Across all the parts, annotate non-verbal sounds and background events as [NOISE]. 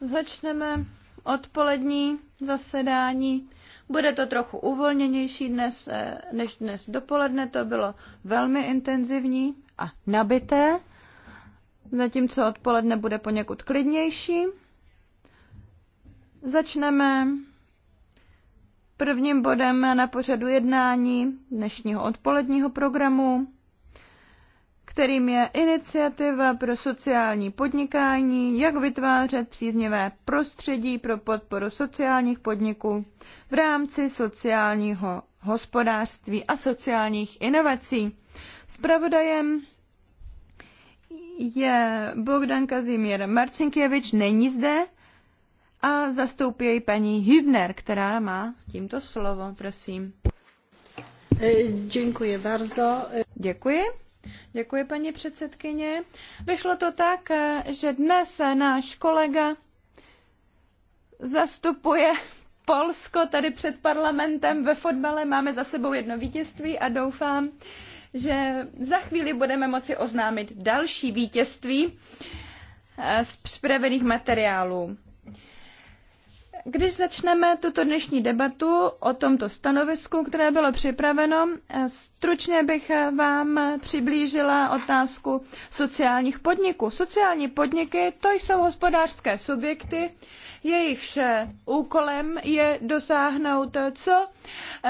Začneme odpolední zasedání. Bude to trochu uvolněnější dnes, eh, než dnes dopoledne. To bylo velmi intenzivní a nabité, zatímco odpoledne bude poněkud klidnější. Začneme prvním bodem na pořadu jednání dnešního odpoledního programu kterým je iniciativa pro sociální podnikání, jak vytvářet příznivé prostředí pro podporu sociálních podniků v rámci sociálního hospodářství a sociálních inovací. Spravodajem je Bogdan Kazimír Marcinkěvič, není zde a zastoupí jej paní Hübner, která má tímto slovo, prosím. Děkuji bardzo. Děkuji. Děkuji, paní předsedkyně. Vyšlo to tak, že dnes náš kolega zastupuje Polsko tady před parlamentem ve fotbale. Máme za sebou jedno vítězství a doufám, že za chvíli budeme moci oznámit další vítězství eh, z připravených materiálů. Když začneme tuto dnešní debatu o tomto stanovisku, které bylo připraveno, eh, stručně bych eh, vám přiblížila otázku sociálních podniků. Sociální podniky to jsou hospodářské subjekty, jejichž eh, úkolem je dosáhnout co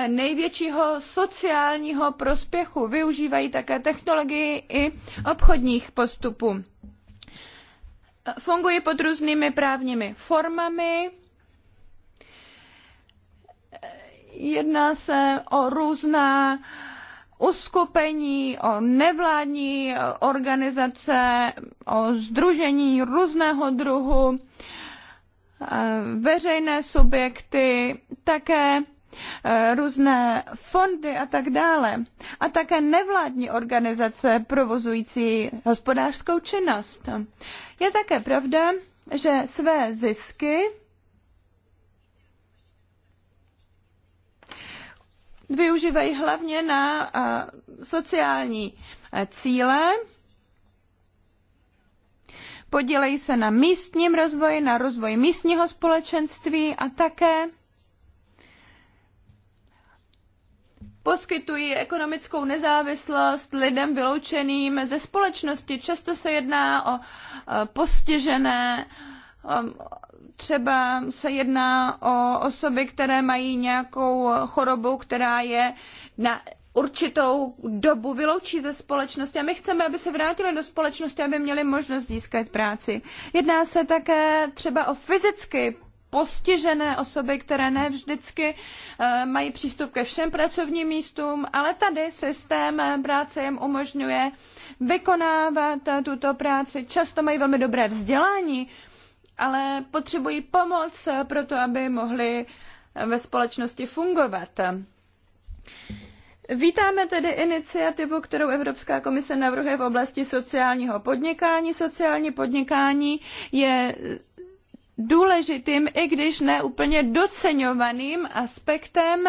největšího sociálního prospěchu. Využívají také technologii i obchodních postupů. Fungují pod různými právními formami, Jedná se o různá uskupení, o nevládní organizace, o združení různého druhu, eh, veřejné subjekty, také eh, různé fondy a tak dále. A také nevládní organizace provozující hospodářskou činnost. Je také pravda, že své zisky využívají hlavně na sociální cíle, podílejí se na místním rozvoji, na rozvoji místního společenství a také poskytují ekonomickou nezávislost lidem vyloučeným ze společnosti. Často se jedná o postižené, třeba se jedná o osoby, které mají nějakou chorobu, která je na určitou dobu vyloučí ze společnosti a my chceme, aby se vrátili do společnosti, aby měli možnost získat práci. Jedná se také třeba o fyzicky postižené osoby, které ne vždycky eh, mají přístup ke všem pracovním místům, ale tady systém práce jim umožňuje vykonávat tuto práci. Často mají velmi dobré vzdělání, ale potřebují pomoc pro to, aby mohli ve společnosti fungovat. Vítáme tedy iniciativu, kterou Evropská komise navrhuje v oblasti sociálního podnikání. Sociální podnikání je důležitým, i když neúplně úplně doceňovaným aspektem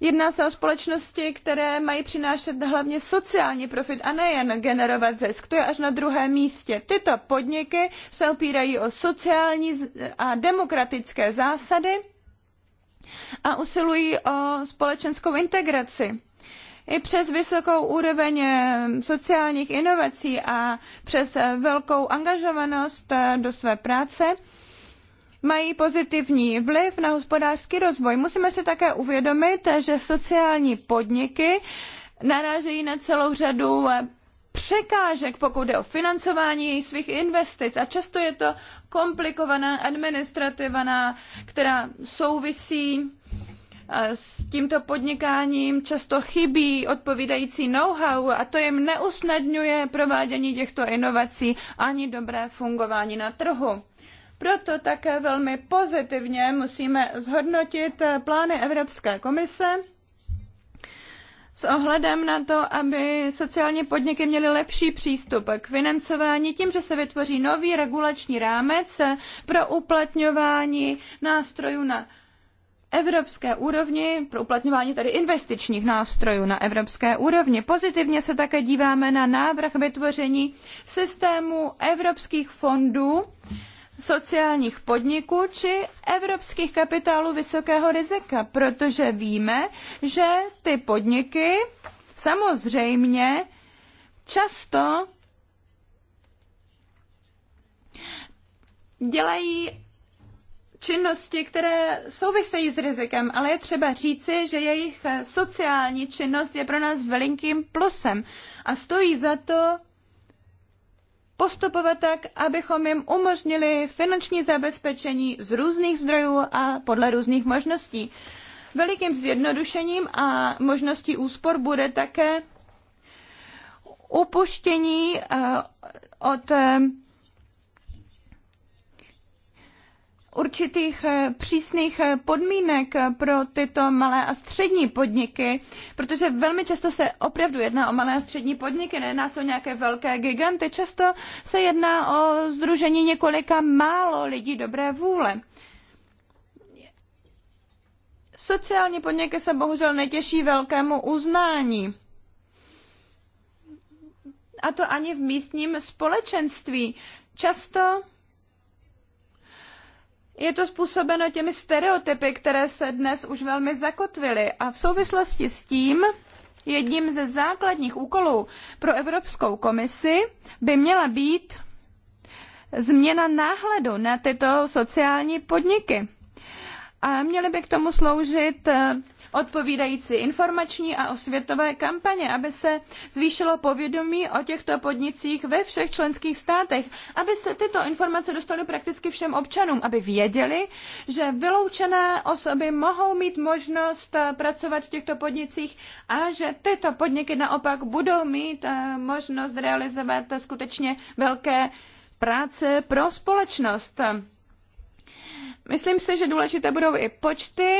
Jedná se o společnosti, které mají přinášet hlavně sociální profit a nejen generovat zisk. To je až na druhém místě. Tyto podniky se opírají o sociální a demokratické zásady a usilují o společenskou integraci. I přes vysokou úroveň eh, sociálních inovací a přes eh, velkou angažovanost eh, do své práce mají pozitivní vliv na hospodářský rozvoj. Musíme si také uvědomit, že sociální podniky narážejí na celou řadu eh, překážek, pokud jde o financování svých investic. A často je to komplikovaná administrativa, která souvisí eh, s tímto podnikáním často chybí odpovídající know-how a to jim neusnadňuje provádění těchto inovací ani dobré fungování na trhu. Proto také velmi pozitivně musíme zhodnotit eh, plány Evropské komise s ohledem na to, aby sociální podniky měly lepší přístup k financování tím, že se vytvoří nový regulační rámec eh, pro uplatňování nástrojů na evropské úrovni, pro uplatňování tady investičních nástrojů na evropské úrovni. Pozitivně se také díváme na návrh vytvoření systému evropských fondů, sociálních podniků či evropských kapitálů vysokého rizika, protože víme, že ty podniky samozřejmě často dělají činnosti, které souvisejí s rizikem, ale je třeba říci, že jejich sociální činnost je pro nás velikým plusem a stojí za to postupovat tak, abychom jim umožnili finanční zabezpečení z různých zdrojů a podle různých možností. Velikým zjednodušením a možností úspor bude také upuštění eh, od eh, určitých eh, přísných eh, podmínek eh, pro tyto malé a střední podniky, protože velmi často se opravdu jedná o malé a střední podniky, nejedná se o nějaké velké giganty, často se jedná o združení několika málo lidí dobré vůle. Sociální podniky se bohužel netěší velkému uznání. A to ani v místním společenství. Často je to způsobeno těmi stereotypy, které se dnes už velmi zakotvily a v souvislosti s tím jedním ze základních úkolů pro Evropskou komisi by měla být změna náhledu na tyto sociální podniky. A měly by k tomu sloužit eh, odpovídající informační a osvětové kampaně, aby se zvýšilo povědomí o těchto podnicích ve všech členských státech, aby se tyto informace dostaly prakticky všem občanům, aby věděli, že vyloučené osoby mohou mít možnost eh, pracovat v těchto podnicích a že tyto podniky naopak budou mít eh, možnost realizovat skutečně velké práce pro společnost. Myslím si, že důležité budou i počty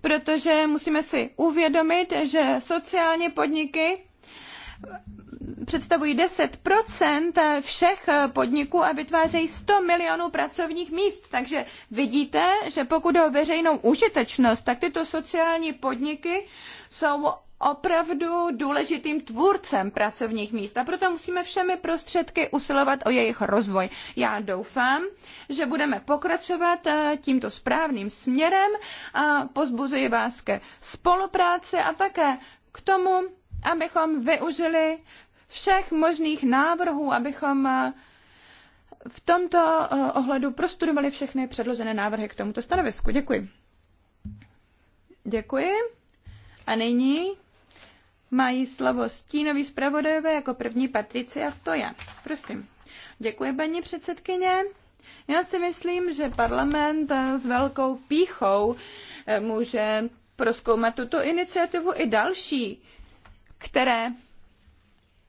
protože musíme si uvědomit, že sociální podniky představují 10 všech podniků a vytvářejí 100 milionů pracovních míst. Takže vidíte, že pokud jde o veřejnou užitečnost, tak tyto sociální podniky jsou opravdu důležitým tvůrcem pracovních míst a proto musíme všemi prostředky usilovat o jejich rozvoj. Já doufám, že budeme pokračovat eh, tímto správným směrem a pozbuzuji vás ke spolupráci a také k tomu, abychom využili všech možných návrhů, abychom eh, v tomto eh, ohledu prostudovali všechny předložené návrhy k tomuto stanovisku. Děkuji. Děkuji. A nyní mají slovo stínoví zpravodajové jako první Patricia Toja. Prosím. Děkuji, paní předsedkyně. Já si myslím, že parlament s velkou píchou eh, může proskoumat tuto iniciativu i další, které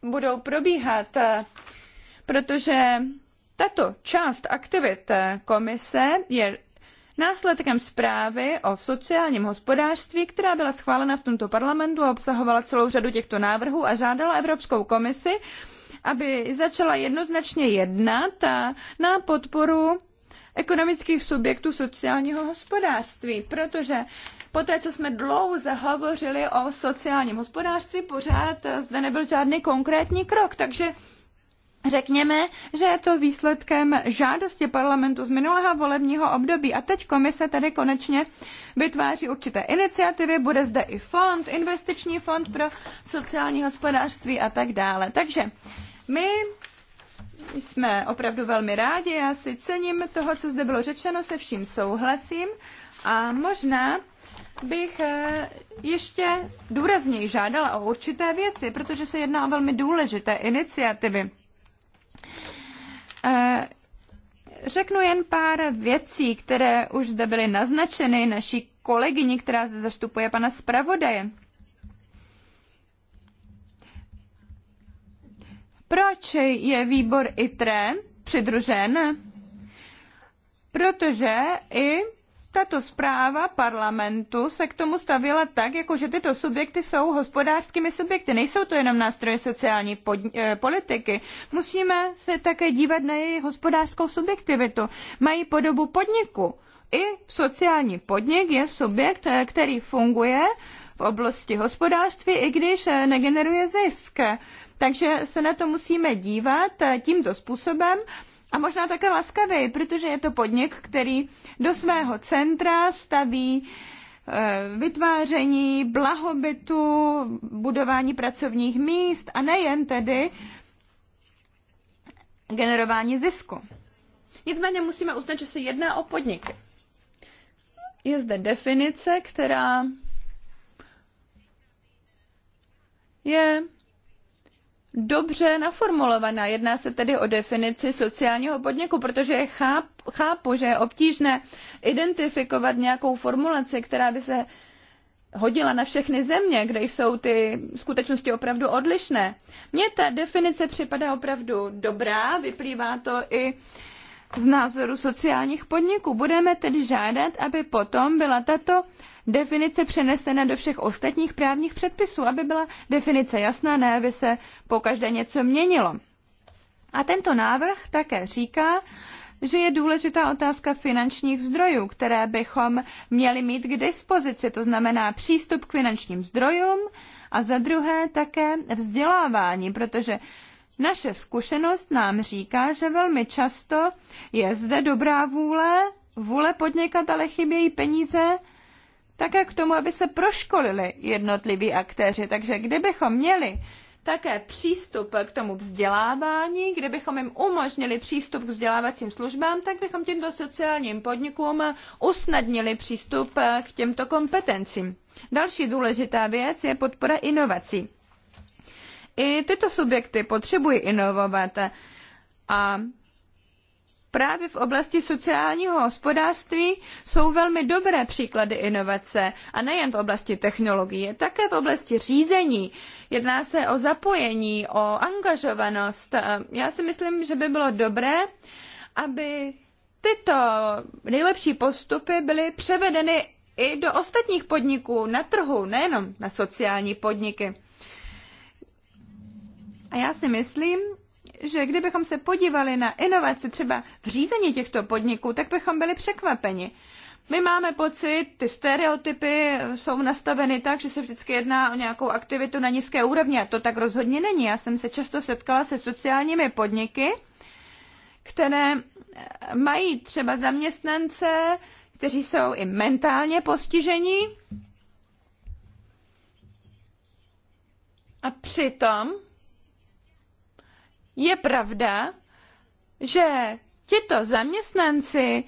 budou probíhat, eh, protože tato část aktivit eh, komise je následkem zprávy o sociálním hospodářství, která byla schválena v tomto parlamentu a obsahovala celou řadu těchto návrhů a žádala Evropskou komisi, aby začala jednoznačně jednat na podporu ekonomických subjektů sociálního hospodářství, protože Poté, co jsme dlouze hovořili o sociálním hospodářství, pořád zde nebyl žádný konkrétní krok, takže Řekněme, že je to výsledkem žádosti parlamentu z minulého volebního období a teď komise tedy konečně vytváří určité iniciativy, bude zde i fond, investiční fond pro sociální hospodářství a tak dále. Takže my jsme opravdu velmi rádi, já si cením toho, co zde bylo řečeno, se vším souhlasím a možná bych eh, ještě důrazněji žádala o určité věci, protože se jedná o velmi důležité iniciativy. Eh, řeknu jen pár věcí, které už zde byly naznačeny naší kolegyni, která zde zastupuje pana zpravodaje. Proč je výbor ITRE přidružen? Protože i tato zpráva parlamentu se k tomu stavěla tak, jako že tyto subjekty jsou hospodářskými subjekty. Nejsou to jenom nástroje sociální pod, eh, politiky. Musíme se také dívat na jejich hospodářskou subjektivitu. Mají podobu podniku. I sociální podnik je subjekt, eh, který funguje v oblasti hospodářství, i když eh, negeneruje zisk. Takže se na to musíme dívat eh, tímto způsobem a možná také laskavý, protože je to podnik, který do svého centra staví eh, vytváření blahobytu, budování pracovních míst a nejen tedy generování zisku. Nicméně musíme uznat, že se jedná o podniky. Je zde definice, která je dobře naformulovaná. Jedná se tedy o definici sociálního podniku, protože chápu, chápu, že je obtížné identifikovat nějakou formulaci, která by se hodila na všechny země, kde jsou ty skutečnosti opravdu odlišné. Mně ta definice připadá opravdu dobrá, vyplývá to i z názoru sociálních podniků. Budeme tedy žádat, aby potom byla tato definice přenesena do všech ostatních právních předpisů, aby byla definice jasná, ne aby se pokaždé něco měnilo. A tento návrh také říká, že je důležitá otázka finančních zdrojů, které bychom měli mít k dispozici, to znamená přístup k finančním zdrojům a za druhé také vzdělávání, protože naše zkušenost nám říká, že velmi často je zde dobrá vůle, vůle podnikat, ale chybějí peníze také k tomu, aby se proškolili jednotliví aktéři. Takže kdybychom měli také přístup k tomu vzdělávání, kdybychom jim umožnili přístup k vzdělávacím službám, tak bychom těmto sociálním podnikům usnadnili přístup k těmto kompetencím. Další důležitá věc je podpora inovací. I tyto subjekty potřebují inovovat a právě v oblasti sociálního hospodářství jsou velmi dobré příklady inovace a nejen v oblasti technologie, také v oblasti řízení. Jedná se o zapojení, o angažovanost. Já si myslím, že by bylo dobré, aby tyto nejlepší postupy byly převedeny i do ostatních podniků na trhu, nejenom na sociální podniky. A já si myslím, že kdybychom se podívali na inovace třeba v řízení těchto podniků, tak bychom byli překvapeni. My máme pocit, ty stereotypy jsou nastaveny tak, že se vždycky jedná o nějakou aktivitu na nízké úrovni a to tak rozhodně není. Já jsem se často setkala se sociálními podniky, které eh, mají třeba zaměstnance, kteří jsou i mentálně postižení. A přitom je pravda, že tito zaměstnanci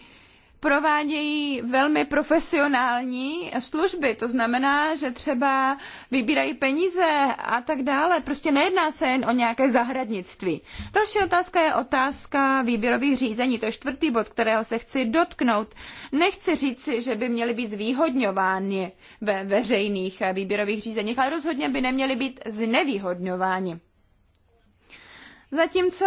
provádějí velmi profesionální služby. To znamená, že třeba vybírají peníze a tak dále. Prostě nejedná se jen o nějaké zahradnictví. Další otázka je otázka výběrových řízení. To je čtvrtý bod, kterého se chci dotknout. Nechci říci, že by měly být zvýhodňovány ve veřejných výběrových řízeních, ale rozhodně by neměly být znevýhodňováni. Zatímco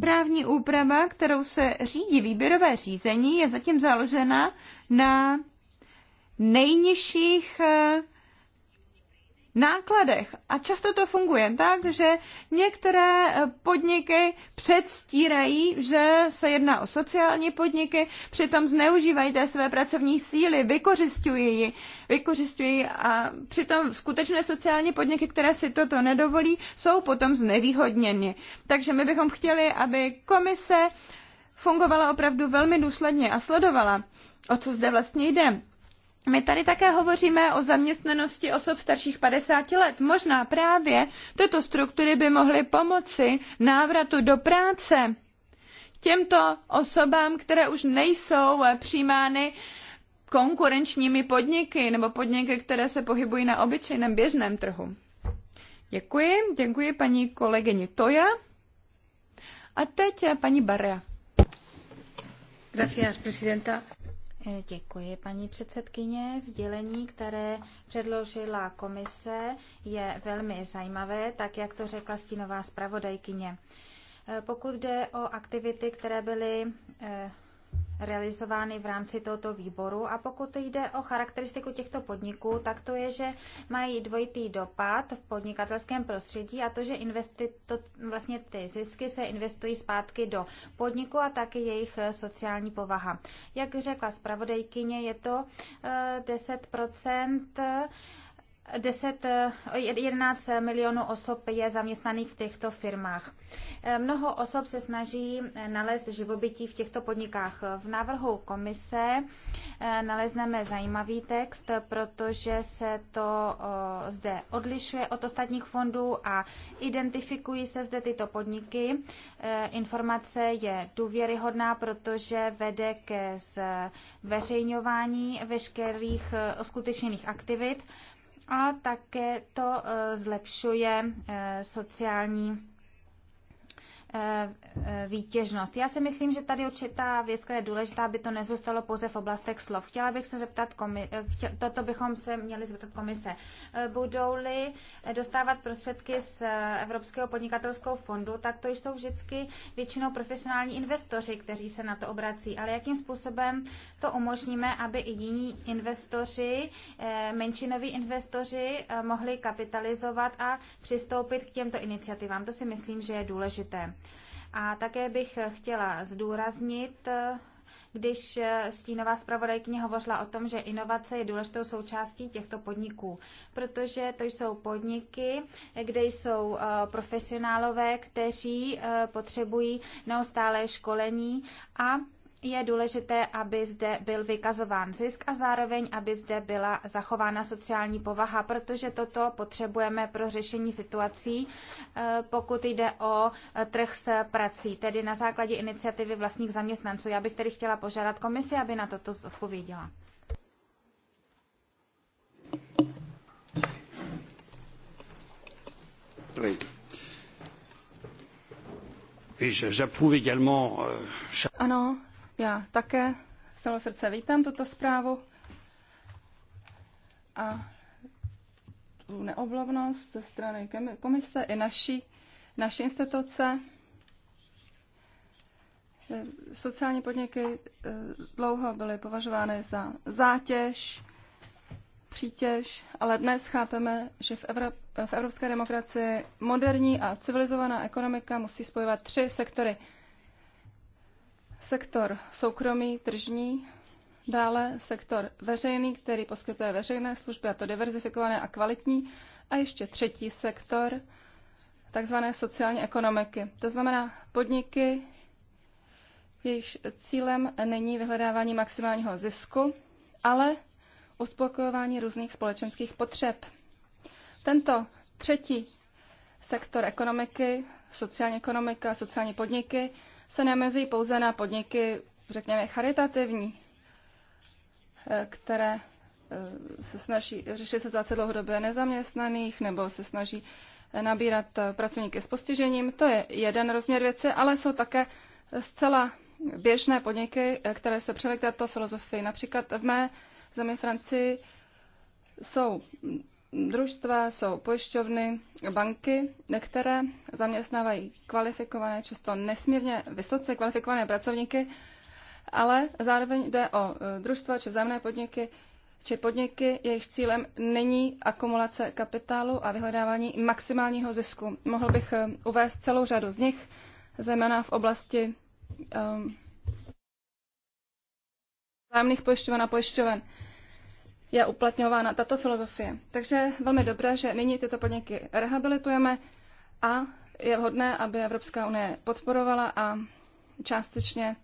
právní úprava, kterou se řídí výběrové řízení, je zatím založena na nejnižších eh, nákladech. A často to funguje tak, že některé eh, podniky předstírají, že se jedná o sociální podniky, přitom zneužívají té své pracovní síly, vykořistují ji, vykořistují a přitom skutečné sociální podniky, které si toto nedovolí, jsou potom znevýhodněny. Takže my bychom chtěli, aby komise fungovala opravdu velmi důsledně a sledovala, o co zde vlastně jde. My tady také hovoříme o zaměstnanosti osob starších 50 let. Možná právě tyto struktury by mohly pomoci návratu do práce těmto osobám, které už nejsou eh, přijímány konkurenčními podniky nebo podniky, které se pohybují na obyčejném běžném trhu. Děkuji, děkuji paní kolegyni Toja. A teď eh, paní Barea. Gracias, presidenta. Děkuji, paní předsedkyně. Sdělení, které předložila komise, je velmi zajímavé, tak jak to řekla stínová zpravodajkyně. E, pokud jde o aktivity, které byly e, realizovány v rámci tohoto výboru. A pokud jde o charakteristiku těchto podniků, tak to je, že mají dvojitý dopad v podnikatelském prostředí a to, že investi- to, vlastně ty zisky se investují zpátky do podniku a taky jejich eh, sociální povaha. Jak řekla zpravodajkyně, je to 10 eh, 10, 11 milionů osob je zaměstnaných v těchto firmách. Mnoho osob se snaží nalézt živobytí v těchto podnikách. V návrhu komise eh, nalezneme zajímavý text, protože se to zde odlišuje od ostatních fondů a identifikují se zde tyto podniky. Eh, informace je důvěryhodná, protože vede ke zveřejňování veškerých eh, skutečných aktivit a také to eh, zlepšuje eh, sociální Eh, eh, výtěžnost. Já si myslím, že tady určitá věc, která je důležitá, aby to nezůstalo pouze v oblastech slov. Chtěla bych se zeptat, komi- eh, chtěl, toto bychom se měli zeptat komise. Budou-li dostávat prostředky z Evropského podnikatelského fondu, tak to jsou vždycky většinou profesionální investoři, kteří se na to obrací. Ale jakým způsobem to umožníme, aby i jiní investoři, menšinoví investoři mohli kapitalizovat a přistoupit k těmto iniciativám? To si myslím, že je důležité. A také bych chtěla zdůraznit, když stínová zpravodajkyně hovořila o tom, že inovace je důležitou součástí těchto podniků, protože to jsou podniky, kde jsou eh, profesionálové, kteří eh, potřebují neustále školení a je důležité, aby zde byl vykazován zisk a zároveň, aby zde byla zachována sociální povaha, protože toto potřebujeme pro řešení situací, eh, pokud jde o eh, trh s prací, tedy na základě iniciativy vlastních zaměstnanců. Já bych tedy chtěla požádat komisi, aby na toto odpověděla. Euh, ano, já také z celého srdce vítám tuto zprávu a tu neoblovnost ze strany komise i naší, naší instituce. Sociální podniky eh, dlouho byly považovány za zátěž, přítěž, ale dnes chápeme, že v, Evro- v evropské demokracii moderní a civilizovaná ekonomika musí spojovat tři sektory – sektor soukromý, tržní, dále sektor veřejný, který poskytuje veřejné služby, a to diverzifikované a kvalitní, a ještě třetí sektor, takzvané sociální ekonomiky. To znamená podniky, jejichž cílem není vyhledávání maximálního zisku, ale uspokojování různých společenských potřeb. Tento třetí sektor ekonomiky, sociální ekonomika, sociální podniky, se neomezují pouze na podniky, řekněme, charitativní, eh, které eh, se snaží řešit situace dlouhodobě nezaměstnaných nebo se snaží eh, nabírat pracovníky s postižením. To je jeden rozměr věci, ale jsou také zcela běžné podniky, které se přely k této filozofii. Například v mé zemi Francii jsou družstva, jsou pojišťovny, banky, které zaměstnávají kvalifikované, často nesmírně vysoce kvalifikované pracovníky, ale zároveň jde o e, družstva či vzájemné podniky, či podniky, jejichž cílem není akumulace kapitálu a vyhledávání maximálního zisku. Mohl bych e, uvést celou řadu z nich, zejména v oblasti um, e, zájemných pojišťoven a pojišťoven je uplatňována tato filozofie. Takže velmi dobré, že nyní tyto podniky rehabilitujeme a je vhodné, aby Evropská unie podporovala a částečně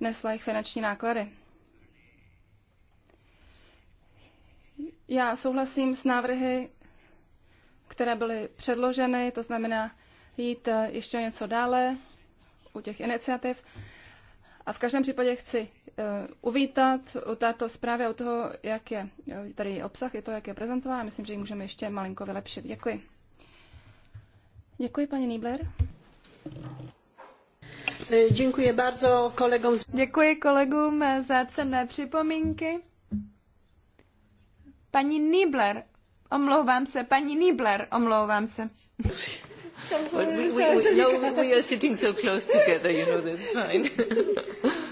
nesla jejich finanční náklady. Já souhlasím s návrhy, které byly předloženy, to znamená jít eh, ještě něco dále u těch iniciativ. A v každém případě chci Eh, uvítat tato této o toho, jak je eh, tady obsah, je to, jak je prezentována. Myslím, že ji můžeme ještě malinko vylepšit. Děkuji. Děkuji, paní Niebler. Eh, děkuji bardzo kolegům. Děkuji kolegům za cenné připomínky. Paní Nibler, omlouvám se, paní Nibler, omlouvám se. [LAUGHS] But we, we, we, no, we are sitting so close together, you know, that's fine. [LAUGHS]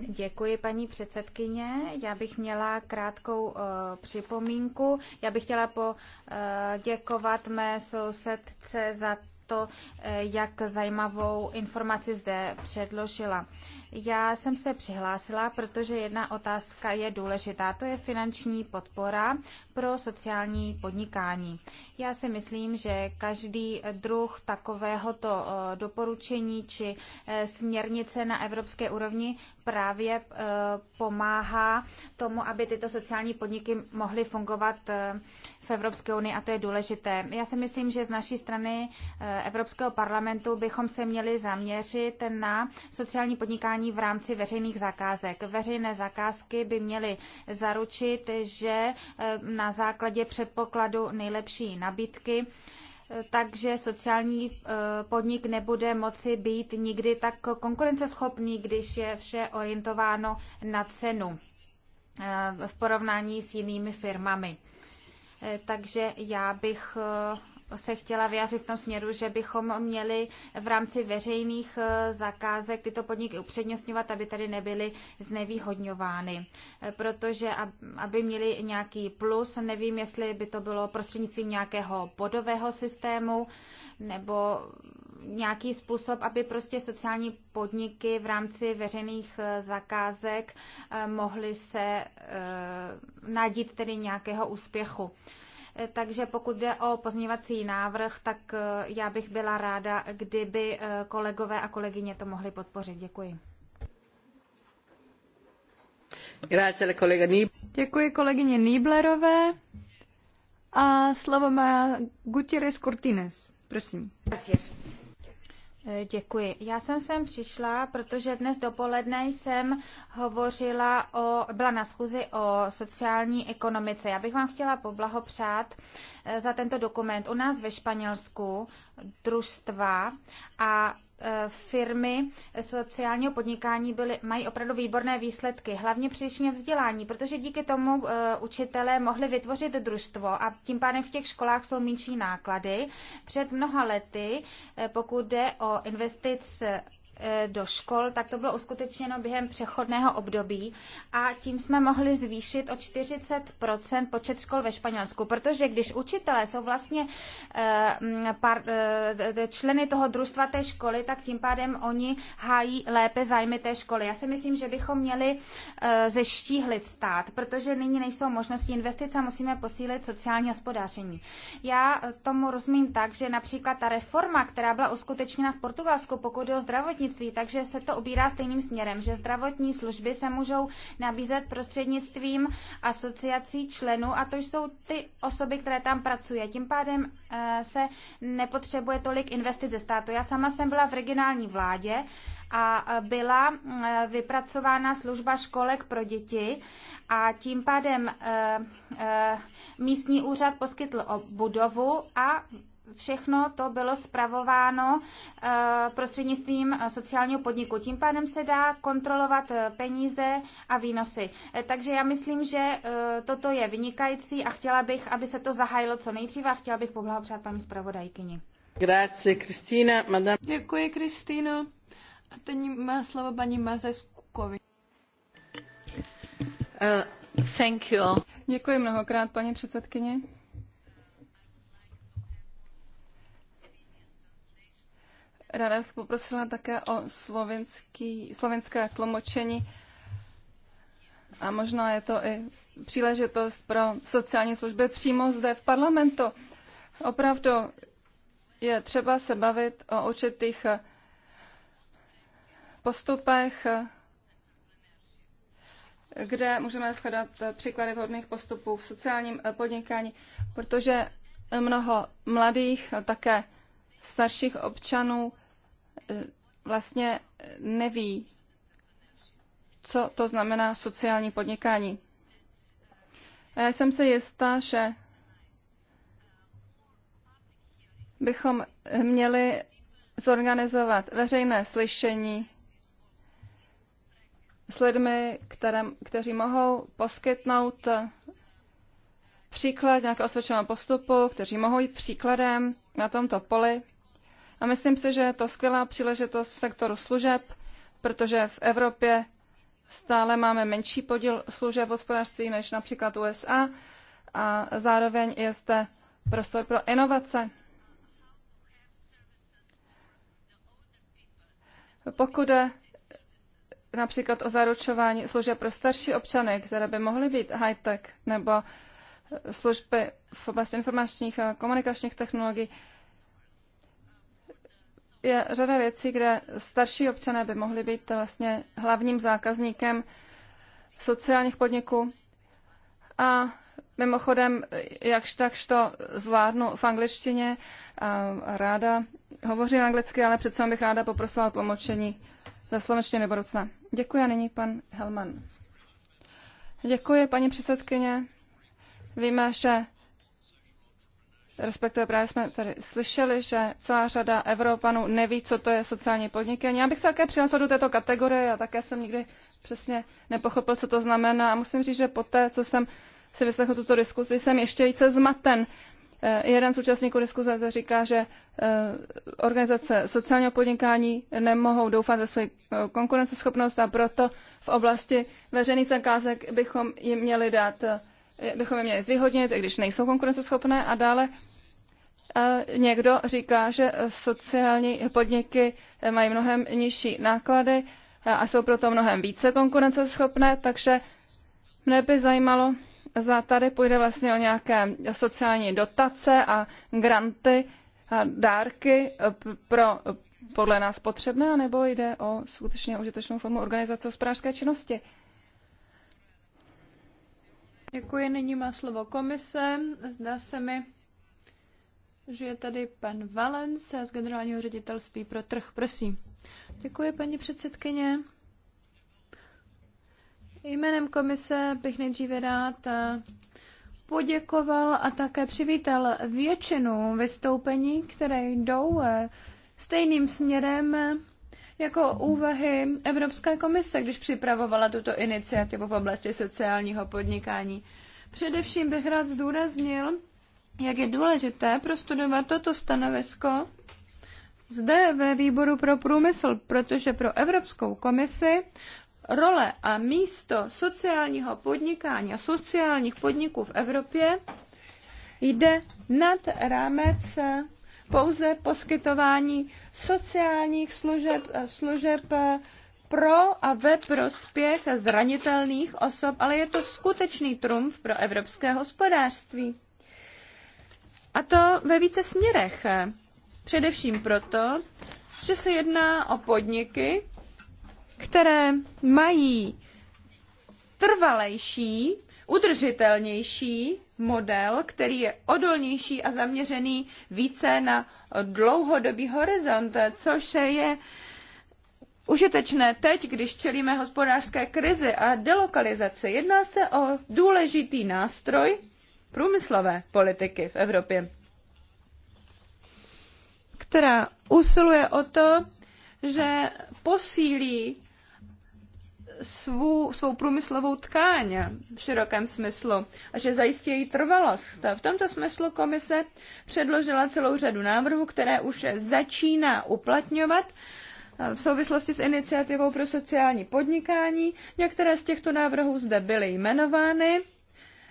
Děkuji, paní předsedkyně. Já bych měla krátkou uh, připomínku. Já bych chtěla poděkovat uh, mé sousedce za to, uh, jak zajímavou informaci zde předložila. Uh, já jsem se přihlásila, protože jedna otázka je důležitá, to je finanční podpora pro sociální podnikání. Já si myslím, že každý druh takovéhoto eh, doporučení či eh, směrnice na evropské úrovni právě eh, pomáhá tomu, aby tyto sociální podniky mohly fungovat v Evropské unii a to je důležité. Já si myslím, že z naší strany Evropského parlamentu bychom se měli zaměřit na sociální podnikání zadávání v rámci veřejných zakázek. Veřejné zakázky by měly zaručit, že eh, na základě předpokladu nejlepší nabídky eh, takže sociální eh, podnik nebude moci být nikdy tak konkurenceschopný, když je vše orientováno na cenu v porovnání s jinými firmami. Takže já bych se chtěla vyjádřit v tom směru, že bychom měli v rámci veřejných eh, zakázek tyto podniky upřednostňovat, aby tady nebyly znevýhodňovány. Eh, protože aby měli nějaký plus, nevím, jestli by to bylo prostřednictvím nějakého bodového systému nebo nějaký způsob, aby prostě sociální podniky v rámci veřejných eh, zakázek mohly se nadít tedy nějakého úspěchu. Eh, takže pokud jde o pozměňovací návrh, tak eh, já bych byla ráda, kdyby eh, kolegové a kolegyně to mohli podpořit. Děkuji. Děkuji kolegyně Nýblerové. A slovo má Gutierrez Cortines. Prosím. Gracias. Eh, děkuji. Já jsem sem přišla, protože dnes dopoledne jsem hovořila o, byla na schůzi o sociální ekonomice. Já bych vám chtěla poblahopřát eh, za tento dokument. U nás ve Španělsku družstva a firmy sociálního podnikání byly, mají opravdu výborné výsledky, hlavně především vzdělání, protože díky tomu eh, učitelé mohli vytvořit družstvo a tím pádem v těch školách jsou menší náklady. Před mnoha lety, eh, pokud jde o investice. E, do škol, tak to bylo uskutečněno během přechodného období a tím jsme mohli zvýšit o 40 počet škol ve Španělsku, protože když učitelé jsou vlastně e, e, členy toho družstva té školy, tak tím pádem oni hájí lépe zájmy té školy. Já si myslím, že bychom měli zeštíhlit stát, protože nyní nejsou možnosti investice, a musíme posílit sociální hospodáření. Já tomu rozumím tak, že například ta reforma, která byla uskutečněna v Portugalsku, pokud je o zdravotnictví, zdravotnictví, takže se to ubírá stejným směrem, že zdravotní služby se můžou nabízet prostřednictvím asociací členů a to jsou ty osoby, které tam pracují. Tím pádem eh, se nepotřebuje tolik investit ze státu. Já sama jsem byla v regionální vládě a eh, byla mm, eh, vypracována služba školek pro děti a tím pádem místní úřad poskytl budovu a všechno to bylo spravováno eh, prostřednictvím eh, sociálního podniku. Tím pádem se dá kontrolovat eh, peníze a výnosy. Takže já myslím, že toto je vynikající a chtěla bych, aby se to zahájilo co nejdříve a chtěla bych poblahopřát paní zpravodajkyni. Grazie, Kristýna. Madame... Děkuji, Kristýno. A teď má slovo paní Mazeskukovi. Uh, thank you. Děkuji mnohokrát, paní předsedkyně. Ráda bych poprosila také o slovenský, slovenské tlumočení. A možná je to i příležitost pro sociální služby přímo zde v parlamentu. Opravdu je třeba se bavit o určitých postupech, kde můžeme shledat příklady vhodných postupů v sociálním podnikání, protože mnoho mladých, také starších občanů E, vlastně neví, co to znamená sociální podnikání. A já jsem se jistá, že bychom měli zorganizovat veřejné slyšení s lidmi, kterém, kteří mohou poskytnout příklad nějakého osvědčeného postupu, kteří mohou jít příkladem na tomto poli a myslím si, že je to skvělá příležitost v sektoru služeb, protože v Evropě stále máme menší podíl služeb v hospodářství než například USA a zároveň je zde prostor pro inovace. Pokud je například o zaručování služeb pro starší občany, které by mohly být high-tech nebo služby v oblasti informačních a komunikačních technologií, je řada věcí, kde starší občané by mohli být vlastně hlavním zákazníkem sociálních podniků. A mimochodem, jakž takž to zvládnu v angličtině, a ráda hovořím anglicky, ale přece bych ráda poprosila o tlumočení za slovenštiny budoucna. Děkuji a nyní pan Helman. Děkuji, paní předsedkyně. Víme, že respektive právě jsme tady slyšeli, že celá řada Evropanů neví, co to je sociální podnikání. Já bych se také přinesla do této kategorie a také jsem nikdy přesně nepochopil, co to znamená. A musím říct, že poté, co jsem si vyslechl tuto diskusi, jsem ještě více zmaten. Eh, jeden z účastníků diskuze říká, že eh, organizace sociálního podnikání nemohou doufat ve svoji eh, konkurenceschopnost a proto v oblasti veřejných zakázek bychom jim měli dát bychom je měli zvýhodnit, i když nejsou konkurenceschopné a dále Někdo říká, že sociální podniky mají mnohem nižší náklady a jsou proto mnohem více konkurenceschopné, takže mne by zajímalo, za tady půjde vlastně o nějaké sociální dotace a granty a dárky pro podle nás potřebné, nebo jde o skutečně užitečnou formu organizace hospodářské činnosti. Děkuji, nyní má slovo komise. Zdá se mi, že je tady pan Valence z generálního ředitelství pro trh. Prosím. Děkuji, paní předsedkyně. Jménem komise bych nejdříve rád eh, poděkoval a také přivítal většinu vystoupení, které jdou eh, stejným směrem eh, jako úvahy Evropské komise, když připravovala tuto iniciativu v oblasti sociálního podnikání. Především bych rád zdůraznil, jak je důležité prostudovat toto stanovisko zde ve výboru pro průmysl, protože pro Evropskou komisi role a místo sociálního podnikání a sociálních podniků v Evropě jde nad rámec pouze poskytování sociálních služeb, služeb pro a ve prospěch zranitelných osob, ale je to skutečný trumf pro evropské hospodářství. A to ve více směrech. Především proto, že se jedná o podniky, které mají trvalejší, udržitelnější model, který je odolnější a zaměřený více na dlouhodobý horizont, což je užitečné teď, když čelíme hospodářské krizi a delokalizaci. Jedná se o důležitý nástroj, průmyslové politiky v Evropě, která usiluje o to, že posílí svou, svou průmyslovou tkáň v širokém smyslu a že zajistí její trvalost. V tomto smyslu komise předložila celou řadu návrhů, které už začíná uplatňovat v souvislosti s iniciativou pro sociální podnikání. Některé z těchto návrhů zde byly jmenovány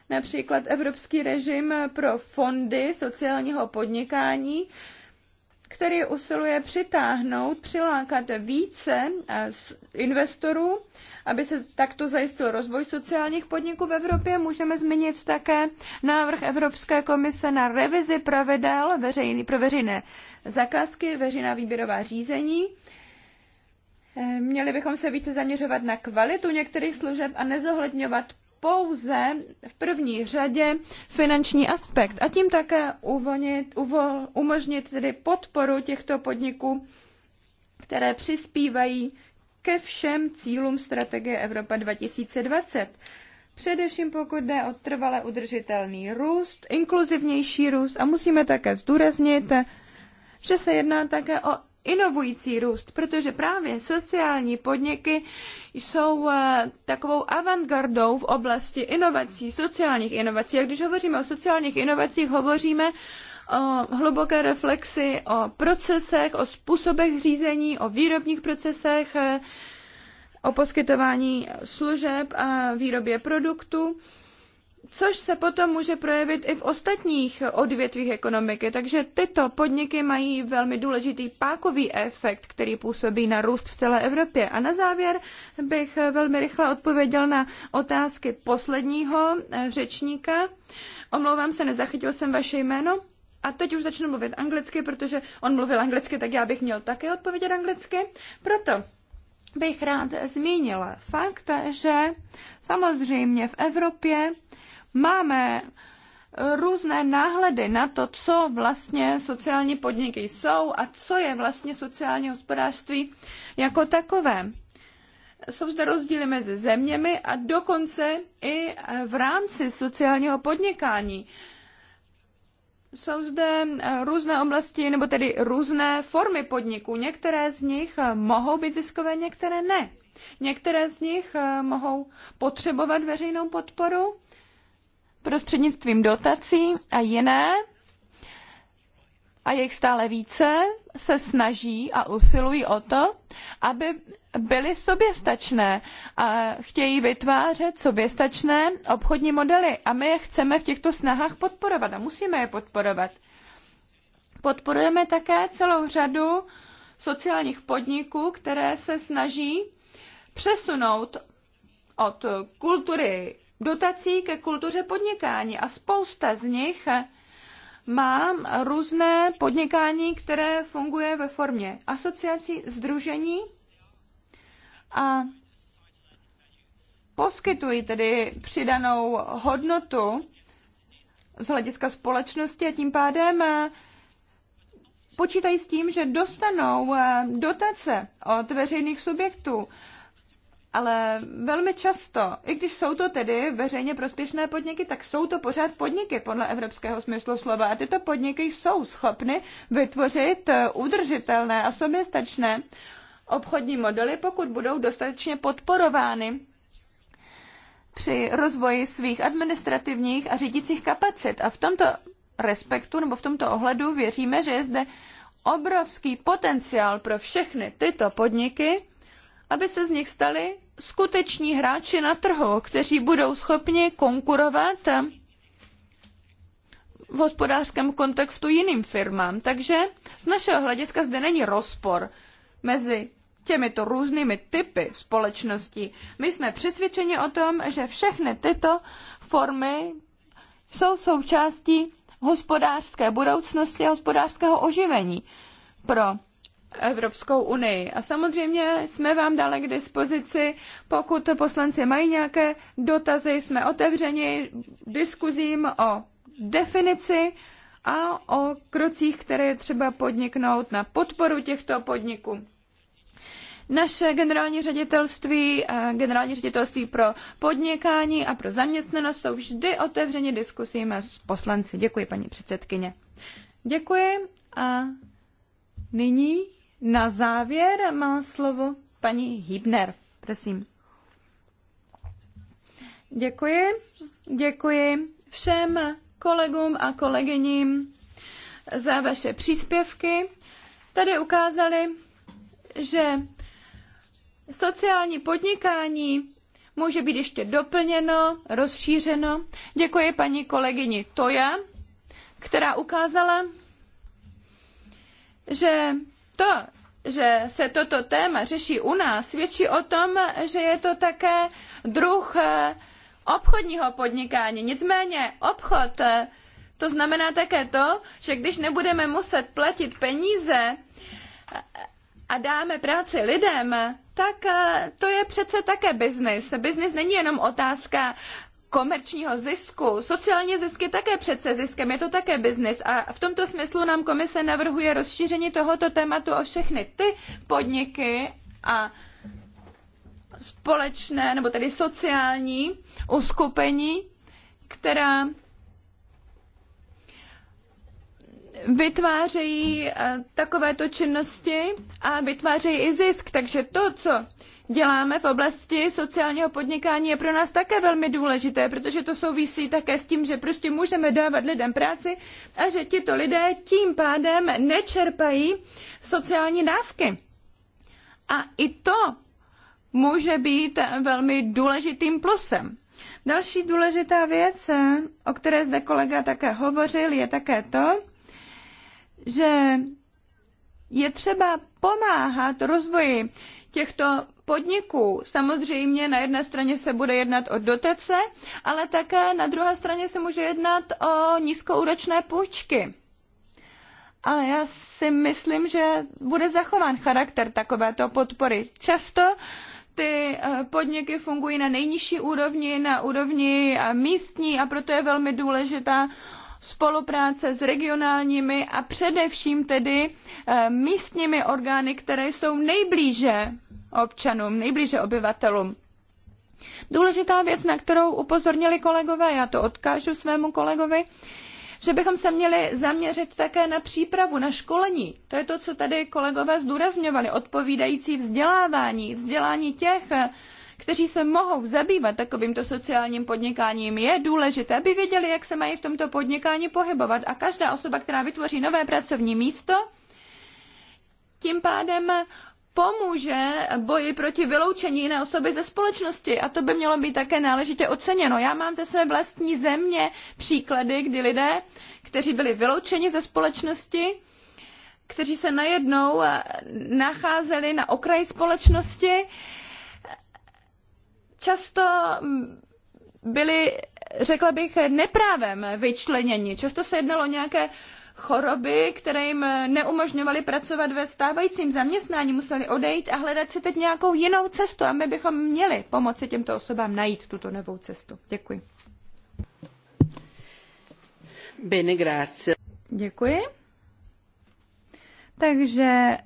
například evropský režim pro fondy sociálního podnikání, který usiluje přitáhnout, přilákat více eh, investorů, aby se takto zajistil rozvoj sociálních podniků v Evropě. Můžeme zmínit také návrh Evropské komise na revizi pravidel veřejný, pro veřejné zakázky, veřejná výběrová řízení. Eh, měli bychom se více zaměřovat na kvalitu některých služeb a nezohledňovat pouze v první řadě finanční aspekt a tím také uvolnit, uvol, umožnit tedy podporu těchto podniků, které přispívají ke všem cílům strategie Evropa 2020. Především pokud jde o trvale udržitelný růst, inkluzivnější růst a musíme také zdůraznit, že se jedná také o inovující růst, protože právě sociální podniky jsou eh, takovou avantgardou v oblasti inovací, sociálních inovací. A když hovoříme o sociálních inovacích, hovoříme o hluboké reflexi, o procesech, o způsobech řízení, o výrobních procesech, eh, o poskytování služeb a výrobě produktů což se potom může projevit i v ostatních odvětvích ekonomiky. Takže tyto podniky mají velmi důležitý pákový efekt, který působí na růst v celé Evropě. A na závěr bych velmi rychle odpověděl na otázky posledního eh, řečníka. Omlouvám se, nezachytil jsem vaše jméno. A teď už začnu mluvit anglicky, protože on mluvil anglicky, tak já bych měl také odpovědět anglicky. Proto bych rád zmínila fakt, že samozřejmě v Evropě máme různé náhledy na to, co vlastně sociální podniky jsou a co je vlastně sociální hospodářství jako takové. Jsou zde rozdíly mezi zeměmi a dokonce i v rámci sociálního podnikání. Jsou zde různé oblasti, nebo tedy různé formy podniků. Některé z nich mohou být ziskové, některé ne. Některé z nich mohou potřebovat veřejnou podporu, prostřednictvím dotací a jiné, a jejich stále více, se snaží a usilují o to, aby byly soběstačné a chtějí vytvářet soběstačné obchodní modely a my je chceme v těchto snahách podporovat a musíme je podporovat. Podporujeme také celou řadu sociálních podniků, které se snaží přesunout od kultury dotací ke kultuře podnikání a spousta z nich má různé podnikání, které funguje ve formě asociací, združení a poskytují tedy přidanou hodnotu z hlediska společnosti a tím pádem eh, počítají s tím, že dostanou eh, dotace od veřejných subjektů ale velmi často, i když jsou to tedy veřejně prospěšné podniky, tak jsou to pořád podniky podle evropského smyslu slova. A tyto podniky jsou schopny vytvořit eh, udržitelné a soběstačné obchodní modely, pokud budou dostatečně podporovány při rozvoji svých administrativních a řídících kapacit. A v tomto respektu nebo v tomto ohledu věříme, že je zde obrovský potenciál pro všechny tyto podniky, aby se z nich stali skuteční hráči na trhu, kteří budou schopni konkurovat v hospodářském kontextu jiným firmám. Takže z našeho hlediska zde není rozpor mezi těmito různými typy společností. My jsme přesvědčeni o tom, že všechny tyto formy jsou součástí hospodářské budoucnosti a hospodářského oživení pro Evropskou unii. A samozřejmě jsme vám dále k dispozici, pokud poslanci mají nějaké dotazy, jsme otevřeni diskuzím o definici a o krocích, které je třeba podniknout na podporu těchto podniků. Naše generální ředitelství, eh, generální ředitelství pro podnikání a pro zaměstnanost jsou vždy otevřeně diskusíme s poslanci. Děkuji, paní předsedkyně. Děkuji a nyní na závěr má slovo paní Hibner. Prosím. Děkuji. Děkuji všem kolegům a kolegyním za vaše příspěvky. Tady ukázali, že sociální podnikání může být ještě doplněno, rozšířeno. Děkuji paní kolegyni Toja, která ukázala, že to, že se toto téma řeší u nás, svědčí o tom, že je to také druh eh, obchodního podnikání. Nicméně obchod eh, to znamená také to, že když nebudeme muset platit peníze eh, a dáme práci lidem, tak to je přece také biznis. Biznis není jenom otázka komerčního zisku. Sociální zisk je také přece ziskem, je to také biznis a v tomto smyslu nám komise navrhuje rozšíření tohoto tématu o všechny ty podniky a společné, nebo tedy sociální uskupení, která vytvářejí eh, takovéto činnosti a vytvářejí i zisk. Takže to, co děláme v oblasti sociálního podnikání je pro nás také velmi důležité, protože to souvisí také s tím, že prostě můžeme dávat lidem práci a že tito lidé tím pádem nečerpají sociální dávky. A i to může být velmi důležitým plusem. Další důležitá věc, o které zde kolega také hovořil, je také to, že je třeba pomáhat rozvoji těchto podniků. Samozřejmě na jedné straně se bude jednat o dotace, ale také na druhé straně se může jednat o nízkouročné půjčky. Ale já si myslím, že bude zachován charakter takovéto podpory. Často ty eh, podniky fungují na nejnižší úrovni, na úrovni eh, místní a proto je velmi důležitá spolupráce s regionálními a především tedy eh, místními orgány, které jsou nejblíže občanům, nejblíže obyvatelům. Důležitá věc, na kterou upozornili kolegové, já to odkážu svému kolegovi, že bychom se měli zaměřit také na přípravu, na školení. To je to, co tady kolegové zdůrazňovali, odpovídající vzdělávání, vzdělání těch, kteří se mohou zabývat takovýmto sociálním podnikáním. Je důležité, aby věděli, jak se mají v tomto podnikání pohybovat a každá osoba, která vytvoří nové pracovní místo, tím pádem pomůže boji proti vyloučení jiné osoby ze společnosti a to by mělo být také náležitě oceněno. Já mám ze své vlastní země příklady, kdy lidé, kteří byli vyloučeni ze společnosti, kteří se najednou eh, nacházeli na okraji společnosti, často mm, byli, řekla bych, neprávem vyčleněni. Často se jednalo o nějaké choroby, které jim eh, neumožňovaly pracovat ve stávajícím zaměstnání, museli odejít a hledat si teď nějakou jinou cestu a my bychom měli pomoci těmto osobám najít tuto novou cestu. Děkuji. Bene, grazie. Děkuji. Takže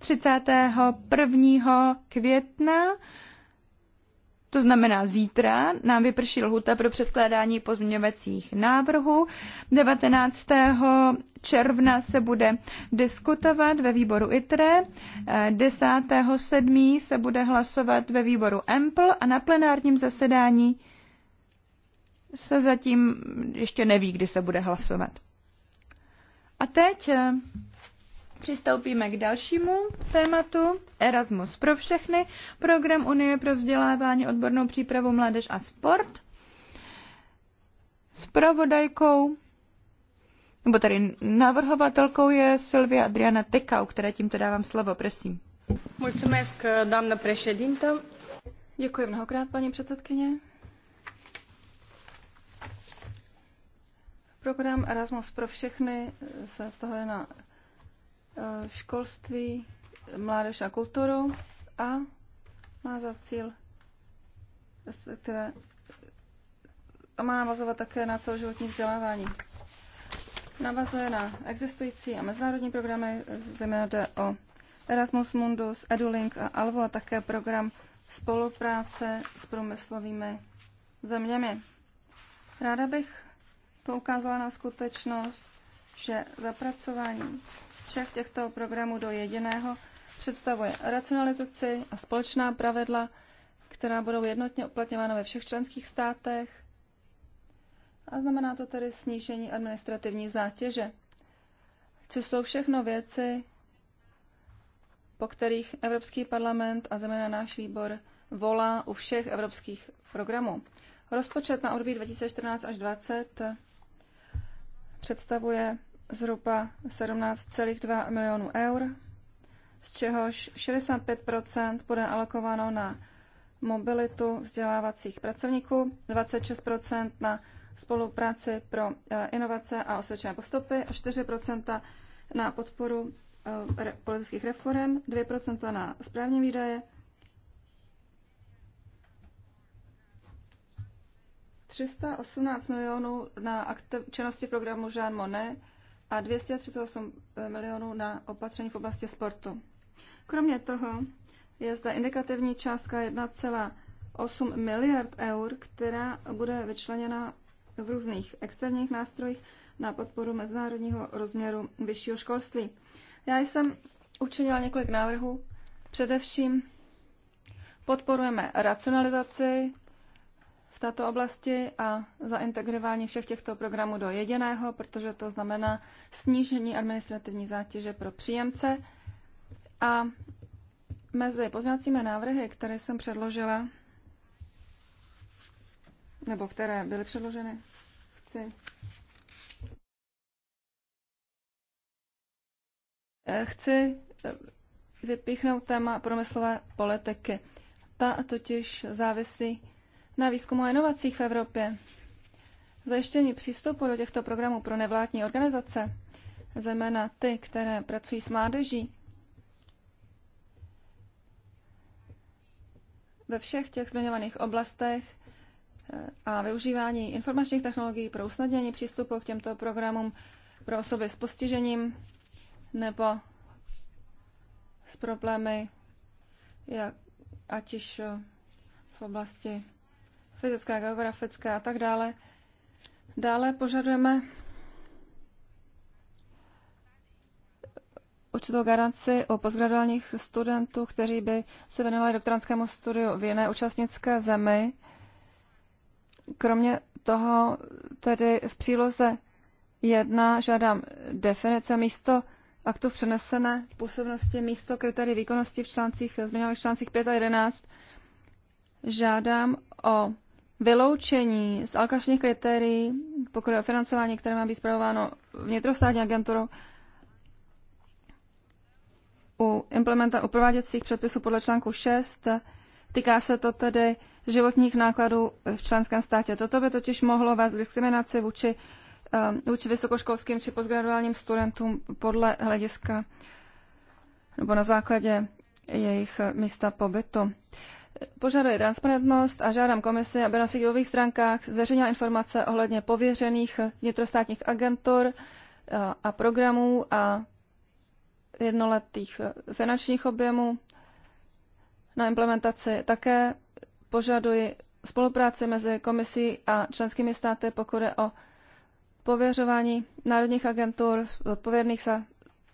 31. Eh, května to znamená, zítra nám vyprší lhuta pro předkládání pozměňovacích návrhů. 19. června se bude diskutovat ve výboru ITRE, 10. 7. se bude hlasovat ve výboru EMPL a na plenárním zasedání se zatím ještě neví, kdy se bude hlasovat. A teď eh, Přistoupíme k dalšímu tématu. Erasmus pro všechny, program Unie pro vzdělávání, odbornou přípravu, mládež a sport. S provodajkou, nebo tady navrhovatelkou je Silvia Adriana u které tímto dávám slovo, prosím. Mulțumesc, doamnă președintă. Děkuji mnohokrát, paní předsedkyně. Program Erasmus pro všechny se vztahuje na Eh, školství, mládež a kulturu a má za cíl, respektive a má navazovat také na celoživotní vzdělávání. Navazuje na existující a mezinárodní programy, zejména jde o Erasmus Mundus, EduLink a Alvo a také program spolupráce s průmyslovými zeměmi. Ráda bych poukázala na skutečnost, že zapracování všech těchto programů do jediného představuje racionalizaci a společná pravidla, která budou jednotně uplatňována ve všech členských státech. A znamená to tedy snížení administrativní zátěže, což jsou všechno věci, po kterých Evropský parlament a zejména náš výbor volá u všech evropských programů. Rozpočet na období 2014 až 2020 představuje zhruba 17,2 milionů eur, z čehož 65 bude alokováno na mobilitu vzdělávacích pracovníků, 26 na spolupráci pro e, inovace a osvědčené postupy, 4 na podporu e, politických reform, 2 na správní výdaje, 318 milionů na činnosti programu Jean Monnet, a 238 eh, milionů na opatření v oblasti sportu. Kromě toho je zde indikativní částka 1,8 miliard eur, která bude vyčleněna v různých externích nástrojích na podporu mezinárodního rozměru vyššího školství. Já jsem učinila několik návrhů. Především podporujeme racionalizaci v této oblasti a zaintegrování všech těchto programů do jediného, protože to znamená snížení administrativní zátěže pro příjemce. A mezi pozměňovacími návrhy, které jsem předložila, nebo které byly předloženy, chci Chci eh, vypíchnout téma promyslové politiky. Ta totiž závisí na výzkumu a inovacích v Evropě, zajištění přístupu do těchto programů pro nevládní organizace, zejména ty, které pracují s mládeží, ve všech těch zmiňovaných oblastech eh, a využívání informačních technologií pro usnadnění přístupu k těmto programům pro osoby s postižením nebo s problémy, jak, ať již eh, v oblasti fyzická, geografická a tak dále. Dále požadujeme určitou garanci o postgraduálních studentů, kteří by se věnovali doktorantskému studiu v jiné účastnické zemi. Kromě toho tedy v příloze 1 žádám definice místo aktu v přenesené působnosti, místo kritérií výkonnosti v článcích, změněných článcích 5 a 11. Žádám o vyloučení z alkačních kritérií, pokud je o financování, které má být zpravováno vnitrostátní agenturou, u, implementa- u prováděcích předpisů podle článku 6 týká se to tedy životních nákladů v členském státě. Toto by totiž mohlo vést k diskriminaci vůči, um, vůči vysokoškolským či postgraduálním studentům podle hlediska nebo na základě jejich místa pobytu. Požaduji transparentnost a žádám komisi, aby na svých webových stránkách zveřejnila informace ohledně pověřených vnitrostátních agentur eh, a programů a jednoletých eh, finančních objemů. Na implementaci také požaduji spolupráci mezi komisí a členskými státy, pokud je o pověřování národních agentur odpovědných za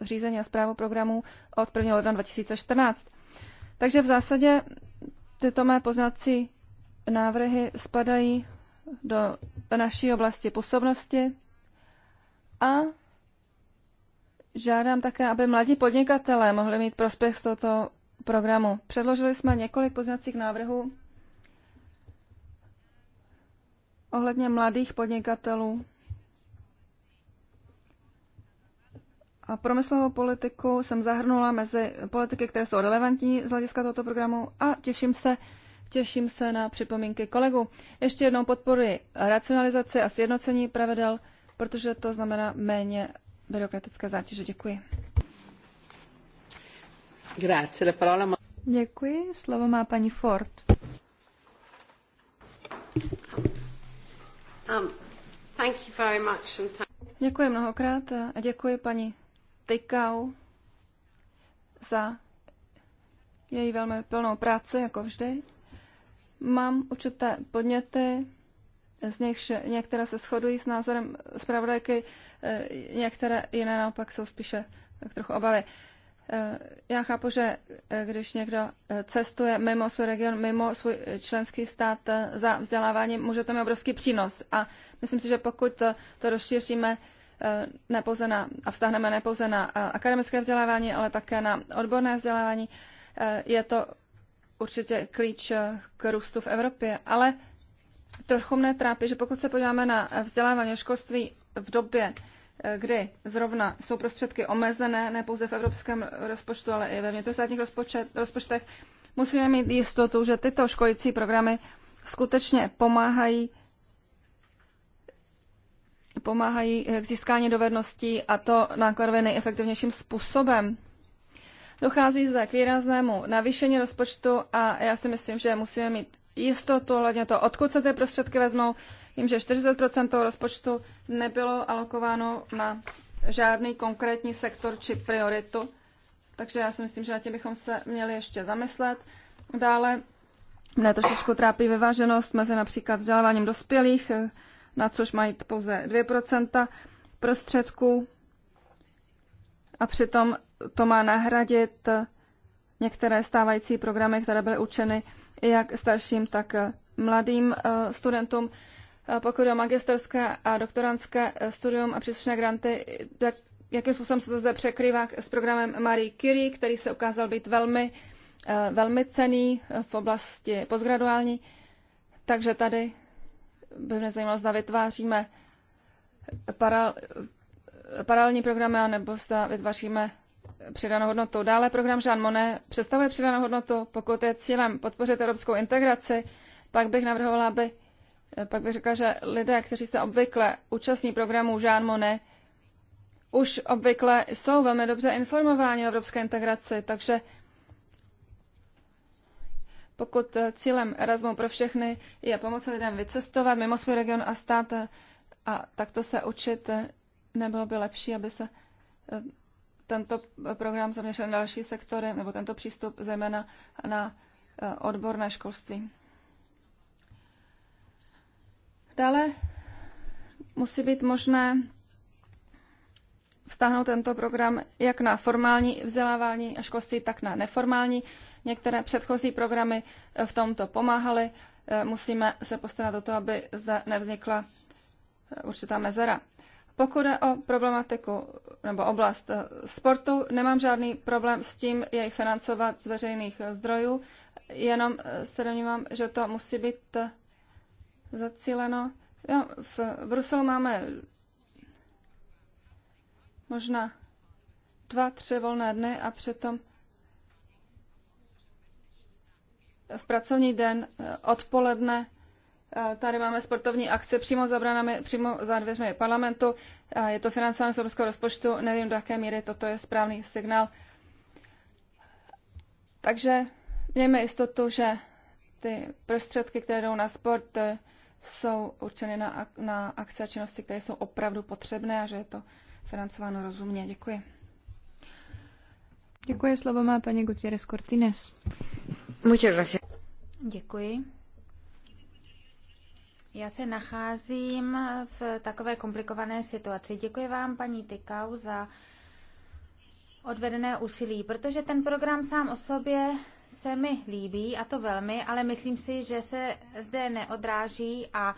řízení a zprávu programů od 1. ledna 2014. Takže v zásadě Tyto mé poznací návrhy spadají do naší oblasti působnosti a žádám také, aby mladí podnikatelé mohli mít prospěch z tohoto programu. Předložili jsme několik poznacích návrhů ohledně mladých podnikatelů A promyslovou politiku jsem zahrnula mezi politiky, které jsou relevantní z hlediska tohoto programu a těším se, těším se na připomínky kolegů. Ještě jednou podporuji racionalizaci a sjednocení pravidel, protože to znamená méně byrokratické zátěže. Děkuji. Děkuji. Slovo má paní Ford. Um, děkuji mnohokrát a děkuji paní Tykau za její velmi plnou práci, jako vždy. Mám určité podněty, z nich některé se shodují s názorem zpravodajky, eh, některé jiné naopak jsou spíše tak trochu obavy. Eh, já chápu, že eh, když někdo cestuje mimo svůj region, mimo svůj členský stát za vzděláváním, může to mít obrovský přínos. A myslím si, že pokud to rozšíříme Eh, ne pouze na, a vztahneme ne pouze na eh, akademické vzdělávání, ale také na odborné vzdělávání. Eh, je to určitě klíč k růstu v Evropě, ale trochu mne trápí, že pokud se podíváme na vzdělávání školství v době, kdy zrovna jsou prostředky omezené, ne pouze v evropském rozpočtu, ale i ve vnitrostátních rozpočtech, musíme mít jistotu, že tyto školící programy skutečně pomáhají pomáhají k získání dovedností a to nákladově nejefektivnějším způsobem. Dochází zde k výraznému navýšení rozpočtu a já si myslím, že musíme mít jistotu hledně to, odkud se ty prostředky vezmou. Vím, že 40 toho rozpočtu nebylo alokováno na žádný konkrétní sektor či prioritu, takže já si myslím, že na tě bychom se měli ještě zamyslet. Dále mne trošičku trápí vyváženost mezi například vzděláváním dospělých, na což mají pouze 2 prostředků a přitom to má nahradit některé stávající programy, které byly učeny jak starším, tak mladým eh, studentům. Eh, pokud o magisterské a doktorantské eh, studium a příslušné granty, jak, jakým způsobem se to zde překrývá s programem Marie Curie, který se ukázal být velmi, velmi cený v oblasti postgraduální. Takže tady by mě zajímalo, zda vytváříme paral- paralelní programy, nebo zda vytváříme přidanou hodnotu. Dále program Jean Monnet představuje přidanou hodnotu. Pokud je cílem podpořit evropskou integraci, pak bych navrhovala, aby pak bych řekla, že lidé, kteří se obvykle účastní programu Jean Monnet, už obvykle jsou velmi dobře informováni o evropské integraci, takže pokud eh, cílem Erasmu pro všechny je pomoci lidem vycestovat mimo svůj region a stát eh, a takto se učit, eh, nebylo by lepší, aby se tento program zaměřil na další sektory, nebo tento přístup zejména na odborné školství. Dále musí být možné vztáhnout tento program jak na formální vzdělávání a školství, tak na neformální Některé předchozí programy eh, v tomto pomáhaly. Eh, musíme se postarat o to, aby zde nevznikla eh, určitá mezera. Pokud je o problematiku nebo oblast sportu, nemám žádný problém s tím jej financovat z veřejných zdrojů, jenom se domnívám, že to musí být zacíleno. Jo, v Bruselu máme možná dva, tři volné dny a přitom v pracovní den eh, odpoledne eh, Tady máme sportovní akce přímo za, branami, přímo za dveřmi parlamentu. Eh, je to financování z evropského rozpočtu. Nevím, do jaké míry toto je správný signál. Takže mějme jistotu, že ty prostředky, které jdou na sport, jsou určeny na, na akce a činnosti, které jsou opravdu potřebné a že je to financováno rozumně. Děkuji. Děkuji. Slovo má paní Gutierrez Cortines. Děkuji. Já se nacházím v takové komplikované situaci. Děkuji vám, paní Tykau, za odvedené úsilí, protože ten program sám o sobě se mi líbí, a to velmi, ale myslím si, že se zde neodráží a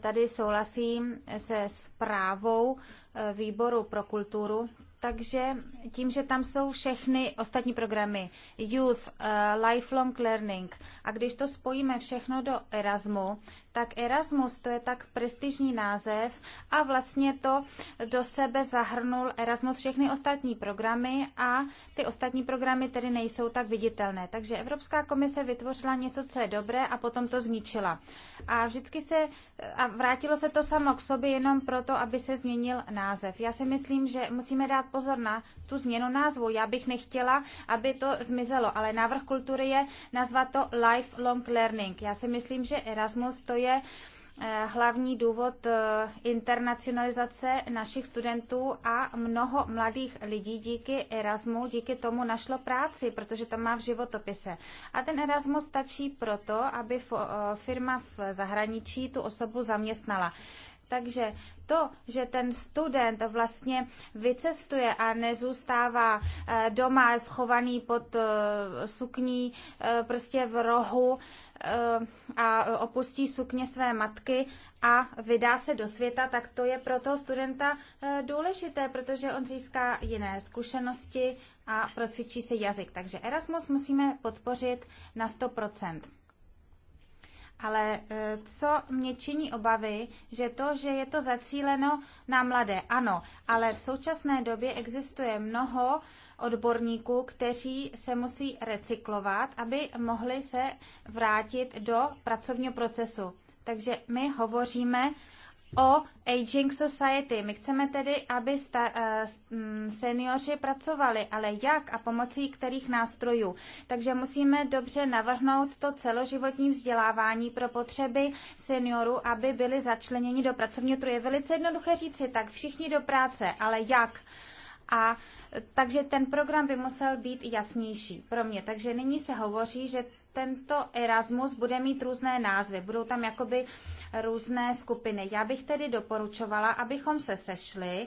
tady souhlasím se zprávou eh, výboru pro kulturu, takže tím, že tam jsou všechny ostatní programy, Youth, uh, Lifelong Learning, a když to spojíme všechno do Erasmu, tak Erasmus to je tak prestižní název a vlastně to do sebe zahrnul Erasmus všechny ostatní programy a ty ostatní programy tedy nejsou tak viditelné. Takže Evropská komise vytvořila něco, co je dobré a potom to zničila. A vždycky se a vrátilo se to samo k sobě jenom proto, aby se změnil název. Já si myslím, že musíme dát pozor na tu změnu názvu. Já bych nechtěla, aby to zmizelo, ale návrh kultury je nazvat to lifelong learning. Já si myslím, že Erasmus to je je eh, hlavní důvod eh, internacionalizace našich studentů a mnoho mladých lidí díky Erasmu, díky tomu našlo práci, protože to má v životopise. A ten Erasmus stačí proto, aby eh, firma v zahraničí tu osobu zaměstnala. Takže to, že ten student vlastně vycestuje a nezůstává eh, doma schovaný pod eh, sukní eh, prostě v rohu a opustí sukně své matky a vydá se do světa, tak to je pro toho studenta důležité, protože on získá jiné zkušenosti a procvičí si jazyk. Takže Erasmus musíme podpořit na 100%. Ale e, co mě činí obavy, že to, že je to zacíleno na mladé, ano, ale v současné době existuje mnoho odborníků, kteří se musí recyklovat, aby mohli se vrátit do pracovního procesu. Takže my hovoříme o Aging Society. My chceme tedy, aby sta, eh, mm, seniori pracovali, ale jak a pomocí kterých nástrojů. Takže musíme dobře navrhnout to celoživotní vzdělávání pro potřeby seniorů, aby byli začleněni do pracovního trhu. Je velice jednoduché říci, tak všichni do práce, ale jak? A eh, takže ten program by musel být jasnější pro mě. Takže nyní se hovoří, že tento Erasmus bude mít různé názvy, budou tam jakoby různé skupiny. Já bych tedy doporučovala, abychom se sešli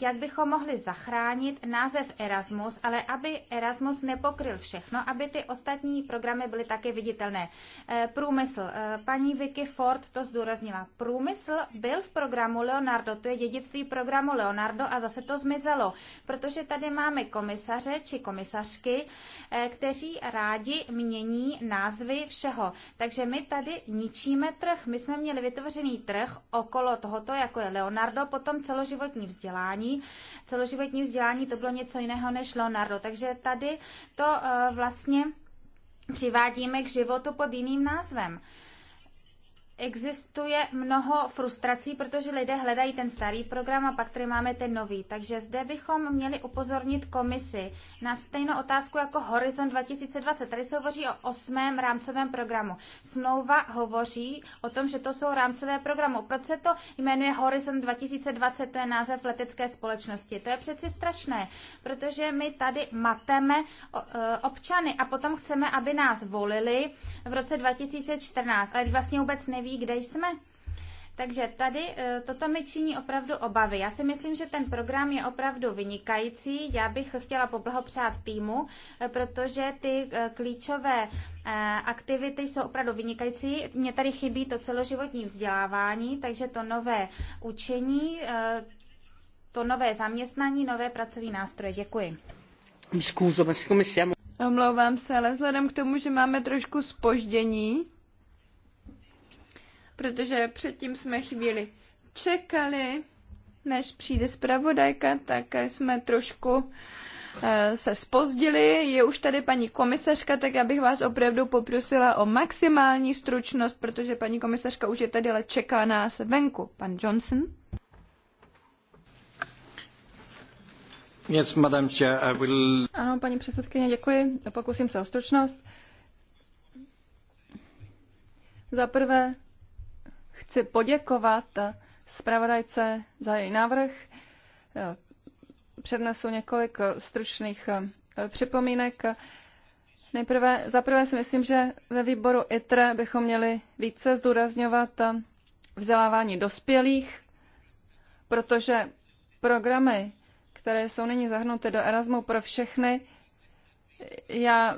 jak bychom mohli zachránit název Erasmus, ale aby Erasmus nepokryl všechno, aby ty ostatní programy byly také viditelné. Eh, průmysl. Eh, paní Vicky Ford to zdůraznila. Průmysl byl v programu Leonardo, to je dědictví programu Leonardo a zase to zmizelo, protože tady máme komisaře či komisařky, eh, kteří rádi mění názvy všeho. Takže my tady ničíme trh. My jsme měli vytvořený trh okolo tohoto, jako je Leonardo, potom celoživotní vzdělání, vzdělání. Celoživotní vzdělání to bylo něco jiného než Leonardo. Takže tady to eh, vlastně přivádíme k životu pod jiným názvem existuje mnoho frustrací, protože lidé hledají ten starý program a pak tady máme ten nový. Takže zde bychom měli upozornit komisi na stejnou otázku jako Horizon 2020. Tady se hovoří o osmém rámcovém programu. Smlouva hovoří o tom, že to jsou rámcové programy. Proč se to jmenuje Horizon 2020? To je název letecké společnosti. To je přeci strašné, protože my tady mateme e, občany a potom chceme, aby nás volili v roce 2014, ale vlastně vůbec neví, neví, kde jsme. Takže tady e, toto mi činí opravdu obavy. Já si myslím, že ten program je opravdu vynikající. Já bych chtěla poblahopřát týmu, e, protože ty e, klíčové aktivity jsou opravdu vynikající. Mně tady chybí to celoživotní vzdělávání, takže to nové učení, to nové zaměstnání, nové pracovní nástroje. Děkuji. Omlouvám se, ale vzhledem k tomu, že máme trošku spoždění, protože předtím jsme chvíli čekali, než přijde zpravodajka, tak jsme trošku eh, se spozdili. Je už tady paní komisařka, tak já bych vás opravdu poprosila o maximální stručnost, protože paní komisařka už je tady, ale čeká nás venku. Pan Johnson? Yes, madam chair, I will... Ano, paní předsedkyně, děkuji. Pokusím se o stručnost. Za prvé Chci poděkovat zpravodajce za její návrh. Přednesu několik stručných eh, připomínek. Nejprve, zaprvé si myslím, že ve výboru ITRE bychom měli více zdůrazňovat eh, vzdělávání dospělých, protože programy, které jsou nyní zahrnuty do Erasmu pro všechny, já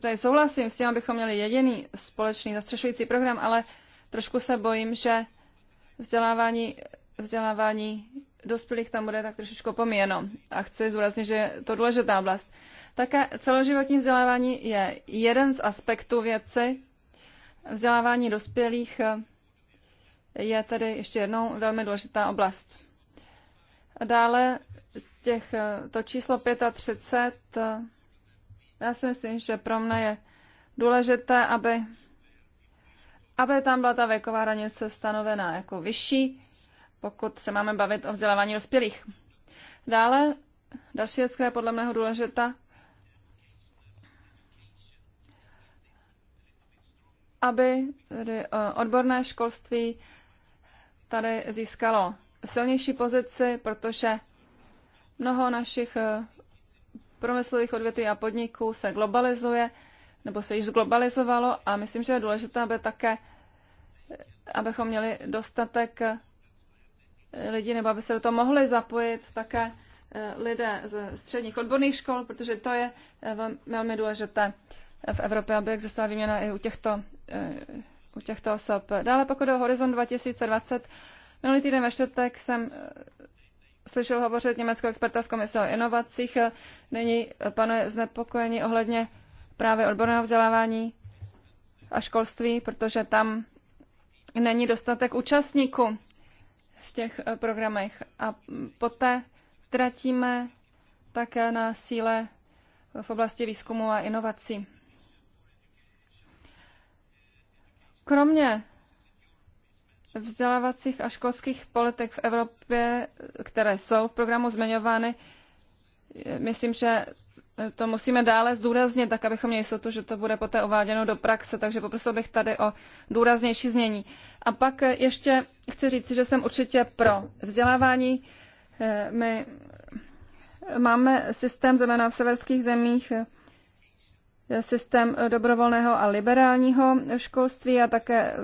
tady souhlasím s tím, abychom měli jediný společný zastřešující program, ale Trošku se bojím, že vzdělávání, vzdělávání dospělých tam bude tak trošičku pomíjeno. A chci zdůraznit, že je to důležitá oblast. Také celoživotní vzdělávání je jeden z aspektů věci. Vzdělávání dospělých je tedy ještě jednou velmi důležitá oblast. Dále těch, to číslo 35, já si myslím, že pro mne je důležité, aby aby tam byla ta věková hranice stanovená jako vyšší, pokud se máme bavit o vzdělávání dospělých. Dále, další věc, která je podle mého důležitá, aby tedy eh, odborné školství tady získalo silnější pozici, protože mnoho našich eh, průmyslových odvětví a podniků se globalizuje nebo se již zglobalizovalo a myslím, že je důležité, aby také, abychom měli dostatek eh, lidí, nebo aby se do toho mohli zapojit také eh, lidé ze středních odborných škol, protože to je eh, velmi důležité v Evropě, aby existovala výměna i u těchto, u těchto osob. Dále pokud o Horizon 2020, minulý týden ve čtvrtek jsem slyšel hovořit německého experta z komise o inovacích. Nyní panuje znepokojení ohledně právě odborného vzdělávání a školství, protože tam není dostatek účastníků v těch eh, programech. A mm, poté tratíme také na síle v oblasti výzkumu a inovací. Kromě vzdělávacích a školských politik v Evropě, eh, které jsou v programu zmiňovány, eh, myslím, že to musíme dále zdůraznit, tak abychom měli jistotu, že to bude poté uváděno do praxe, takže poprosil bych tady o důraznější změní. A pak ještě chci říct, že jsem určitě pro vzdělávání. Eh, my máme systém zejména v severských zemích, eh, systém dobrovolného a liberálního školství a také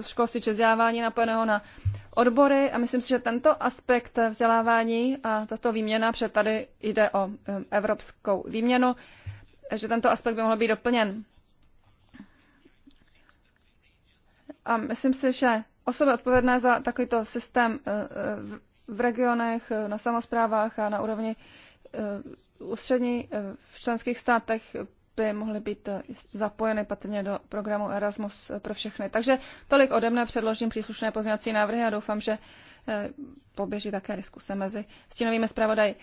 školství či vzdělávání napojeného na odbory a myslím si, že tento aspekt vzdělávání a tato výměna, protože tady jde o um, evropskou výměnu, že tento aspekt by mohl být doplněn. A myslím si, že osoby odpovědné za takovýto systém uh, uh, v regionech, uh, na samozprávách a na úrovni ústřední v členských státech by mohly být eh, zapojeny patrně do programu Erasmus eh, pro všechny. Takže tolik ode mne předložím příslušné pozměňovací návrhy a doufám, že eh, poběží také diskuse mezi stínovými zpravodaji.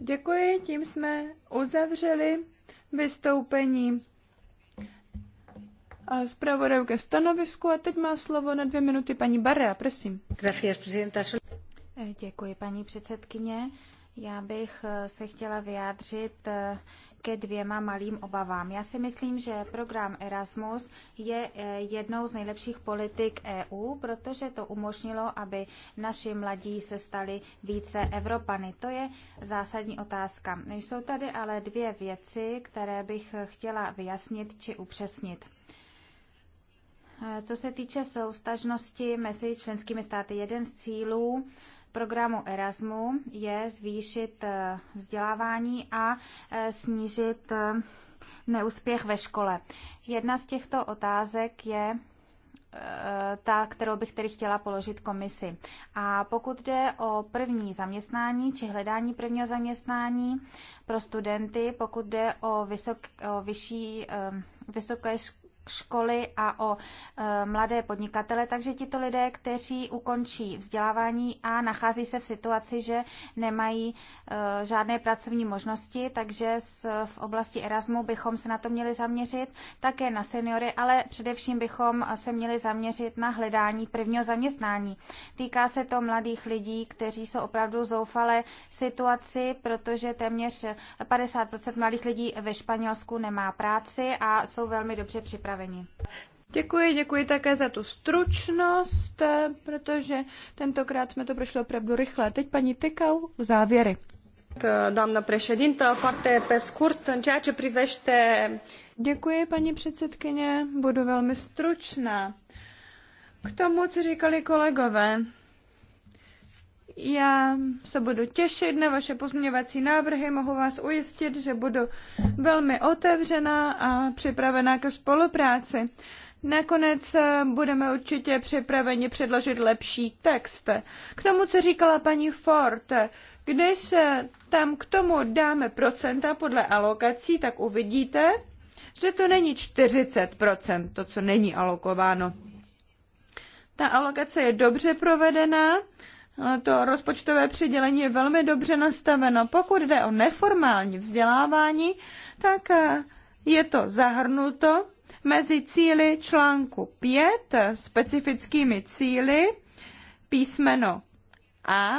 Děkuji, tím jsme uzavřeli vystoupení zpravodajů ke stanovisku a teď má slovo na dvě minuty paní Barrea, prosím. Děkuji, paní předsedkyně. Já bych eh, se chtěla vyjádřit eh, ke dvěma malým obavám. Já si myslím, že program Erasmus je eh, jednou z nejlepších politik EU, protože to umožnilo, aby naši mladí se stali více Evropany. To je zásadní otázka. Jsou tady ale dvě věci, které bych chtěla vyjasnit či upřesnit. Co se týče soustažnosti mezi členskými státy, jeden z cílů programu Erasmu je zvýšit eh, vzdělávání a eh, snížit eh, neúspěch ve škole. Jedna z těchto otázek je ta, kterou bych tedy chtěla položit komisi. A pokud jde o první zaměstnání či hledání prvního zaměstnání pro studenty, pokud jde o, vysok, o vyšší, vysoké školy, školy a o e, mladé podnikatele, takže tito lidé, kteří ukončí vzdělávání a nachází se v situaci, že nemají e, žádné pracovní možnosti, takže v oblasti Erasmu bychom se na to měli zaměřit, také na seniory, ale především bychom se měli zaměřit na hledání prvního zaměstnání. Týká se to mladých lidí, kteří jsou opravdu zoufalé situaci, protože téměř 50 mladých lidí ve Španělsku nemá práci a jsou velmi dobře připraveni připraveni. Děkuji, děkuji také za tu stručnost, protože tentokrát jsme to prošli opravdu rychle. Teď paní Tykau, závěry. Doamnă președintă, foarte pe scurt, în ceea ce privește... Děkuji, paní předsedkyně, budu velmi stručná. K tomu, co říkali kolegové, já se budu těšit na vaše pozměňovací návrhy, mohu vás ujistit, že budu velmi otevřená a připravená ke spolupráci. Nakonec budeme určitě připraveni předložit lepší text. K tomu, co říkala paní Ford, když tam k tomu dáme procenta podle alokací, tak uvidíte, že to není 40%, to, co není alokováno. Ta alokace je dobře provedená to rozpočtové přidělení je velmi dobře nastaveno. Pokud jde o neformální vzdělávání, tak eh, je to zahrnuto mezi cíly článku 5 eh, specifickými cíly písmeno A.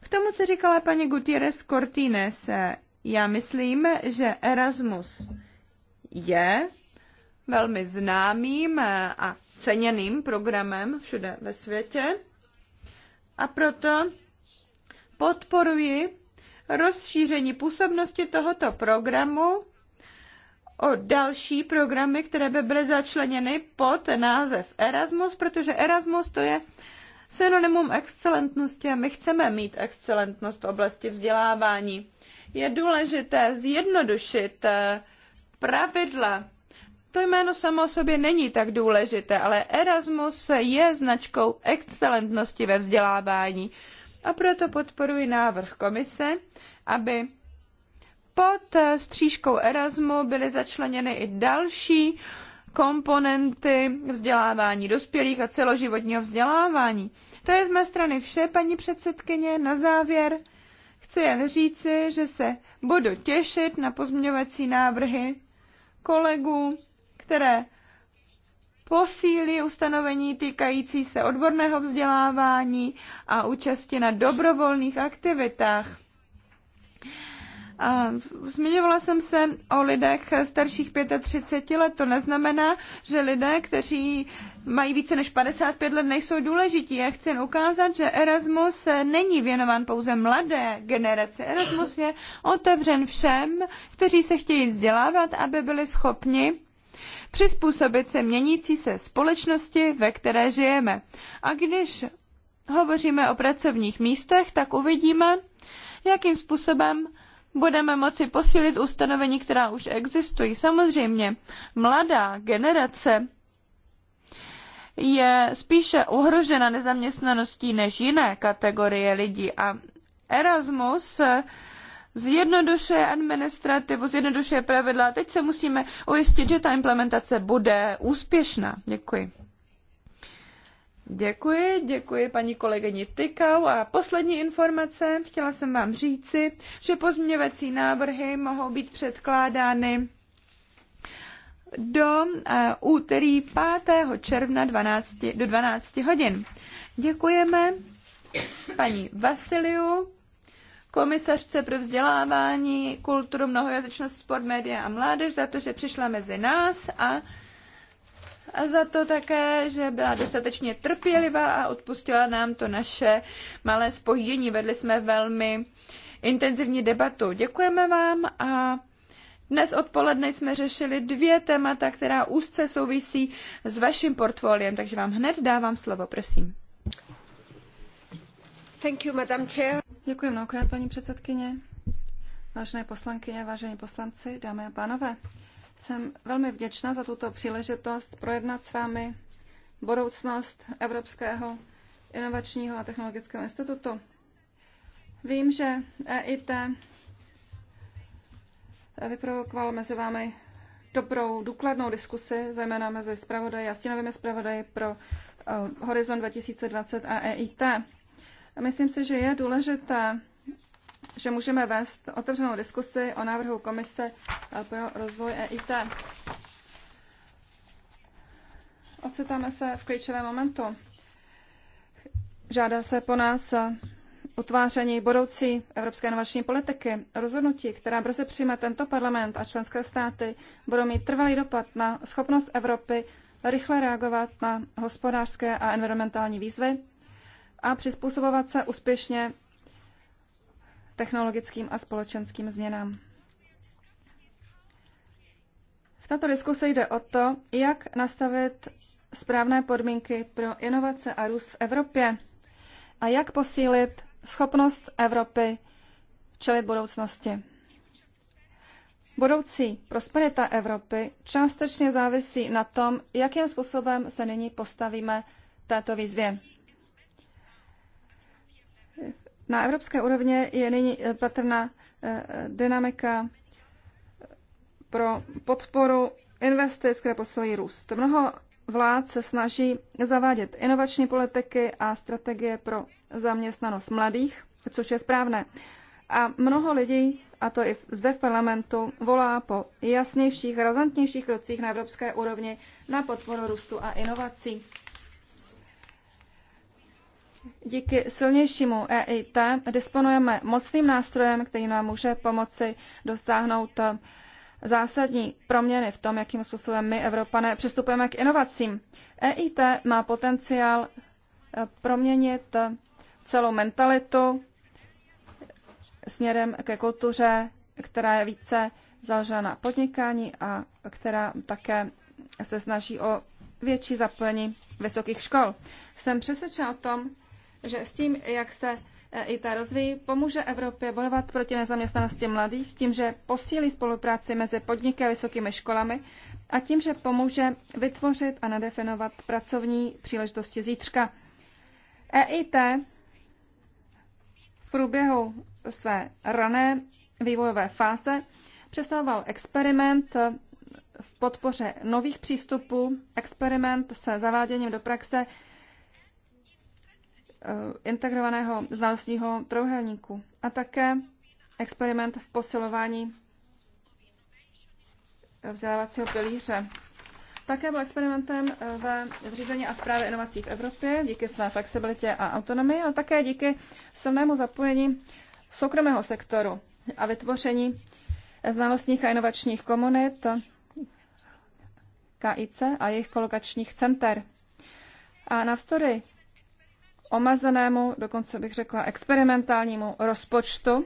K tomu, co říkala paní Gutierrez Cortines, eh, já myslím, že Erasmus je velmi známým a ceněným programem všude ve světě. A proto podporuji rozšíření působnosti tohoto programu o další programy, které by byly začleněny pod název Erasmus, protože Erasmus to je synonymum excelentnosti a my chceme mít excelentnost v oblasti vzdělávání. Je důležité zjednodušit eh, pravidla to jméno samo o sobě není tak důležité, ale Erasmus je značkou excelentnosti ve vzdělávání. A proto podporuji návrh komise, aby pod střížkou Erasmu byly začleněny i další komponenty vzdělávání dospělých a celoživotního vzdělávání. To je z mé strany vše, paní předsedkyně. Na závěr chci jen říci, že se budu těšit na pozměňovací návrhy kolegů které posílí ustanovení týkající se odborného vzdělávání a účasti na dobrovolných aktivitách. zmiňovala jsem se o lidech starších 35 let. To neznamená, že lidé, kteří mají více než 55 let, nejsou důležití. Já chci jen ukázat, že Erasmus není věnován pouze mladé generaci. Erasmus je otevřen všem, kteří se chtějí vzdělávat, aby byli schopni přizpůsobit se měnící se společnosti, ve které žijeme. A když hovoříme o pracovních místech, tak uvidíme, jakým způsobem budeme moci posílit ustanovení, která už existují. Samozřejmě, mladá generace je spíše ohrožena nezaměstnaností než jiné kategorie lidí a Erasmus zjednodušuje administrativu, zjednodušuje pravidla. Teď se musíme ujistit, že ta implementace bude úspěšná. Děkuji. Děkuji, děkuji paní kolegyni Tykau. A poslední informace, chtěla jsem vám říci, že pozměňovací návrhy mohou být předkládány do eh, úterý 5. června 12, do 12 hodin. Děkujeme paní Vasiliu komisařce pro vzdělávání, kulturu, mnohojazyčnost, sport, média a mládež za to, že přišla mezi nás a, a za to také, že byla dostatečně trpělivá a odpustila nám to naše malé spojení. Vedli jsme velmi intenzivní debatu. Děkujeme vám a dnes odpoledne jsme řešili dvě témata, která úzce souvisí s vaším portfoliem, takže vám hned dávám slovo, prosím. Děkuji mnohokrát, paní předsedkyně. Vážené poslankyně, vážení poslanci, dámy a pánové, jsem velmi vděčná za tuto příležitost projednat s vámi budoucnost Evropského inovačního a technologického institutu. Vím, že EIT vyprovokoval mezi vámi dobrou, důkladnou diskusi, zejména mezi zpravodaji a stínovými zpravodaji pro eh, Horizon 2020 a EIT. Myslím si, že je důležité, že můžeme vést otevřenou diskusi o návrhu Komise pro rozvoj EIT. Ocitáme se v klíčovém momentu. Žádá se po nás utváření budoucí evropské inovační politiky. Rozhodnutí, která brzy přijme tento parlament a členské státy, budou mít trvalý dopad na schopnost Evropy rychle reagovat na hospodářské a environmentální výzvy, a přizpůsobovat se úspěšně technologickým a společenským změnám. V této diskuse jde o to, jak nastavit správné podmínky pro inovace a růst v Evropě a jak posílit schopnost Evropy čelit budoucnosti. Budoucí prosperita Evropy částečně závisí na tom, jakým způsobem se nyní postavíme této výzvě. Na evropské úrovně je nyní eh, patrná eh, dynamika eh, pro podporu investic, které posilují růst. Mnoho vlád se snaží zavádět inovační politiky a strategie pro zaměstnanost mladých, což je správné. A mnoho lidí, a to i zde v parlamentu, volá po jasnějších, razantnějších krocích na evropské úrovni na podporu růstu a inovací díky silnějšímu EIT disponujeme mocným nástrojem, který nám může pomoci dosáhnout eh, zásadní proměny v tom, jakým způsobem my, Evropané, přistupujeme k inovacím. EIT má potenciál eh, proměnit eh, celou mentalitu směrem ke kultuře, která je více založena na podnikání a která také se snaží o větší zapojení vysokých škol. Jsem přesvědčena o tom, že s tím, jak se eh, i ta rozvíjí, pomůže Evropě bojovat proti nezaměstnanosti mladých tím, že posílí spolupráci mezi podniky a vysokými školami a tím, že pomůže vytvořit a nadefinovat pracovní příležitosti zítřka. EIT v průběhu své rané vývojové fáze představoval experiment v podpoře nových přístupů, experiment se zaváděním do praxe Eh, integrovaného znalostního trojuhelníku a také experiment v posilování eh, vzdělávacího pilíře. Také byl experimentem eh, ve řízení a zprávě inovací v Evropě díky své flexibilitě a autonomii, ale také díky silnému zapojení soukromého sektoru a vytvoření znalostních a inovačních komunit KIC a jejich kolokačních center. A navzdory omezenému, dokonce bych řekla experimentálnímu rozpočtu,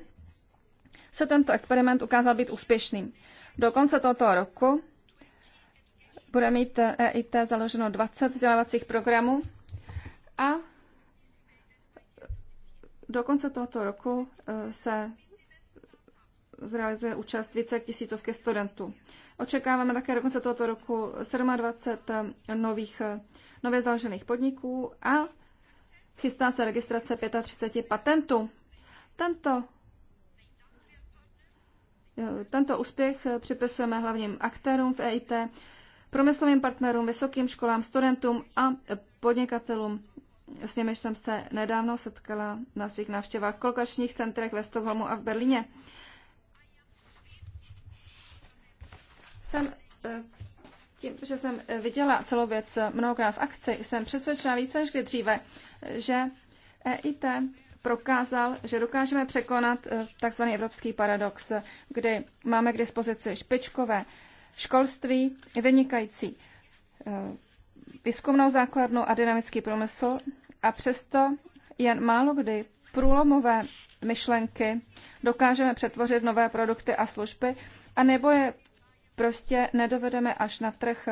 se tento experiment ukázal být úspěšným. Do konce tohoto roku bude mít EIT založeno 20 vzdělávacích programů a do konce tohoto roku e, se zrealizuje účast více jak tisícovky studentů. Očekáváme také do konce tohoto roku 27 nových, e, nově založených podniků a Chystá se registrace 35 patentů. Tento, tento úspěch připisujeme hlavním aktérům v EIT, průmyslovým partnerům, vysokým školám, studentům a podnikatelům. S nimiž jsem se nedávno setkala na svých návštěvách v kolkačních centrech ve Stockholmu a v Berlíně. Jsem eh, tím, že jsem eh, viděla celou věc eh, mnohokrát v akci, jsem přesvědčena více než kdy dříve, že EIT prokázal, že dokážeme překonat eh, tzv. evropský paradox, kdy máme k dispozici špičkové školství, vynikající výzkumnou základnu a dynamický průmysl a přesto jen málo kdy průlomové myšlenky dokážeme přetvořit nové produkty a služby, a nebo je prostě nedovedeme až na trh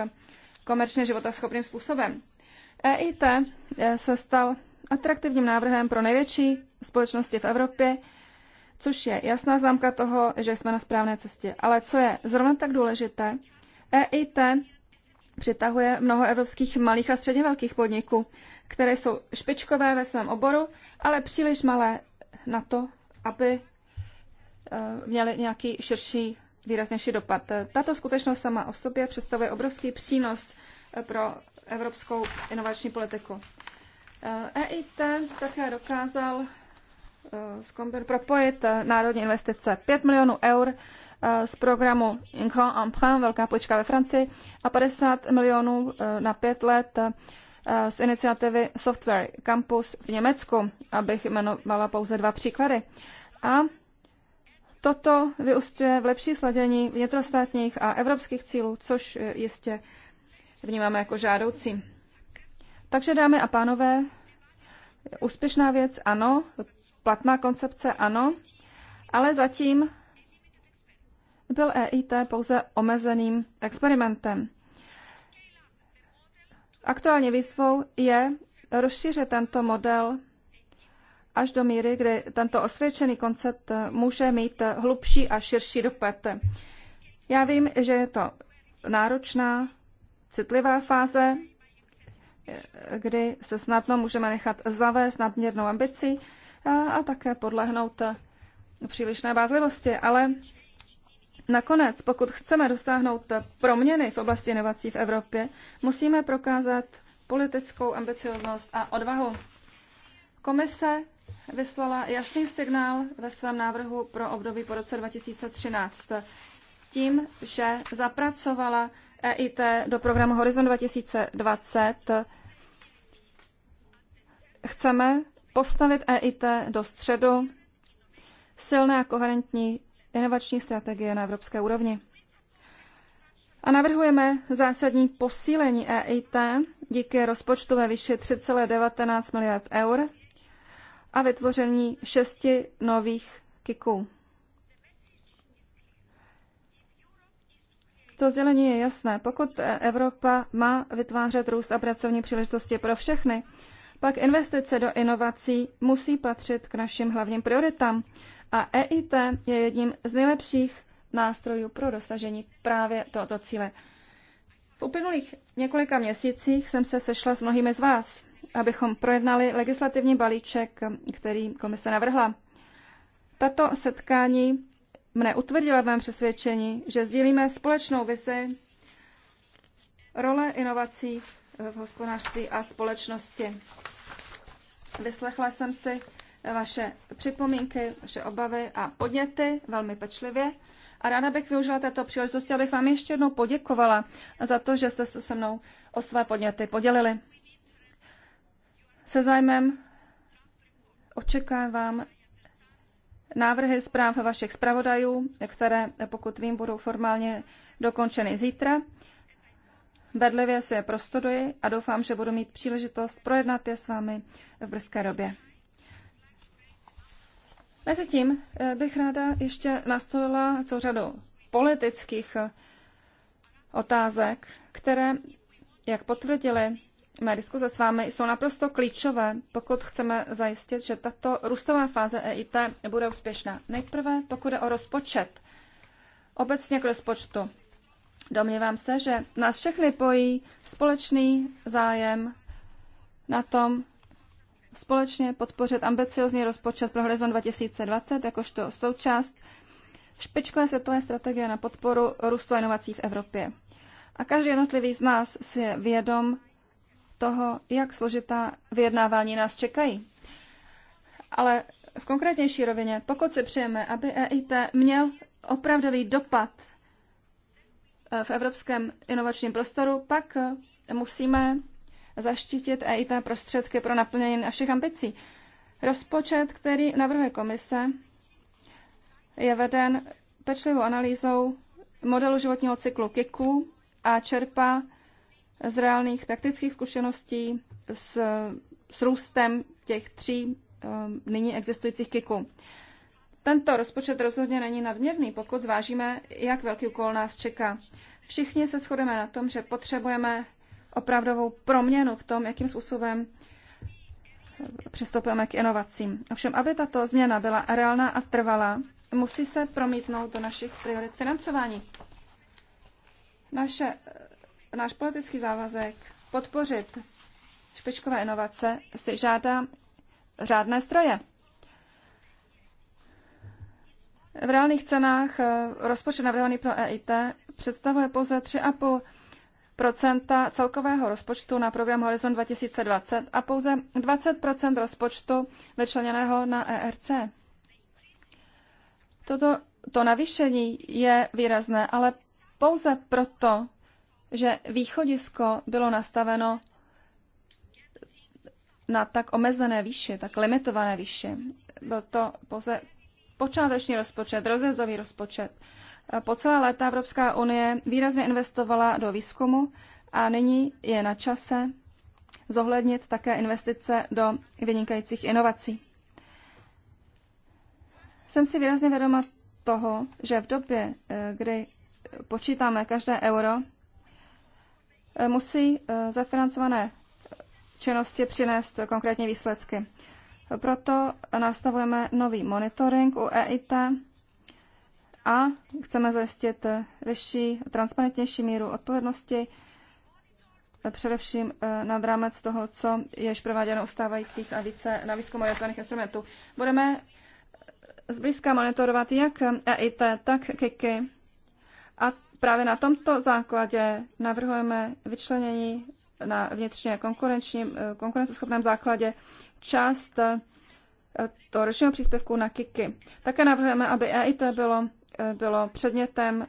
komerčně životaschopným způsobem. EIT e, se stal atraktivním návrhem pro největší společnosti v Evropě, což je jasná známka toho, že jsme na správné cestě. Ale co je zrovna tak důležité, EIT přitahuje mnoho evropských malých a středně velkých podniků, které jsou špičkové ve svém oboru, ale příliš malé na to, aby e, měli nějaký širší výraznější dopad. Tato skutečnost sama o sobě představuje obrovský přínos eh, pro evropskou inovační politiku. EIT eh, e také dokázal eh, propojit národní investice 5 milionů eur z programu Grand Emprunt, velká počka ve Francii, a 50 milionů na pět let z iniciativy Software Campus v Německu, abych jmenovala pouze dva příklady. A Toto vyostřuje v lepší sladění vnitrostátních a evropských cílů, což e, jistě vnímáme jako žádoucí. Takže, dámy a pánové, úspěšná věc ano, platná koncepce ano, ale zatím byl EIT pouze omezeným experimentem. Aktuální výzvou je rozšířit tento model až do míry, kdy tento osvědčený koncept může mít hlubší a širší dopad. Já vím, že je to náročná, citlivá fáze, kdy se snadno můžeme nechat zavést nadměrnou ambicí a, a také podlehnout přílišné bázlivosti, ale Nakonec, pokud chceme dosáhnout proměny v oblasti inovací v Evropě, musíme prokázat politickou ambicioznost a odvahu. Komise vyslala jasný signál ve svém návrhu pro období po roce 2013 tím, že zapracovala EIT do programu Horizon 2020. Chceme postavit EIT do středu silné a koherentní inovační strategie na evropské úrovni. A navrhujeme zásadní posílení EIT díky rozpočtu ve výši 3,19 miliard eur a vytvoření šesti nových kiků. To zelení je jasné. Pokud Evropa má vytvářet růst a pracovní příležitosti pro všechny, pak investice do inovací musí patřit k našim hlavním prioritám. A EIT je jedním z nejlepších nástrojů pro dosažení právě tohoto cíle. V uplynulých několika měsících jsem se sešla s mnohými z vás abychom projednali legislativní balíček, který komise navrhla. Tato setkání mne utvrdila v mém přesvědčení, že sdílíme společnou vizi role inovací v hospodářství a společnosti. Vyslechla jsem si vaše připomínky, vaše obavy a podněty velmi pečlivě a ráda bych využila této příležitosti, abych vám ještě jednou poděkovala za to, že jste se se mnou o své podněty podělili. Se zájmem očekávám návrhy zpráv vašich zpravodajů, které, pokud vím, budou formálně dokončeny zítra. Bedlivě se je prostuduji a doufám, že budu mít příležitost projednat je s vámi v brzké době. Mezitím eh, bych ráda ještě nastolila co řadu politických eh, otázek, které, jak potvrdili mé diskuze s vámi jsou naprosto klíčové, pokud chceme zajistit, že tato růstová fáze EIT bude úspěšná. Nejprve, pokud je o rozpočet, obecně k rozpočtu. Domnívám se, že nás všechny pojí společný zájem na tom společně podpořit ambiciozní rozpočet pro Horizon 2020 jakožto součást špičkové světové strategie na podporu růstu inovací v Evropě. A každý jednotlivý z nás si je vědom toho, jak složitá vyjednávání nás čekají. Ale v konkrétnější rovině, pokud si přejeme, aby EIT měl opravdový dopad eh, v evropském inovačním prostoru, pak eh, musíme zaštítit EIT prostředky pro naplnění našich ambicí. Rozpočet, který navrhuje komise, je veden pečlivou analýzou modelu životního cyklu KIKu a čerpá z reálných praktických zkušeností s, s růstem těch tří um, nyní existujících kiků. Tento rozpočet rozhodně není nadměrný, pokud zvážíme, jak velký úkol nás čeká. Všichni se shodeme na tom, že potřebujeme opravdovou proměnu v tom, jakým způsobem přistoupíme k inovacím. Ovšem, aby tato změna byla reálná a trvalá, musí se promítnout do našich priorit financování. Naše náš politický závazek podpořit špičkové inovace si žádá řádné stroje. V reálných cenách eh, rozpočet navrhovaný pro EIT představuje pouze 3,5 celkového rozpočtu na program Horizon 2020 a pouze 20 rozpočtu vyčleněného na ERC. Toto to navýšení je výrazné, ale pouze proto, že východisko bylo nastaveno na tak omezené výši, tak limitované výši. Byl to pouze počáteční rozpočet, rozjezdový rozpočet. Po celé léta Evropská unie výrazně investovala do výzkumu a nyní je na čase zohlednit také investice do vynikajících inovací. Jsem si výrazně vědoma toho, že v době, eh, kdy počítáme každé euro, Eh, musí eh, zafinancované činnosti přinést konkrétní výsledky. Proto nastavujeme nový monitoring u EIT a chceme zajistit vyšší, transparentnější míru odpovědnosti, především eh, nad rámec toho, co jež prováděno u stávajících a více na výzkumu orientovaných instrumentů. Budeme zblízka monitorovat jak EIT, tak KIKY a Právě na tomto základě navrhujeme vyčlenění na vnitřně konkurenčním, eh, konkurenceschopném základě část eh, toho ročního příspěvku na KIKy. Také navrhujeme, aby EIT bylo, eh, bylo předmětem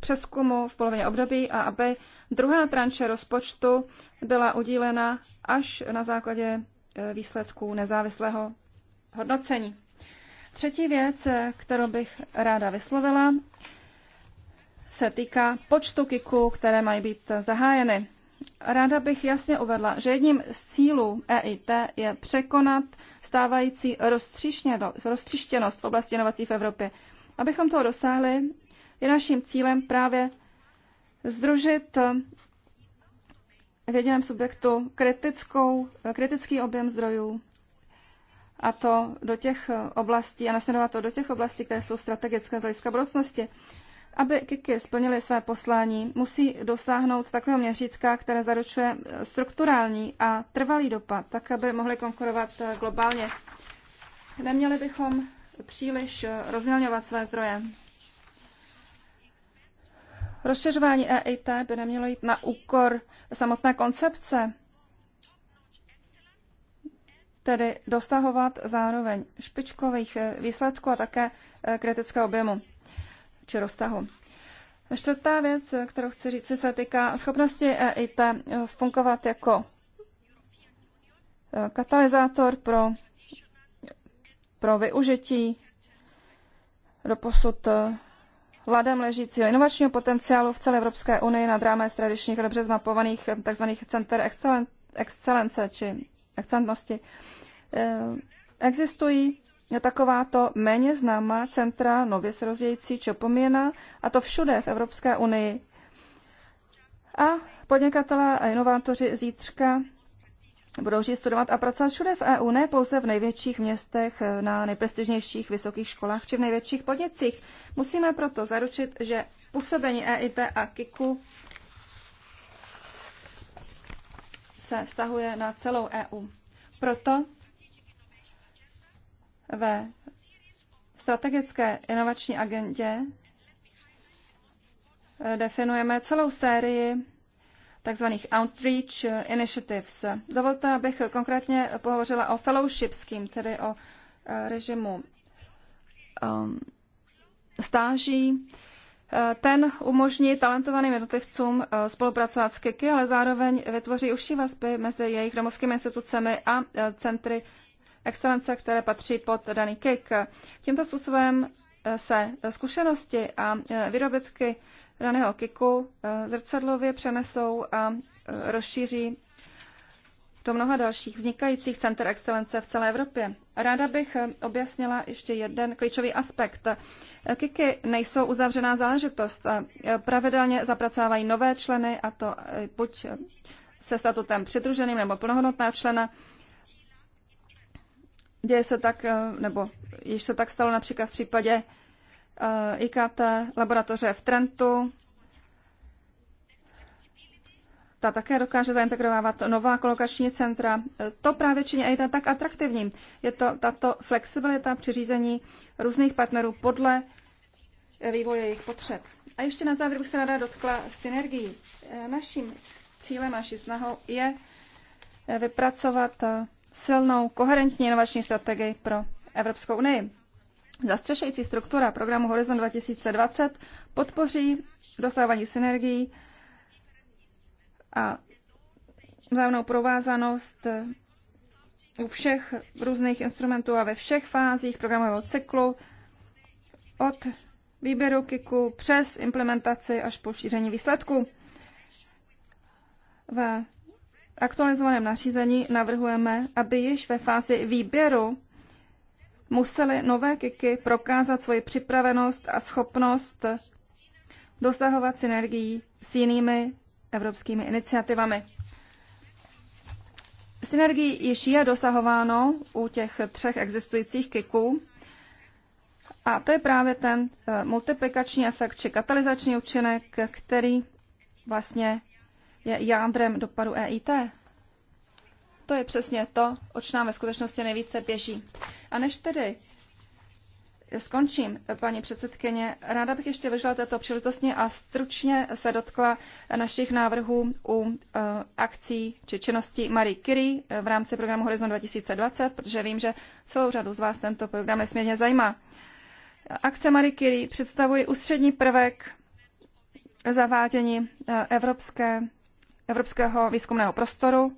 přeskumu v polovině období a aby druhá tranše rozpočtu byla udílena až na základě výsledků nezávislého hodnocení. Třetí věc, kterou bych ráda vyslovila, se týká počtu kiků, které mají být zahájeny. Ráda bych jasně uvedla, že jedním z cílů EIT je překonat stávající roztřištěnost v oblasti inovací v Evropě. Abychom toho dosáhli, je naším cílem právě združit v jediném subjektu kritickou, kritický objem zdrojů a to do těch oblastí a nasměrovat to do těch oblastí, které jsou strategické z hlediska budoucnosti. Aby KIKy splnily své poslání, musí dosáhnout takového měřítka, které zaručuje eh, strukturální a trvalý dopad, tak aby mohly konkurovat eh, globálně. Neměli bychom příliš eh, rozmělňovat své zdroje. Rozšiřování EIT by nemělo jít na úkor samotné koncepce, tedy dosahovat zároveň špičkových výsledků a také kritického objemu či rozsahu. Čtvrtá věc, kterou chci říct, se týká schopnosti EIT fungovat jako eh, katalyzátor pro, pro využití doposud eh, ladem ležícího inovačního potenciálu v celé Evropské unii nad rámec tradičních dobře zmapovaných eh, tzv. center excelence či excelentnosti. Existují takováto méně známá centra nově se rozvějící či a to všude v Evropské unii. A podnikatelé a inovátoři zítřka budou žít, studovat a pracovat všude v EU, ne pouze v největších městech, na nejprestižnějších vysokých školách či v největších podnicích. Musíme proto zaručit, že působení EIT a KIKu se vztahuje na celou EU. Proto ve strategické inovační agendě eh, definujeme celou sérii tzv. outreach initiatives. Dovolte, abych konkrétně pohovořila o fellowshipským, tedy o eh, režimu ehm, stáží. Eh, ten umožní talentovaným jednotlivcům spolupracovat s KIKy, ale zároveň vytvoří užší vazby mezi jejich domovskými institucemi a centry excelence, které patří pod daný kick. Tímto způsobem eh, se zkušenosti a eh, výrobitky daného KIKu eh, zrcadlově přenesou a rozšíří do mnoha dalších vznikajících center excelence v celé Evropě. Ráda bych objasnila ještě jeden klíčový aspekt. KIKy nejsou uzavřená záležitost. Pravidelně zapracovávají nové členy, a to buď se statutem přidruženým nebo plnohodnotná člena, Děje se tak, eh, nebo již se tak stalo například v případě eh, IKT laboratoře v Trentu. Ta také dokáže zaintegrovávat nová kolokační centra. To právě činí EIT tak atraktivním. Je to tato flexibilita při řízení různých partnerů podle vývoje jejich potřeb. A ještě na závěr bych se ráda dotkla synergií. Eh, naším cílem, naší snahou je vypracovat silnou, koherentní inovační strategii pro Evropskou unii. Zastřešející struktura programu Horizon 2020 podpoří dosávání synergií a vzájemnou provázanost u všech různých instrumentů a ve všech fázích programového cyklu od výběru KIKu přes implementaci až po šíření výsledků. V aktualizovaném nařízení navrhujeme, aby již ve fázi výběru museli nové kiky prokázat svoji připravenost a schopnost dosahovat synergií s jinými evropskými iniciativami. Synergii již je dosahováno u těch třech existujících kiků a to je právě ten eh, multiplikační efekt či katalyzační účinek, který vlastně je jádrem dopadu EIT. To je přesně to, oč nám ve skutečnosti nejvíce běží. A než tedy skončím, paní předsedkyně, ráda bych ještě vyžila této příležitosti a stručně se dotkla našich návrhů u eh, akcí či činností Marie Curie eh, v rámci programu Horizon 2020, protože vím, že celou řadu z vás tento program nesmírně zajímá. Akce Marie Curie představuje ústřední prvek zavádění eh, evropské evropského výzkumného prostoru.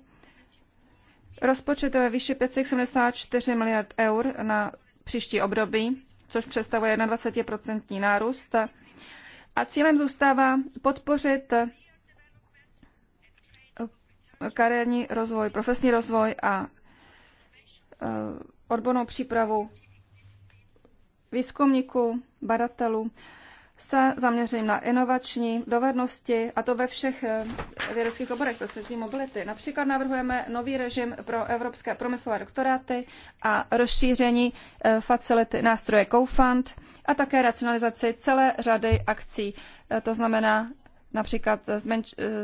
Rozpočet je ve výši 574 miliard eur na příští období, což představuje 21% nárůst. A cílem zůstává podpořit kariérní rozvoj, profesní rozvoj a e, odbornou přípravu výzkumníků, badatelů se zaměřím na inovační dovednosti, a to ve všech eh, vědeckých oborech prostřednictvím mobility. Například navrhujeme nový režim pro evropské promyslové doktoráty a rozšíření eh, facility nástroje CoFund a také racionalizaci celé řady akcí. Eh, to znamená například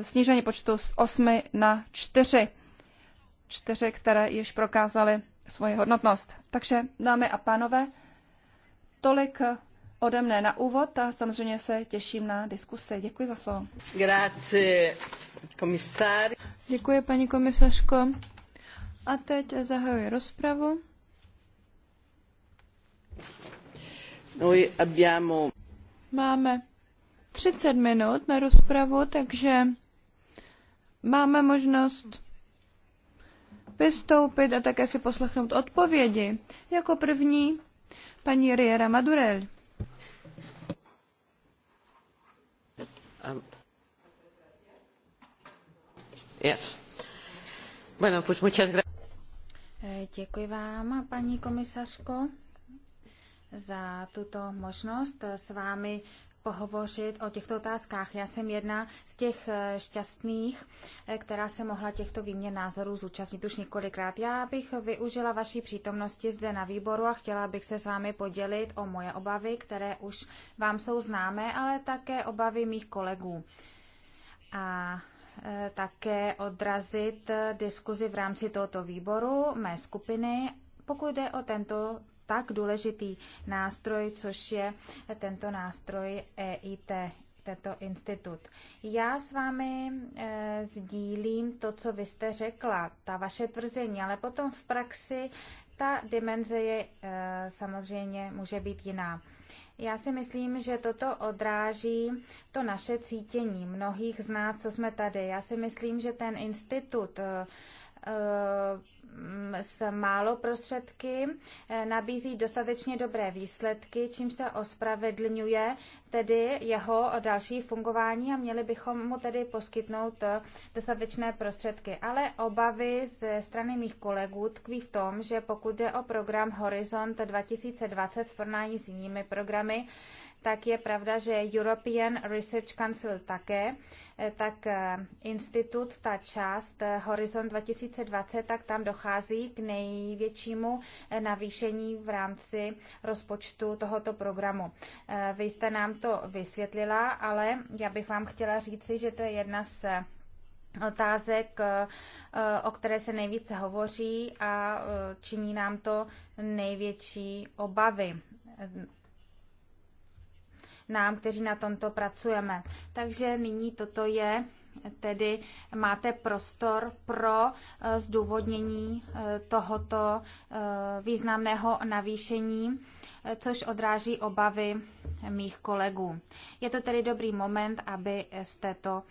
snížení počtu z 8 na 4. Čtyři, které již prokázaly svoji hodnotnost. Takže, dámy a pánové, tolik ode mne na úvod a samozřejmě se těším na diskusi. Děkuji za slovo. Grazie, komisár. Děkuji, paní komisařko. A teď zahajuji rozpravu. Noi abbiamo... Máme 30 minut na rozpravu, takže máme možnost vystoupit a také si poslechnout odpovědi. Jako první paní Riera Madurel. Eh, děkuji vám, paní komisařko, za tuto možnost s vámi pohovořit o těchto otázkách. Já jsem jedna z těch eh, šťastných, eh, která se mohla těchto výměn názorů zúčastnit už několikrát. Já bych využila vaší přítomnosti zde na výboru a chtěla bych se s vámi podělit o moje obavy, které už vám jsou známé, ale také obavy mých kolegů. A Eh, také odrazit eh, diskuzi v rámci tohoto výboru, mé skupiny, pokud jde o tento tak důležitý nástroj, což je tento nástroj EIT, tento institut. Já s vámi e, sdílím to, co vy jste řekla, ta vaše tvrzení, ale potom v praxi ta dimenze je e, samozřejmě může být jiná. E, já si myslím, že toto odráží to naše cítění mnohých z nás, co jsme tady. Já si myslím, že ten institut eh, eh, Mm, s málo prostředky eh, nabízí dostatečně dobré výsledky, čím se ospravedlňuje tedy jeho další fungování a měli bychom mu tedy poskytnout eh, dostatečné prostředky. Ale obavy ze strany mých kolegů tkví v tom, že pokud jde o program Horizont 2020 v porovnání s jinými programy, tak je pravda, že European Research Council také, eh, tak eh, institut, ta část eh, Horizon 2020, tak tam dochází k největšímu navýšení v rámci rozpočtu tohoto programu. Vy jste nám to vysvětlila, ale já bych vám chtěla říci, že to je jedna z otázek, o které se nejvíce hovoří a činí nám to největší obavy nám, kteří na tomto pracujeme. Takže nyní toto je tedy máte prostor pro eh, zdůvodnění eh, tohoto eh, významného navýšení, což odráží obavy mých kolegů. Je to tedy dobrý moment, abyste to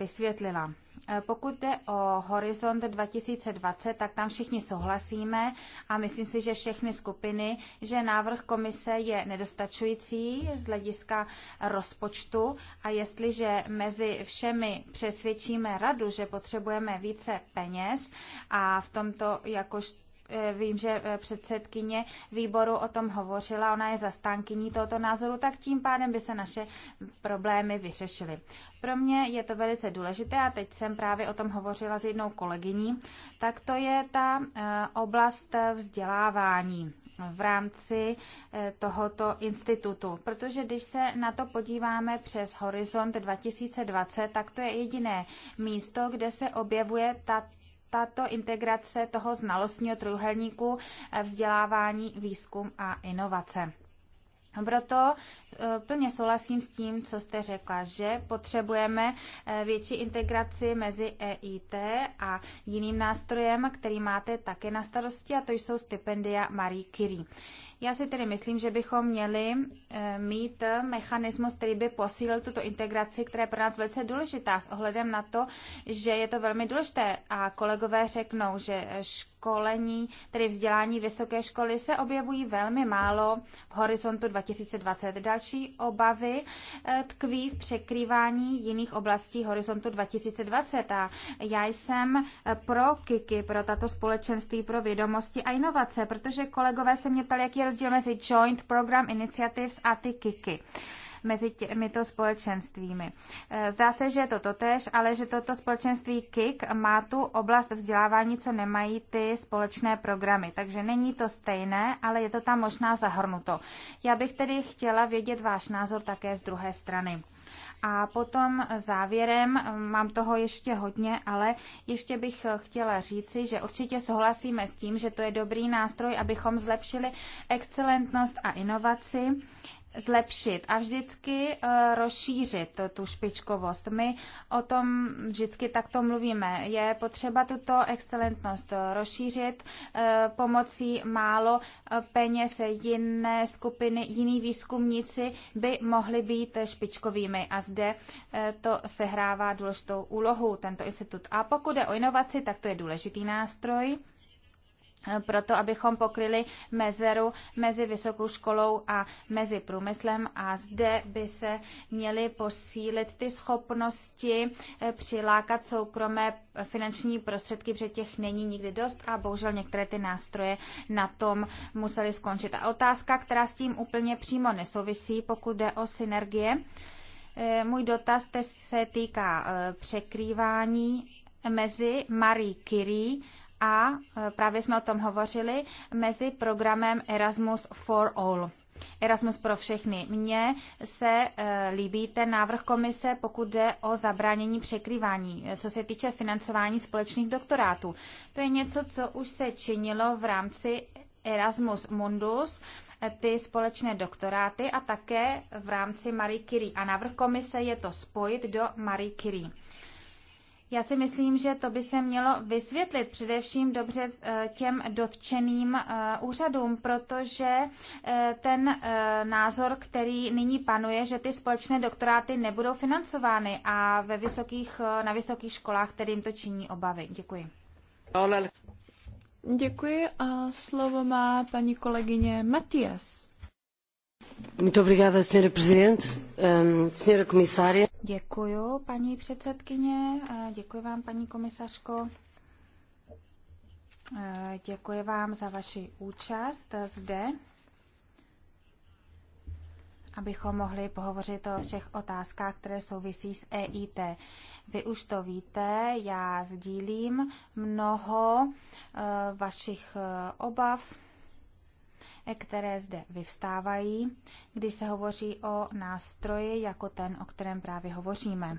vysvětlila. Eh, pokud jde o horizont 2020, tak tam všichni souhlasíme a myslím si, že všechny skupiny, že návrh komise je nedostačující z hlediska rozpočtu a jestliže mezi všemi přesvědčíme radu, že potřebujeme více peněz a v tomto jakož Eh, vím, že eh, předsedkyně výboru o tom hovořila, ona je zastánkyní tohoto názoru, tak tím pádem by se naše problémy vyřešily. Pro mě je to velice důležité a teď jsem právě o tom hovořila s jednou kolegyní, tak to je ta eh, oblast vzdělávání v rámci tohoto institutu. Protože když se na to podíváme přes horizont 2020, tak to je jediné místo, kde se objevuje ta tato integrace toho znalostního trojuhelníku eh, vzdělávání, výzkum a inovace. Proto eh, plně souhlasím s tím, co jste řekla, že potřebujeme eh, větší integraci mezi EIT a jiným nástrojem, který máte také na starosti, a to jsou stipendia Marie Curie. Já si tedy myslím, že bychom měli eh, mít mechanismus, který by posílil tuto integraci, která je pro nás velice důležitá s ohledem na to, že je to velmi důležité. A kolegové řeknou, že školení, tedy vzdělání vysoké školy se objevují velmi málo v horizontu 2020. Další obavy eh, tkví v překrývání jiných oblastí horizontu 2020. A já jsem eh, pro KIKY, pro tato společenství pro vědomosti a inovace, protože kolegové se mě ptali, jaký je rozdíl mezi Joint Program Initiatives a ty KIKy mezi těmito společenstvími. Eh, zdá se, že je to totéž, ale že toto společenství KIK má tu oblast vzdělávání, co nemají ty společné programy. Takže není to stejné, ale je to tam možná zahrnuto. Já bych tedy chtěla vědět váš názor také z druhé strany. A potom závěrem, eh, mám toho ještě hodně, ale ještě bych eh, chtěla říci, že určitě souhlasíme s tím, že to je dobrý nástroj, abychom zlepšili excelentnost a inovaci zlepšit a vždycky eh, rozšířit tu špičkovost. My o tom vždycky takto mluvíme. Je potřeba tuto excelentnost rozšířit eh, pomocí málo eh, peněz jiné skupiny, jiní výzkumníci by mohli být špičkovými a zde to sehrává důležitou úlohu tento institut. A pokud je o inovaci, tak to je důležitý nástroj proto abychom pokryli mezeru mezi vysokou školou a mezi průmyslem a zde by se měly posílit ty schopnosti eh, přilákat soukromé finanční prostředky, protože těch není nikdy dost a bohužel některé ty nástroje na tom musely skončit. A otázka, která s tím úplně přímo nesouvisí, pokud jde o synergie, eh, můj dotaz se týká eh, překrývání mezi Marie Curie a e, právě jsme o tom hovořili mezi programem Erasmus for All. Erasmus pro všechny. Mně se e, líbí ten návrh komise, pokud jde o zabránění překrývání, e, co se týče financování společných doktorátů. To je něco, co už se činilo v rámci Erasmus Mundus, ty společné doktoráty a také v rámci Marie Curie. A návrh komise je to spojit do Marie Curie. Já si myslím, že to by se mělo vysvětlit především dobře eh, těm dotčeným eh, úřadům, protože eh, ten názor, který nyní panuje, že ty společné doktoráty nebudou financovány a ve vysokých, na vysokých školách, jim to činí obavy. Děkuji. Děkuji a slovo má paní kolegyně Matias. Děkuji, paní předsedkyně. Děkuji vám, paní komisařko. Děkuji vám za vaši účast zde, abychom mohli pohovořit o všech otázkách, které souvisí s EIT. Vy už to víte, já sdílím mnoho eh, vašich eh, obav které zde vyvstávají, když se hovoří o nástroji jako ten, o kterém právě hovoříme.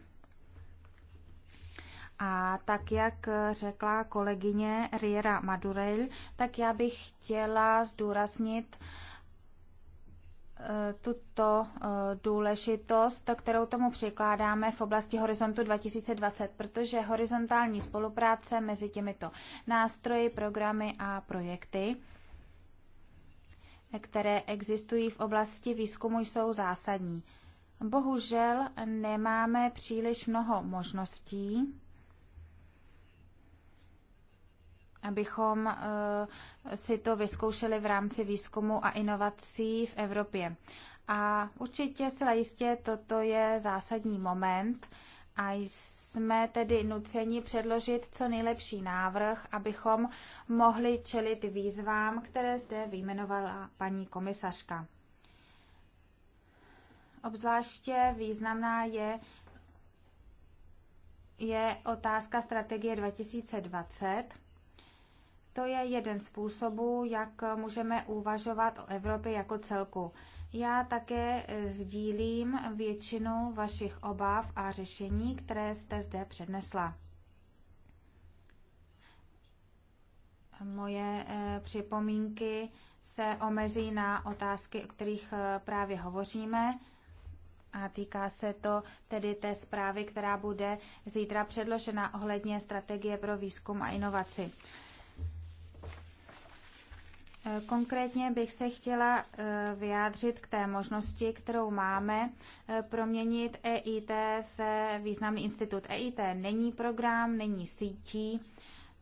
A tak, jak řekla kolegyně Riera Madurel, tak já bych chtěla zdůraznit eh, tuto eh, důležitost, kterou tomu přikládáme v oblasti Horizontu 2020, protože horizontální spolupráce mezi těmito nástroji, programy a projekty které existují v oblasti výzkumu, jsou zásadní. Bohužel nemáme příliš mnoho možností, abychom eh, si to vyzkoušeli v rámci výzkumu a inovací v Evropě. A určitě zcela jistě toto je zásadní moment a jsme tedy nuceni předložit co nejlepší návrh, abychom mohli čelit výzvám, které zde vyjmenovala paní komisařka. Obzvláště významná je, je otázka strategie 2020. To je jeden způsobů, jak můžeme uvažovat o Evropě jako celku. Já také eh, sdílím většinu vašich obav a řešení, které jste zde přednesla. Moje eh, připomínky se omezí na otázky, o kterých eh, právě hovoříme. A týká se to tedy té zprávy, která bude zítra předložena ohledně strategie pro výzkum a inovaci. Konkrétně bych se chtěla eh, vyjádřit k té možnosti, kterou máme eh, proměnit EIT v významný institut. EIT není program, není sítí,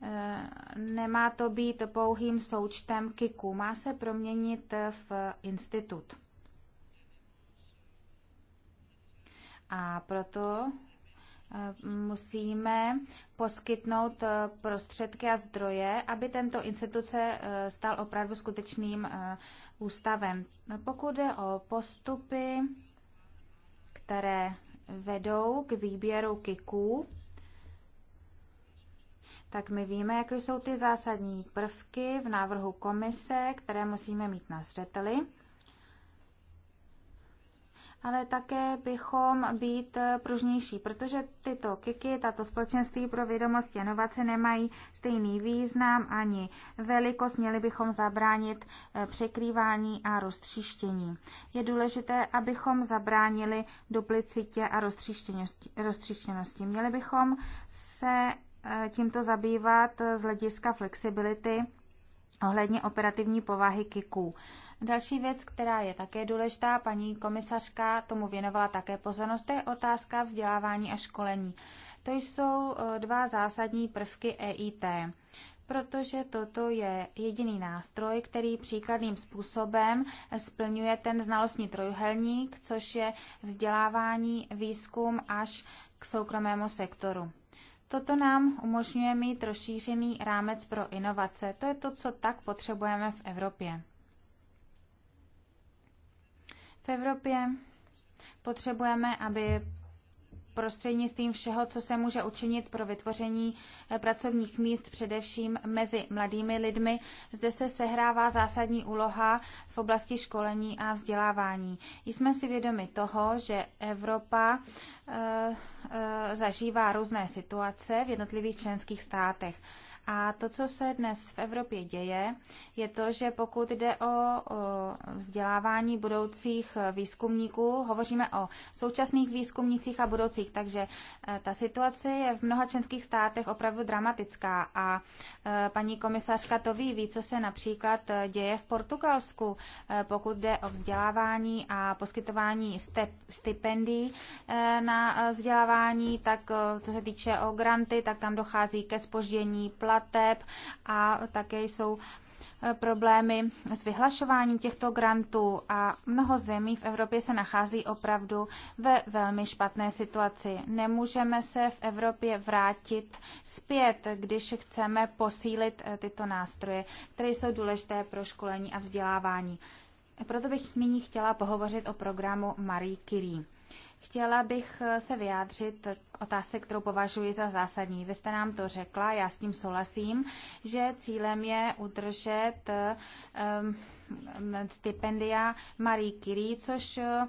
eh, nemá to být pouhým součtem KIKu, má se proměnit v institut. A proto musíme poskytnout eh, prostředky a zdroje, aby tento instituce eh, stal opravdu skutečným eh, ústavem. No, pokud jde o postupy, které vedou k výběru kiků, tak my víme, jaké jsou ty zásadní prvky v návrhu komise, které musíme mít na zřeteli ale také bychom být pružnější, protože tyto kiky, tato společenství pro vědomosti a inovace nemají stejný význam ani velikost. Měli bychom zabránit eh, překrývání a roztříštění. Je důležité, abychom zabránili duplicitě a roztříštěnosti. Měli bychom se eh, tímto zabývat z hlediska flexibility ohledně operativní povahy KIKů. Další věc, která je také důležitá, paní komisařka tomu věnovala také pozornost, to je otázka vzdělávání a školení. To jsou eh, dva zásadní prvky EIT, protože toto je jediný nástroj, který příkladným způsobem eh, splňuje ten znalostní trojuhelník, což je vzdělávání, výzkum až k soukromému sektoru. Toto nám umožňuje mít rozšířený rámec pro inovace. To je to, co tak potřebujeme v Evropě. V Evropě potřebujeme, aby prostřednictvím všeho, co se může učinit pro vytvoření eh, pracovních míst, především mezi mladými lidmi. Zde se sehrává zásadní úloha v oblasti školení a vzdělávání. Jsme si vědomi toho, že Evropa eh, eh, zažívá různé situace v jednotlivých členských státech. A to, co se dnes v Evropě děje, je to, že pokud jde o, o vzdělávání budoucích výzkumníků, hovoříme o současných výzkumnících a budoucích, takže e, ta situace je v mnoha členských státech opravdu dramatická a e, paní komisařka to ví, ví, co se například e, děje v Portugalsku, pokud jde o vzdělávání a poskytování step, stipendií na vzdělávání, tak co se týče o granty, tak tam dochází ke spoždění plat plateb a také jsou eh, problémy s vyhlašováním těchto grantů a mnoho zemí v Evropě se nachází opravdu ve velmi špatné situaci. Nemůžeme se v Evropě vrátit zpět, když chceme posílit eh, tyto nástroje, které jsou důležité pro školení a vzdělávání. Proto bych nyní chtěla pohovořit o programu Marie Curie. Chtěla bych eh, se vyjádřit k otázce, kterou považuji za zásadní. Vy jste nám to řekla, já s tím souhlasím, že cílem je udržet um, stipendia Marie Curie, což eh,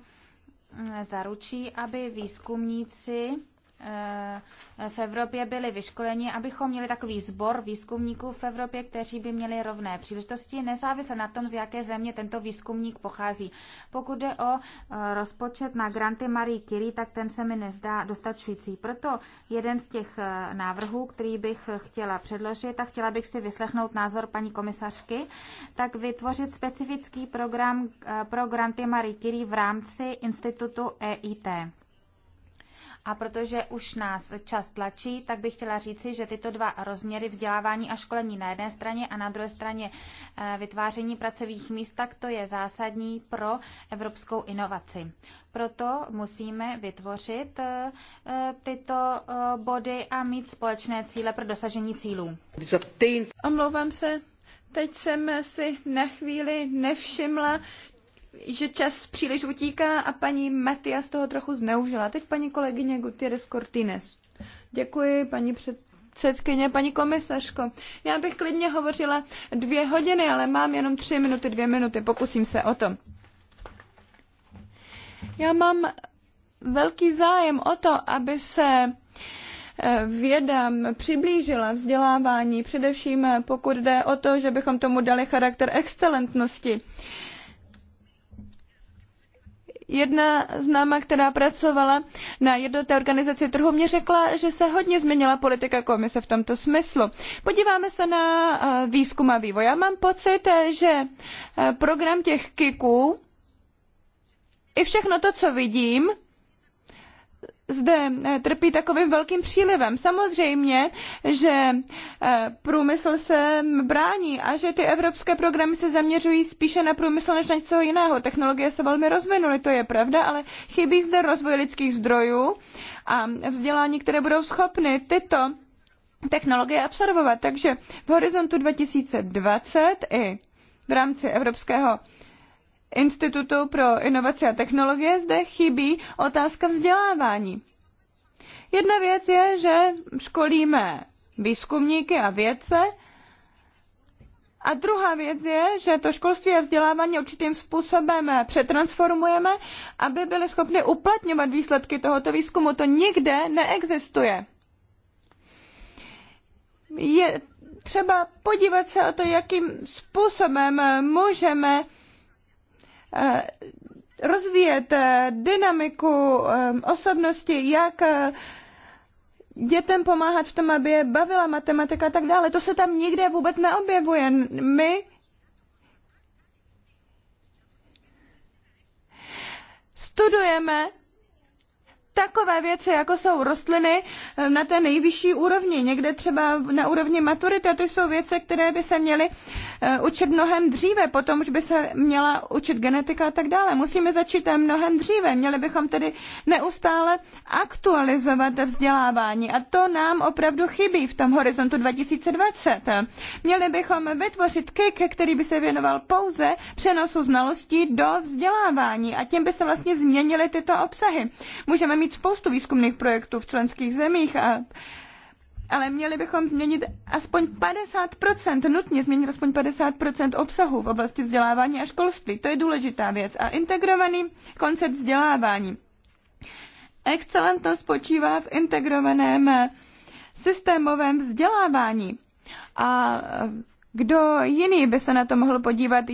zaručí, aby výzkumníci Eh, v Evropě byli vyškoleni, abychom měli takový sbor výzkumníků v Evropě, kteří by měli rovné příležitosti, nezávisle na tom, z jaké země tento výzkumník pochází. Pokud jde o eh, rozpočet na granty Marie Curie, tak ten se mi nezdá dostačující. Proto jeden z těch eh, návrhů, který bych chtěla předložit a chtěla bych si vyslechnout názor paní komisařky, tak vytvořit specifický program pro granty Marie Curie v rámci institutu EIT. A protože už nás čas tlačí, tak bych chtěla říci, že tyto dva rozměry vzdělávání a školení na jedné straně a na druhé straně eh, vytváření pracových míst, tak to je zásadní pro evropskou inovaci. Proto musíme vytvořit eh, eh, tyto body a mít společné cíle pro dosažení cílů. Omlouvám se, teď jsem si na chvíli nevšimla že čas příliš utíká a paní Matia z toho trochu zneužila. Teď paní kolegyně Gutierrez Cortines. Děkuji, paní před, předsedkyně, paní komisařko. Já bych klidně hovořila dvě hodiny, ale mám jenom tři minuty, dvě minuty, pokusím se o to. Já mám velký zájem o to, aby se eh, věda přiblížila vzdělávání, především pokud jde o to, že bychom tomu dali charakter excelentnosti. Uh, Jedna známá, která pracovala na té organizaci trhu, mě řekla, že se hodně změnila politika komise v tomto smyslu. Podíváme se na eh, výzkum a vývoj. Já mám pocit, eh, že eh, program těch kiků i všechno to, co vidím, zde eh, trpí takovým velkým přílivem. Samozřejmě, že eh, průmysl se brání a že ty evropské programy se zaměřují spíše na průmysl než na něco jiného. Technologie se velmi rozvinuly, to je pravda, ale chybí zde rozvoj lidských zdrojů a vzdělání, které budou schopny tyto technologie absorbovat. Takže v horizontu 2020 i v rámci evropského Institutu pro inovace a technologie zde chybí otázka vzdělávání. Jedna věc je, že školíme výzkumníky a vědce, a druhá věc je, že to školství a vzdělávání určitým způsobem přetransformujeme, aby byli schopni uplatňovat výsledky tohoto výzkumu. To nikde neexistuje. Je třeba podívat se o to, jakým způsobem můžeme Eh, rozvíjet eh, dynamiku eh, osobnosti, jak dětem pomáhat v tom, aby je bavila matematika a tak dále. To se tam nikde vůbec neobjevuje. My studujeme takové věci, jako jsou rostliny eh, na té nejvyšší úrovni, někde třeba na úrovni maturity, to jsou věci, které by se měly eh, učit mnohem dříve, potom už by se měla učit genetika a tak dále. Musíme začít eh, mnohem dříve, měli bychom tedy neustále aktualizovat vzdělávání a to nám opravdu chybí v tom horizontu 2020. Měli bychom vytvořit KIK, který by se věnoval pouze přenosu znalostí do vzdělávání a tím by se vlastně změnily tyto obsahy. Můžeme mít mít spoustu výzkumných projektů v členských zemích, a, ale měli bychom změnit aspoň 50%, nutně změnit aspoň 50% obsahu v oblasti vzdělávání a školství. To je důležitá věc. A integrovaný koncept vzdělávání. Excelentnost spočívá v integrovaném eh, systémovém vzdělávání. A eh, kdo jiný by se na to mohl podívat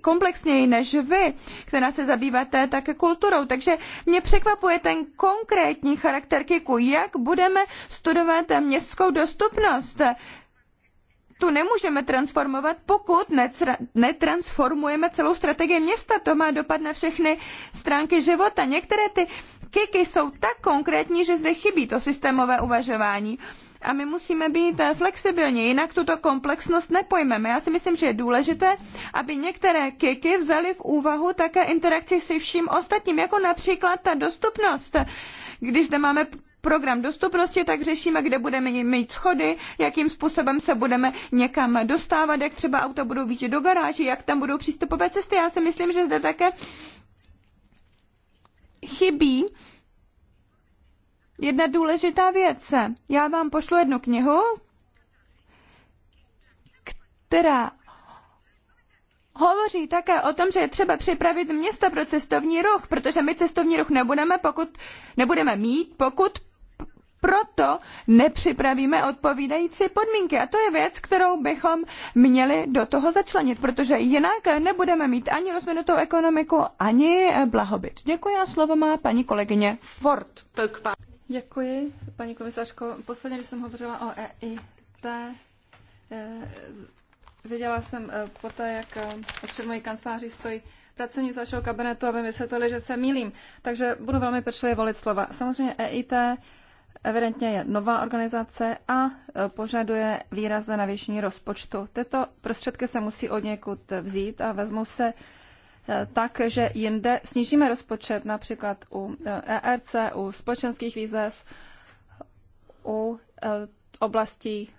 komplexněji než vy, která se zabýváte také kulturou. Takže mě překvapuje ten konkrétní charakter KIKu, jak budeme studovat městskou dostupnost. Tu nemůžeme transformovat, pokud netransformujeme celou strategii města. To má dopad na všechny stránky života. Některé ty kiky jsou tak konkrétní, že zde chybí to systémové uvažování. A my musíme být eh, flexibilní, jinak tuto komplexnost nepojmeme. Já si myslím, že je důležité, aby některé kiky vzaly v úvahu také interakci se vším ostatním, jako například ta dostupnost. Když zde máme program dostupnosti, tak řešíme, kde budeme mít schody, jakým způsobem se budeme někam dostávat, jak třeba auta budou víc do garáží, jak tam budou přístupové cesty. Já si myslím, že zde také chybí jedna důležitá věc. Já vám pošlu jednu knihu, která hovoří také o tom, že je třeba připravit města pro cestovní ruch, protože my cestovní ruch nebudeme, pokud, nebudeme mít, pokud proto nepřipravíme odpovídající podmínky. A to je věc, kterou bychom měli do toho začlenit, protože jinak nebudeme mít ani rozvinutou ekonomiku, ani blahobyt. Děkuji a slovo má paní kolegyně Ford. Děkuji, paní komisařko. Posledně, když jsem hovořila o EIT, eh, viděla jsem eh, poté, jak eh, před mojí kanceláří stojí pracovník z vašeho kabinetu, aby mi vysvětlili, že se mýlím. Takže budu velmi pečlivě volit slova. Samozřejmě EIT evidentně je nová organizace a požaduje výrazné navýšení rozpočtu. Tyto prostředky se musí od někud vzít a vezmou se tak, že jinde snížíme rozpočet například u ERC, eh, e u společenských výzev, u eh, oblastí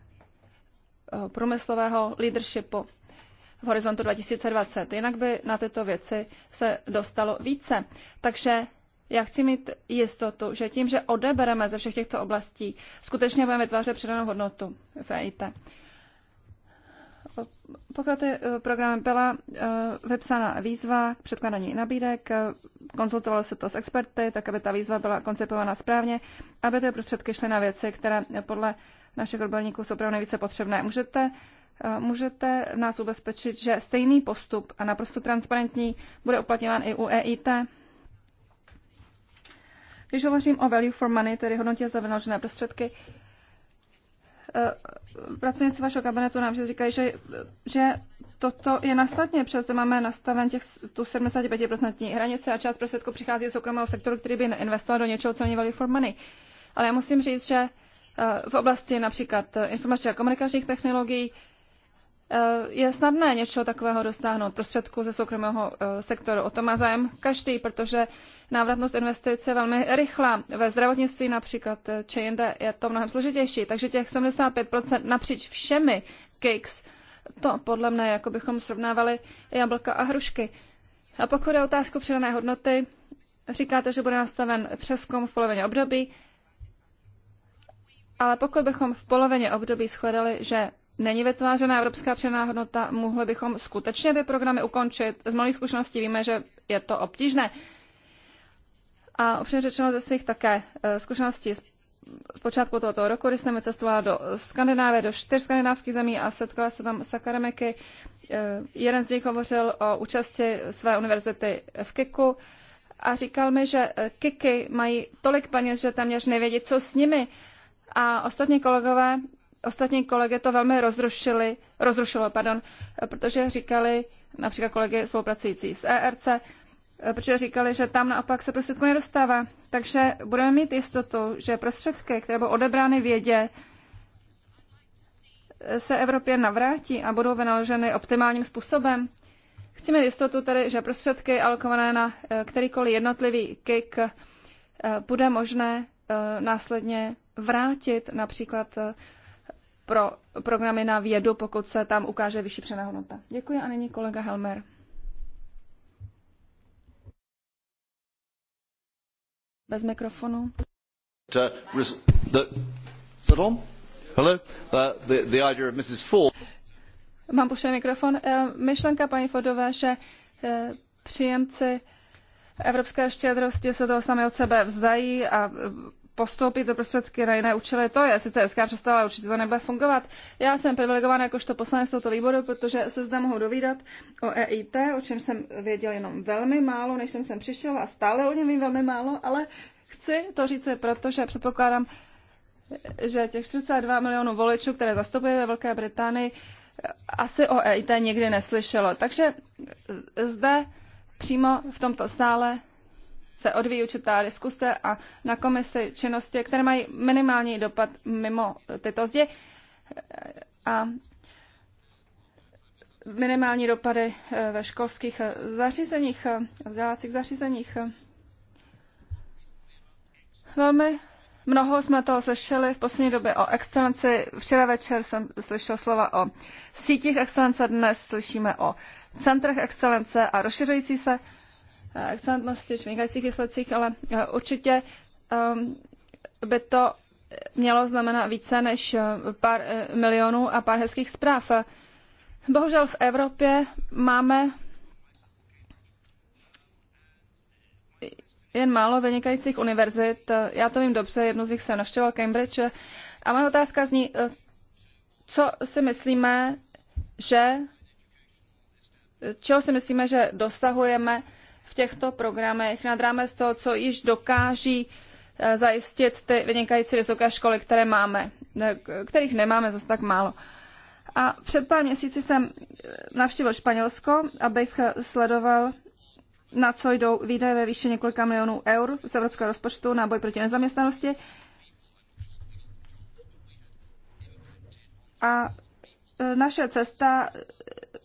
eh, průmyslového leadershipu v horizontu 2020. Jinak by na tyto věci se dostalo více. Takže já chci mít jistotu, že tím, že odebereme ze všech těchto oblastí, skutečně budeme vytvářet přidanou hodnotu v EIT pokud eh, program byla eh, vypsána výzva k předkládání nabídek, eh, konzultovalo se to s experty, tak aby ta výzva byla koncipována správně, aby ty prostředky šly na věci, které podle našich odborníků jsou opravdu nejvíce potřebné. Můžete, můžete nás ubezpečit, že stejný postup a naprosto transparentní bude uplatňován i u EIT? Když hovořím o value for money, tedy hodnotě za vynaložené prostředky, Eh, pracovníci vašeho kabinetu nám že říkají, že, že toto je nastatně, protože máme nastaven těch, tu 75% hranice a část prostředků přichází z soukromého sektoru, který by investoval do něčeho, co není value for money. Ale já musím říct, že eh, v oblasti například informačních a komunikačních technologií eh, je snadné něčeho takového dostáhnout prostředku ze soukromého sektoru. O to má zájem každý, protože návratnost investic je velmi rychlá. Ve zdravotnictví například eh, či jinde je to mnohem složitější. Takže těch 75% napříč všemi cakes, to podle mne jako bychom srovnávali jablka a hrušky. A pokud je otázku přidané hodnoty, říkáte, že bude nastaven přeskum v polovině období, ale pokud bychom v polovině období shledali, že není vytvářena evropská přidaná hodnota, mohli bychom skutečně ty programy ukončit. Z malých zkušeností víme, že je to obtížné. A upřímně řečeno ze svých také eh, zkušeností z počátku tohoto roku, kdy jsem cestovala do Skandinávie, do čtyř skandinávských zemí a setkala se tam s akademiky. Eh, jeden z nich hovořil o účasti své univerzity v KIKu a říkal mi, že eh, KIKy mají tolik peněz, že téměř nevědí, co s nimi. A ostatní kolegové, ostatní kolegy to velmi rozrušili, rozrušilo, pardon, protože říkali, například kolegy spolupracující s ERC, Eh, protože říkali, že tam naopak se prostředku nedostává. Takže budeme mít jistotu, že prostředky, které budou odebrány vědě, eh, se Evropě navrátí a budou vynaloženy optimálním způsobem. Chci mít jistotu tedy, že prostředky alokované na eh, kterýkoliv jednotlivý kick bude možné následně vrátit například pro programy na vědu, pokud se tam ukáže vyšší přenahodnota. Děkuji a nyní kolega Helmer. Bez mikrofonu. Mám puštěný mikrofon. Eh, myšlenka paní Fordové, že eh, příjemci evropské štědrosti se toho sami od sebe vzdají a eh, postoupit do prostředky na jiné účely. To je sice hezká představa, ale určitě to nebude fungovat. Já jsem privilegovaná jakožto poslanec tohoto výboru, protože se zde mohu dovídat o EIT, o čem jsem věděl jenom velmi málo, než jsem sem přišel a stále o něm vím velmi málo, ale chci to říct, protože předpokládám, že těch 32 milionů voličů, které zastupuje ve Velké Británii, asi o EIT nikdy neslyšelo. Takže zde přímo v tomto sále se odvíjí určitá diskuse a na komisi činnosti, které mají minimální dopad mimo tyto zdi a minimální dopady eh, ve školských eh, zařízeních, eh, vzdělávacích zařízeních. Velmi Mnoho jsme toho slyšeli v poslední době o excelenci. Včera večer jsem slyšel slova o sítích excelence, dnes slyšíme o centrech excelence a rozšiřující se Eh, excelentnosti či vynikajících výsledcích, ale eh, určitě ehm, by to mělo znamenat více než eh, pár milionů a pár hezkých zpráv. Bohužel v Evropě máme jen málo vynikajících univerzit. Já to vím dobře, jednu z nich jsem navštěvoval Cambridge. A moje otázka zní, co si myslíme, že čeho si myslíme, že dosahujeme v těchto programech nad rámec toho, co již dokáží eh, zajistit ty vynikající vysoké školy, které máme, kterých nemáme zase tak málo. A před pár měsíci jsem eh, navštívil Španělsko, abych eh, sledoval, na co jdou výdaje ve výši několika milionů eur z evropského rozpočtu na boj proti nezaměstnanosti. A naše cesta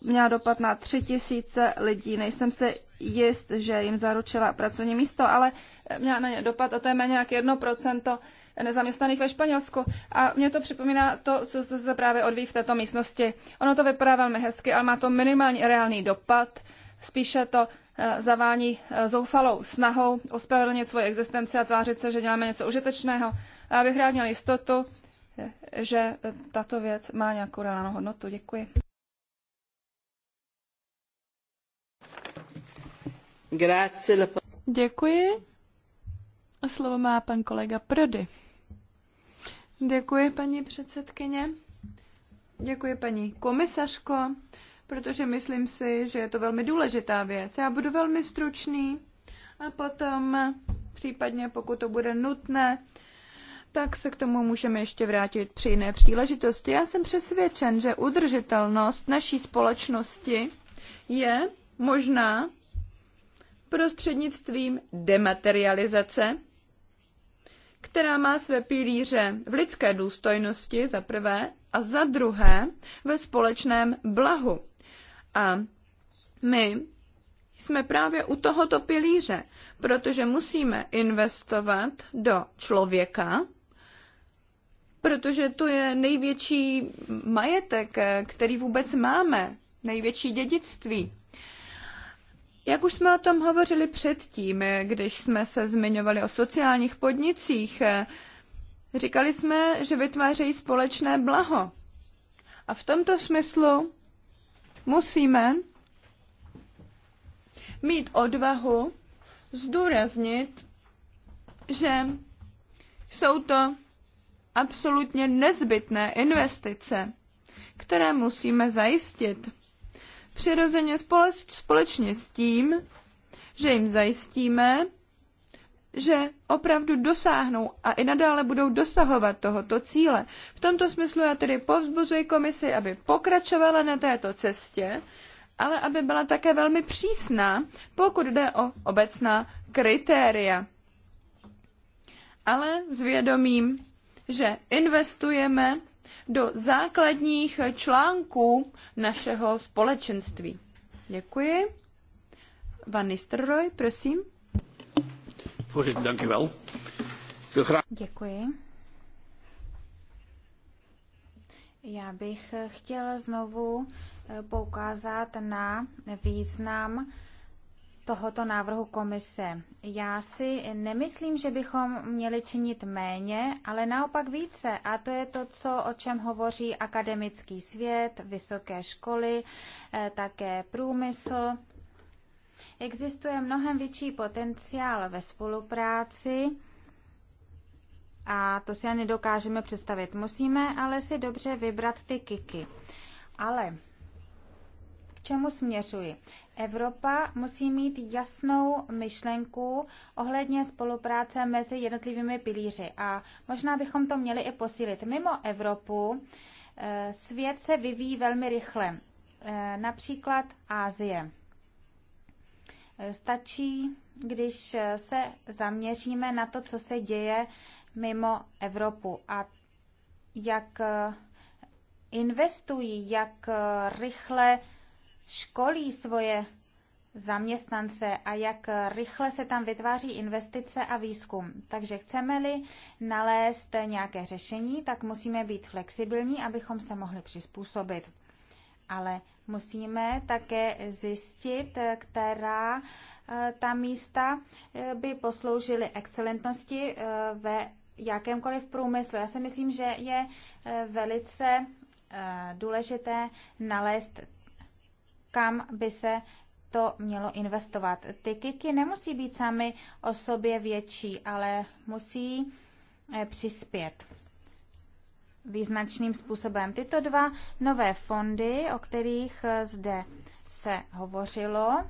měla dopad na tři tisíce lidí. Nejsem se jist, že jim zaručila pracovní místo, ale měla na ně dopad a to je méně jak 1% nezaměstnaných ve Španělsku. A mě to připomíná to, co se zde právě odvíjí v této místnosti. Ono to vypadá velmi hezky, ale má to minimální reálný dopad. Spíše to eh, zavání eh, zoufalou snahou ospravedlnit svoji existenci a tvářit se, že děláme něco užitečného. A abych rád měl jistotu, eh, že tato věc má nějakou reálnou hodnotu. Děkuji. Děkuji. A slovo má pan kolega Prody. Děkuji, paní předsedkyně. Děkuji, paní komisařko, protože myslím si, že je to velmi důležitá věc. Já budu velmi stručný a potom, případně pokud to bude nutné, tak se k tomu můžeme ještě vrátit při jiné příležitosti. Já jsem přesvědčen, že udržitelnost naší společnosti je možná prostřednictvím dematerializace, která má své pilíře v lidské důstojnosti za prvé a za druhé ve společném blahu. A my jsme právě u tohoto pilíře, protože musíme investovat do člověka, protože to je největší majetek, který vůbec máme, největší dědictví. Jak už jsme o tom hovořili předtím, když jsme se zmiňovali o sociálních podnicích, říkali jsme, že vytvářejí společné blaho. A v tomto smyslu musíme mít odvahu zdůraznit, že jsou to absolutně nezbytné investice, které musíme zajistit přirozeně společně s tím, že jim zajistíme, že opravdu dosáhnou a i nadále budou dosahovat tohoto cíle. V tomto smyslu já tedy povzbuzuji komisi, aby pokračovala na této cestě, ale aby byla také velmi přísná, pokud jde o obecná kritéria. Ale s vědomím, že investujeme do základních článků našeho společenství. Děkuji. Van Nistelrooy, prosím. Děkuji. Já bych chtěl znovu eh, poukázat na význam tohoto návrhu komise. Já si nemyslím, že bychom měli činit méně, ale naopak více. A to je to, co, o čem hovoří akademický svět, vysoké školy, eh, také průmysl. Existuje mnohem větší potenciál ve spolupráci a to si ani dokážeme představit. Musíme ale si dobře vybrat ty kiky. Ale čemu směřuji? Evropa musí mít jasnou myšlenku ohledně spolupráce mezi jednotlivými pilíři a možná bychom to měli i posílit. Mimo Evropu eh, svět se vyvíjí velmi rychle, eh, například Ázie. Eh, stačí, když se zaměříme na to, co se děje mimo Evropu a jak investují, jak rychle školí svoje zaměstnance a jak rychle se tam vytváří investice a výzkum. Takže chceme-li nalézt nějaké řešení, tak musíme být flexibilní, abychom se mohli přizpůsobit. Ale musíme také zjistit, která eh, ta místa eh, by posloužily excelentnosti eh, ve jakémkoliv průmyslu. Já si myslím, že je velice důležité nalézt kam by se to mělo investovat. Ty kiky nemusí být sami o sobě větší, ale musí eh, přispět význačným způsobem. Tyto dva nové fondy, o kterých eh, zde se hovořilo,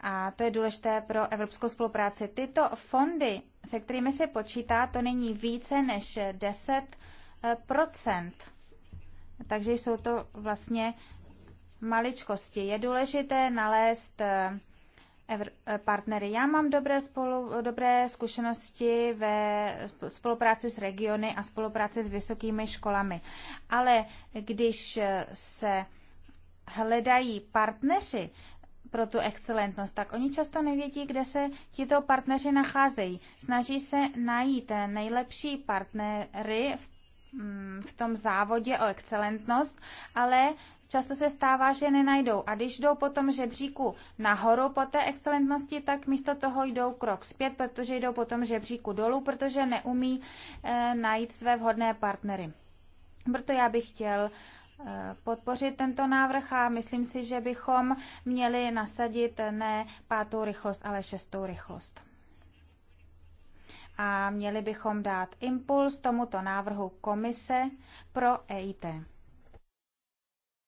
a to je důležité pro evropskou spolupráci. Tyto fondy, se kterými se počítá, to není více než 10 Procent, Takže jsou to vlastně maličkosti. Je důležité nalézt eh, eh, partnery. Já mám dobré, spolu, dobré zkušenosti ve spolupráci s regiony a spolupráci s vysokými školami. Ale když eh, se hledají partneři pro tu excelentnost, tak oni často nevědí, kde se tito partneři nacházejí. Snaží se najít nejlepší partnery v Mm, v tom závodě o excelentnost, ale často se stává, že nenajdou. A když jdou po tom žebříku nahoru po té excelentnosti, tak místo toho jdou krok zpět, protože jdou po tom žebříku dolů, protože neumí eh, najít své vhodné partnery. Proto já bych chtěl eh, podpořit tento návrh a myslím si, že bychom měli nasadit ne pátou rychlost, ale šestou rychlost a měli bychom dát impuls tomuto návrhu komise pro EIT.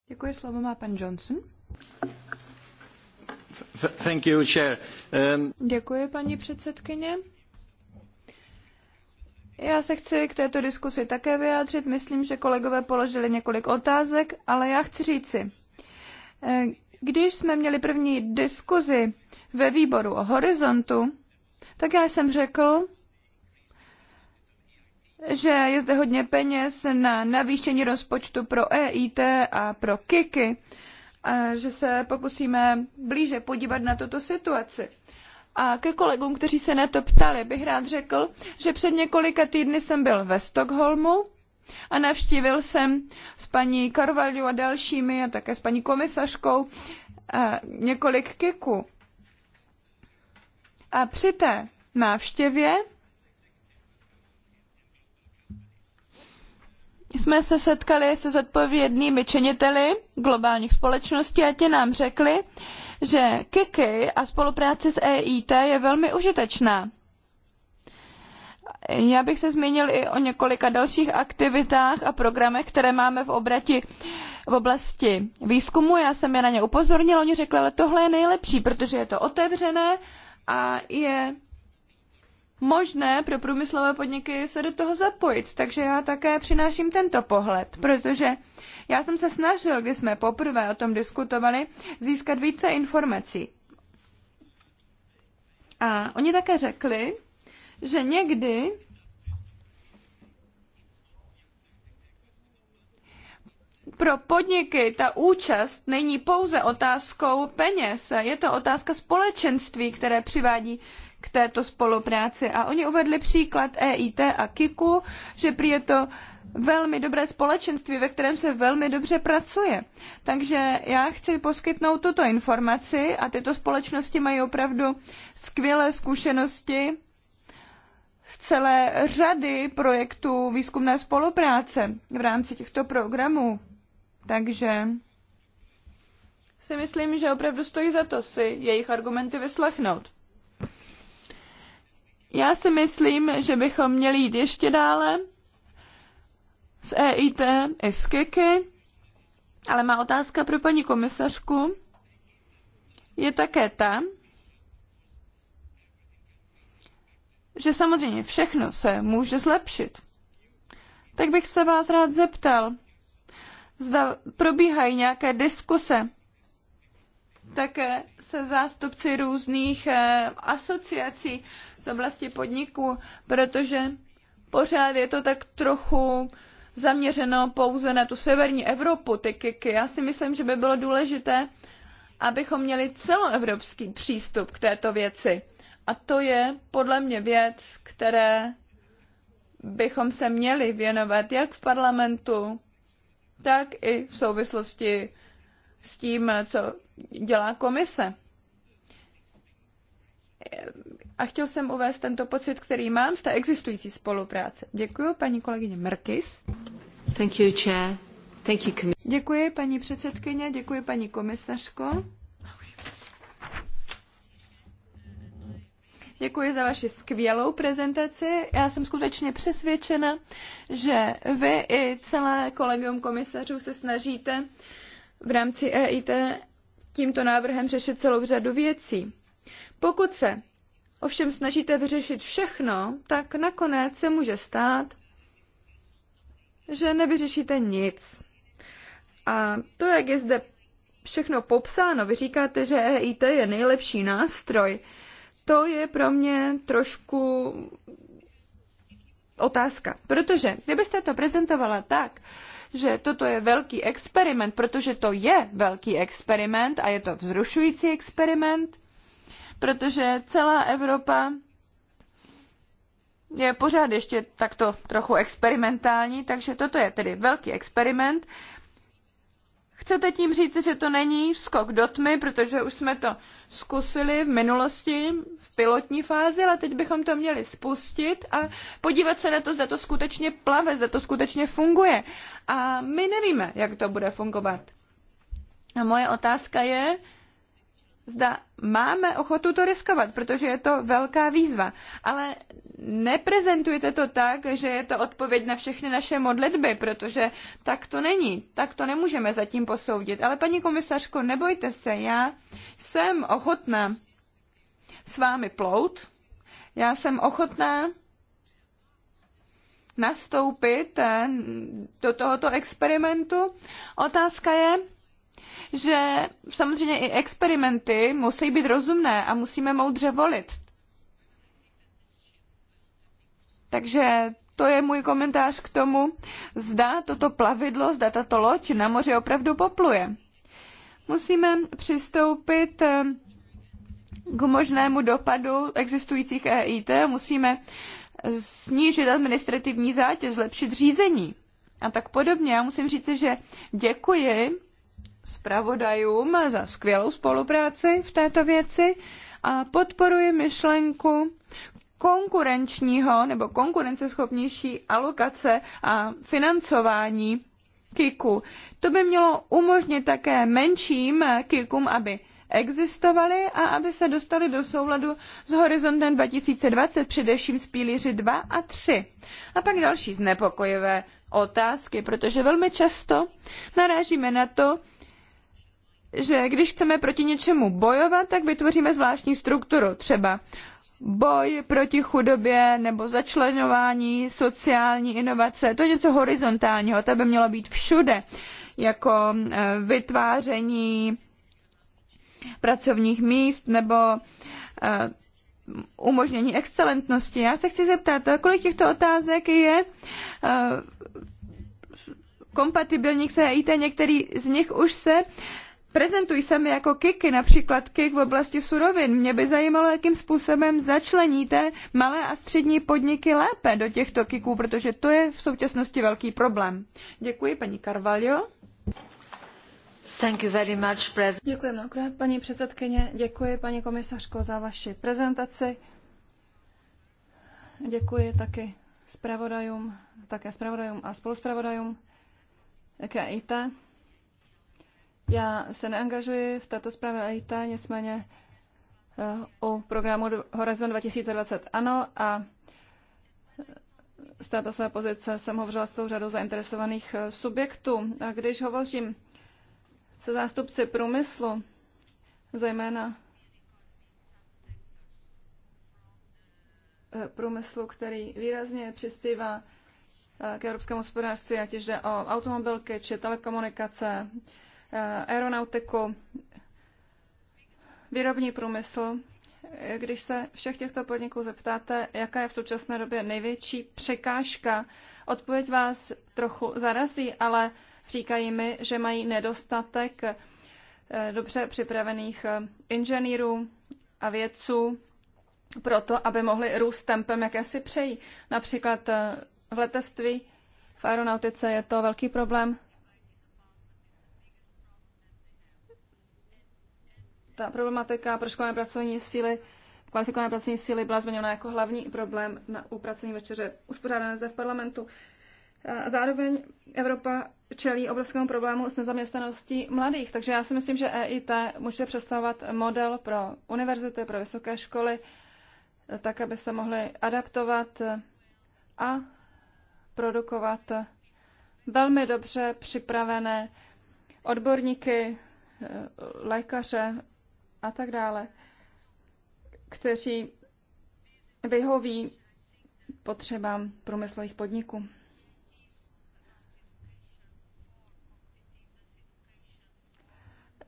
Děkuji, slovo má pan Johnson. Thank you, chair. Um... Děkuji, paní předsedkyně. Já se chci k této diskusi také vyjádřit. Myslím, že kolegové položili několik otázek, ale já chci říci, eh, když jsme měli první diskuzi ve výboru o horizontu, tak já jsem řekl, že je zde hodně peněz na navýšení rozpočtu pro EIT a pro KIKy, a že se pokusíme blíže podívat na tuto situaci. A ke kolegům, kteří se na to ptali, bych rád řekl, že před několika týdny jsem byl ve Stockholmu a navštívil jsem s paní Karvalju a dalšími a také s paní komisařkou eh, několik kiků. A při té návštěvě jsme se setkali se zodpovědnými činiteli globálních společností a ti nám řekli, že KIKY a spolupráce s EIT je velmi užitečná. Já bych se zmínil i o několika dalších aktivitách a programech, které máme v, obrati, v oblasti výzkumu. Já jsem je na ně upozornila, oni řekli, ale tohle je nejlepší, protože je to otevřené a je možné pro průmyslové podniky se do toho zapojit. Takže já také přináším tento pohled, protože já jsem se snažil, když jsme poprvé o tom diskutovali, získat více informací. A oni také řekli, že někdy pro podniky ta účast není pouze otázkou peněz, je to otázka společenství, které přivádí k této spolupráci. A oni uvedli příklad EIT a KIKu, že prý je to velmi dobré společenství, ve kterém se velmi dobře pracuje. Takže já chci poskytnout tuto informaci a tyto společnosti mají opravdu skvělé zkušenosti z celé řady projektů výzkumné spolupráce v rámci těchto programů. Takže si myslím, že opravdu stojí za to si jejich argumenty vyslechnout. Já si myslím, že bychom měli jít ještě dále S EIT i s KIKY, ale má otázka pro paní komisařku je také ta, že samozřejmě všechno se může zlepšit. Tak bych se vás rád zeptal, zda probíhají nějaké diskuse také se zástupci různých eh, asociací z oblasti podniků, protože pořád je to tak trochu zaměřeno pouze na tu severní Evropu, ty kiky. Já si myslím, že by bylo důležité, abychom měli celoevropský přístup k této věci. A to je podle mě věc, které bychom se měli věnovat jak v parlamentu, tak i v souvislosti s tím, co dělá komise. A chtěl jsem uvést tento pocit, který mám z té existující spolupráce. Děkuji, paní kolegyně Merkis. Thank you, chair. Thank you, děkuji, paní předsedkyně, děkuji, paní komisařko. Děkuji za vaši skvělou prezentaci. Já jsem skutečně přesvědčena, že vy i celé kolegium komisařů se snažíte uh, v rámci EIT tímto návrhem řešit celou řadu věcí. Pokud se ovšem snažíte vyřešit všechno, tak nakonec se může stát, že nevyřešíte nic. A to, jak je zde všechno popsáno, vy říkáte, že EIT je nejlepší nástroj, to je pro mě trošku otázka. Protože kdybyste to prezentovala tak, že toto je velký experiment, protože to je velký experiment a je to vzrušující experiment, protože celá Evropa je pořád ještě takto trochu experimentální, takže toto je tedy velký experiment Chcete tím říct, že to není skok do tmy, protože už jsme to zkusili v minulosti v pilotní fázi, ale teď bychom to měli spustit a podívat se na to, zda to skutečně plave, zda to skutečně funguje. A my nevíme, jak to bude fungovat. A moje otázka je, zda máme ochotu to riskovat, protože je to velká výzva. Ale neprezentujte to tak, že je to odpověď na všechny naše modlitby, protože tak to není. Tak to nemůžeme zatím posoudit. Ale paní komisařko, nebojte se, já jsem ochotná s vámi plout. Já jsem ochotná nastoupit eh, do tohoto experimentu. Otázka je, že samozřejmě i experimenty musí být rozumné a musíme moudře volit. Takže to je můj komentář k tomu, zda toto plavidlo, zda tato loď na moři opravdu popluje. Musíme přistoupit eh, k možnému dopadu existujících EIT, musíme snížit administrativní zátěž, zlepšit řízení a tak podobně. Já musím říct, že děkuji zpravodajům za skvělou spolupráci v této věci a podporuji myšlenku konkurenčního nebo konkurenceschopnější alokace a financování kiku. To by mělo umožnit také menším kikům, aby existovaly a aby se dostali do souladu s horizontem 2020, především z pílíři 2 a 3. A pak další znepokojivé otázky, protože velmi často narážíme na to, že když chceme proti něčemu bojovat, tak vytvoříme zvláštní strukturu, třeba boj proti chudobě nebo začlenování, sociální inovace. To je něco horizontálního, to by mělo být všude, jako e, vytváření pracovních míst nebo e, umožnění excelentnosti. Já se chci zeptat, kolik těchto otázek je e, kompatibilních se IT, některý z nich už se prezentují sami jako kiky, například kik v oblasti surovin. Mě by zajímalo, jakým způsobem začleníte malé a střední podniky lépe do těchto kiků, protože to je v současnosti velký problém. Děkuji, paní Carvalho. Thank you very much, Děkuji mnohokrát, paní předsedkyně. Děkuji, paní komisařko, za vaši prezentaci. Děkuji taky zpravodajům, také zpravodajům a spoluzpravodajům e i já se neangažuji v této zprávě AIT, nicméně eh, u programu Horizon 2020 ano a eh, z této své pozice jsem hovořila s tou řadou zainteresovaných eh, subjektů. A když hovořím se zástupci průmyslu, zejména průmyslu, který výrazně přispívá k evropskému hospodářství, ať jde o automobilky či telekomunikace, Eh, aeronautiku, výrobní průmysl. Eh, když se všech těchto podniků zeptáte, jaká je v současné době největší překážka, odpověď vás trochu zarazí, ale říkají mi, že mají nedostatek eh, dobře připravených inženýrů a vědců pro to, aby mohli růst tempem, jaké si přejí. Například v letectví, v aeronautice je to velký problém ta problematika proškolené pracovní síly, kvalifikované pracovní síly byla zmiňována jako hlavní problém na, u pracovní večeře uspořádané zde v parlamentu. Zároveň Evropa čelí obrovskému problému s nezaměstnaností mladých, takže já si myslím, že EIT může představovat model pro univerzity, pro vysoké školy, tak, aby se mohly adaptovat a produkovat velmi dobře připravené odborníky, lékaře, a tak dále, kteří vyhoví potřebám průmyslových podniků.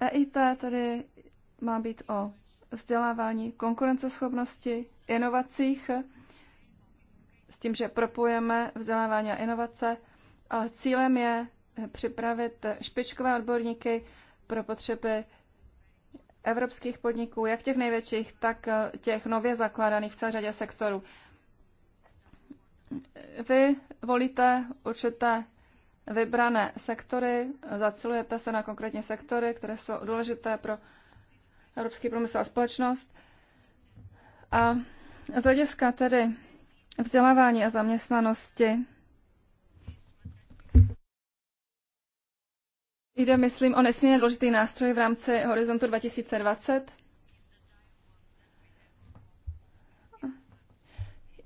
EIT tedy má být o vzdělávání konkurenceschopnosti, inovacích, s tím, že propojeme vzdělávání a inovace, ale cílem je připravit špičkové odborníky pro potřeby evropských podniků, jak těch největších, tak eh, těch nově zakládaných v celé řadě sektorů. Vy volíte určité vybrané sektory, zacilujete se na konkrétní sektory, které jsou důležité pro evropský průmysl a společnost. A z hlediska tedy vzdělávání a zaměstnanosti Jde, myslím, o nesmírně důležitý nástroj v rámci Horizontu 2020.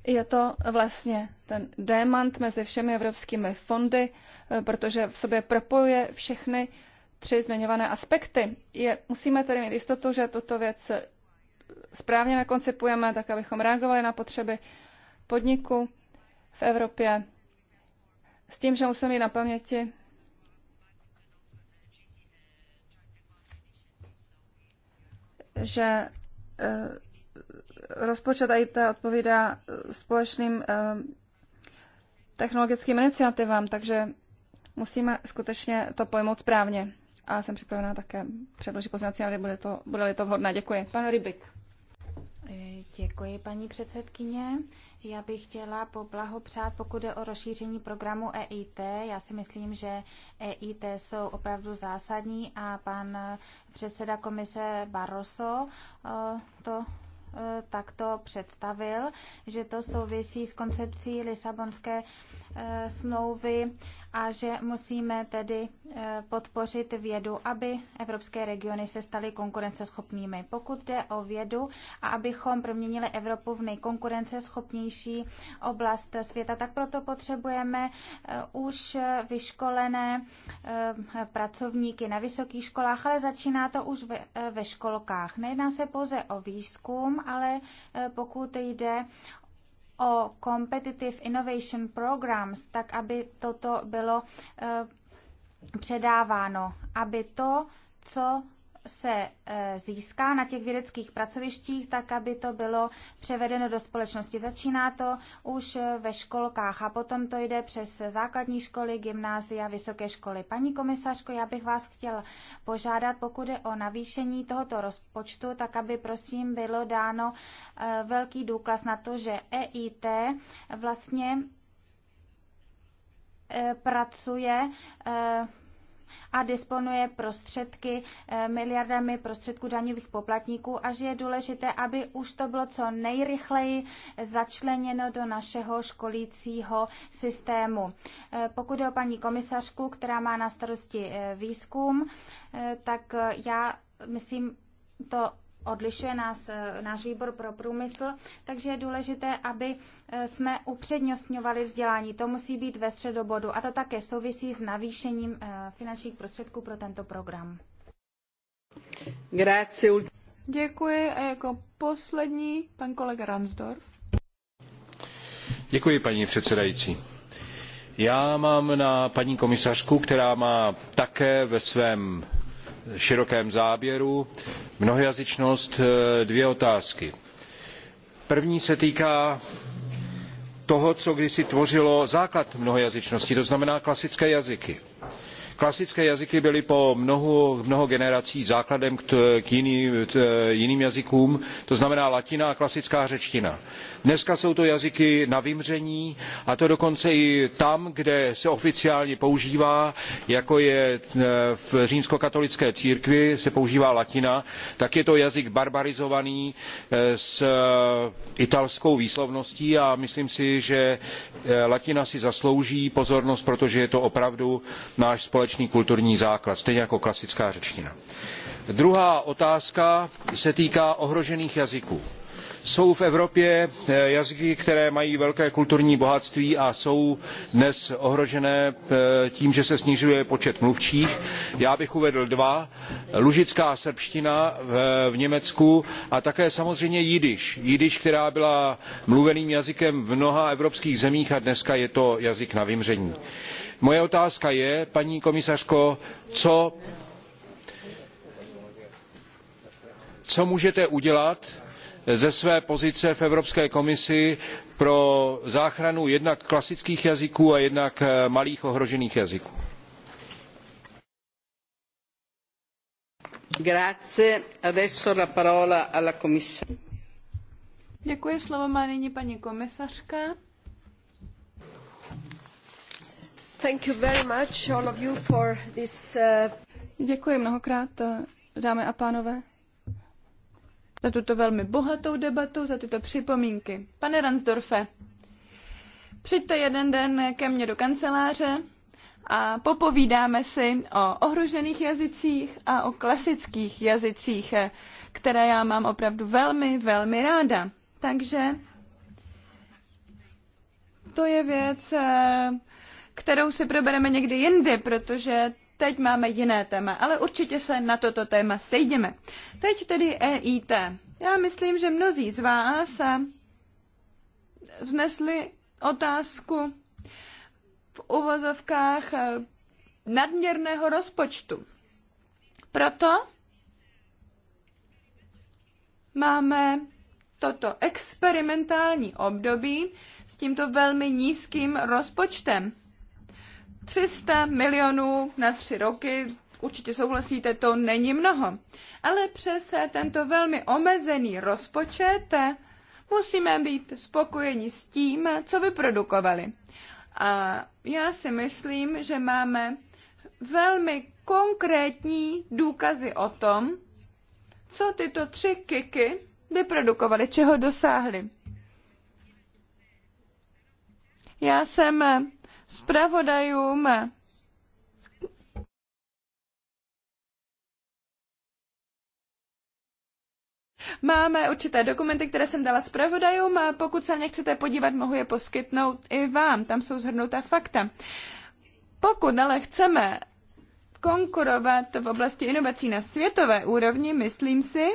Je to vlastně ten démant mezi všemi evropskými fondy, eh, protože v sobě propojuje všechny tři zmiňované aspekty. Je, musíme tedy mít jistotu, že tuto věc eh, správně nakoncipujeme, tak abychom reagovali na potřeby podniku v Evropě. S tím, že musíme mít na paměti že eh, rozpočet IT odpovídá eh, společným eh, technologickým iniciativám, takže musíme skutečně to pojmout správně. A jsem připravená také předložit pozměňovací návrhy, bude to, bude-li to vhodné. Děkuji. Pan Rybik. E, děkuji, paní předsedkyně. Já bych chtěla poblahopřát, pokud je o rozšíření programu EIT. Já si myslím, že EIT jsou opravdu zásadní a pan předseda komise Barroso e, to e, takto představil, že to souvisí s koncepcí Lisabonské Eh, smlouvy a že musíme tedy eh, podpořit vědu, aby evropské regiony se staly konkurenceschopnými. Pokud jde o vědu a abychom proměnili Evropu v nejkonkurenceschopnější oblast světa, tak proto potřebujeme eh, už vyškolené pracovníky na vysokých školách, ale začíná to už ve školkách. Nejedná se pouze o výzkum, ale pokud jde o Competitive Innovation Programs, tak aby toto bylo eh, předáváno, aby to, co se eh, získá na těch vědeckých pracovištích, tak aby to bylo převedeno do společnosti. Začíná to už eh, ve školkách a potom to jde přes základní školy, gymnázia, vysoké školy. Paní komisařko, já bych vás chtěla požádat, pokud je o navýšení tohoto rozpočtu, tak aby prosím bylo dáno eh, velký důkaz na to, že EIT vlastně pracuje a disponuje prostředky, eh, miliardami prostředků daňových poplatníků a že je důležité, aby už to bylo co nejrychleji začleněno do našeho školícího systému. Eh, pokud je o paní komisařku, která má na starosti eh, výzkum, tak já myslím, to odlišuje nás, eh, náš výbor pro průmysl, takže je důležité, aby eh, jsme upřednostňovali vzdělání. To musí být ve středobodu a to také souvisí s navýšením eh, finančních prostředků pro tento program. Grazie. Děkuji a jako poslední pan kolega Ransdorf. Děkuji, paní předsedající. Já mám na paní komisařku, která má také ve svém širokém záběru. Mnohojazyčnost, eh, dvě otázky. První se týká toho, co kdysi tvořilo základ mnohojazyčnosti, to znamená klasické jazyky. Klasické jazyky byly po mnoho, mnoho generací základem k, t, k, jiný, jiným jazykům, to znamená latina a klasická řečtina. Dneska jsou to jazyky na vymření a to dokonce i tam, kde se oficiálně používá, jako je e, v římskokatolické církvi, se používá latina, tak je to jazyk barbarizovaný e, s e, italskou výslovností a myslím si, že latina si zaslouží pozornost, protože je to opravdu náš společný kulturní základ, stejně jako klasická řečtina. Druhá otázka se týká ohrožených jazyků jsou v Evropě eh, jazyky, které mají velké kulturní bohatství a jsou dnes ohrožené eh, tím, že se snižuje počet mluvčích. Já bych uvedl dva. Lužická srbština v Německu a také samozřejmě jidiš. Jidiš, která byla mluveným jazykem v mnoha evropských zemích a dneska je to jazyk na vymření. Moje otázka je, paní komisařko, co co můžete udělat ze své pozice v Evropské komisi pro záchranu jednak klasických jazyků a jednak eh, malých ohrožených jazyků. Děkuji, slovo má nyní paní komisařka. Thank you very much all of you for this, uh... Děkuji mnohokrát, eh, dámy a pánové, za tuto velmi bohatou debatu, za tyto připomínky. Pane Ransdorfe, přijďte jeden den ke mně do kanceláře a popovídáme si o ohrožených jazycích a o klasických jazycích, které já mám opravdu velmi, velmi ráda. Takže to je věc, eh, kterou si probereme někdy jindy, protože Teď máme jiné téma, ale určitě se na toto téma sejdeme. Teď tedy EIT. Já myslím, že mnozí z vás vznesli otázku v uvozovkách nadměrného rozpočtu. Proto máme toto experimentální období s tímto velmi nízkým rozpočtem. 300 milionů na tři roky, určitě souhlasíte, to není mnoho. Ale přes tento velmi omezený rozpočet musíme být spokojeni s tím, co vyprodukovali. A já si myslím, že máme velmi konkrétní důkazy o tom, co tyto tři kiky vyprodukovaly, čeho dosáhly. Já jsem zpravodajům. Máme určité dokumenty, které jsem dala zpravodajům. Pokud se nechcete podívat, mohu je poskytnout i vám. Tam jsou zhrnutá fakta. Pokud ale chceme konkurovat v oblasti inovací na světové úrovni, myslím si,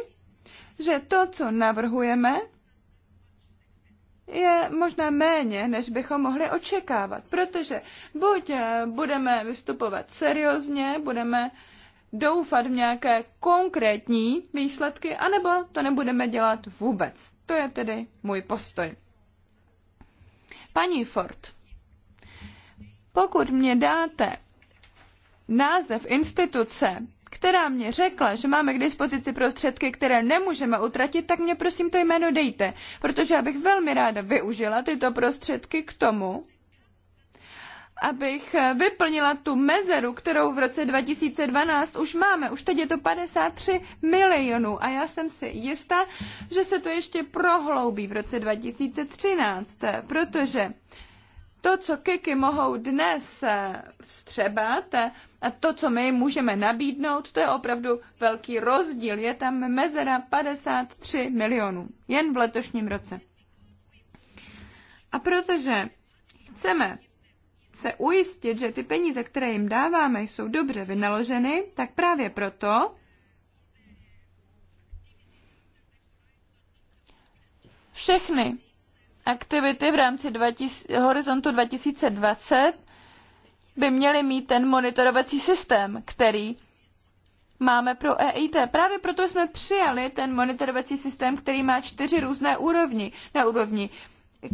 že to, co navrhujeme, je možná méně, než bychom mohli očekávat, protože buď eh, budeme vystupovat seriózně, budeme doufat v nějaké konkrétní výsledky, anebo to nebudeme dělat vůbec. To je tedy můj postoj. Paní Ford, pokud mě dáte název instituce, která mě řekla, že máme k dispozici prostředky, které nemůžeme utratit, tak mě prosím to jméno dejte, protože já bych velmi ráda využila tyto prostředky k tomu, abych vyplnila tu mezeru, kterou v roce 2012 už máme. Už teď je to 53 milionů a já jsem si jistá, že se to ještě prohloubí v roce 2013, protože to, co Kiky mohou dnes eh, vstřebat eh, a to, co my můžeme nabídnout, to je opravdu velký rozdíl. Je tam mezera 53 milionů jen v letošním roce. A protože chceme se ujistit, že ty peníze, které jim dáváme, jsou dobře vynaloženy, tak právě proto všechny aktivity v rámci 20, horizontu 2020 by měly mít ten monitorovací systém, který máme pro EIT. Právě proto jsme přijali ten monitorovací systém, který má čtyři různé úrovni. Na úrovni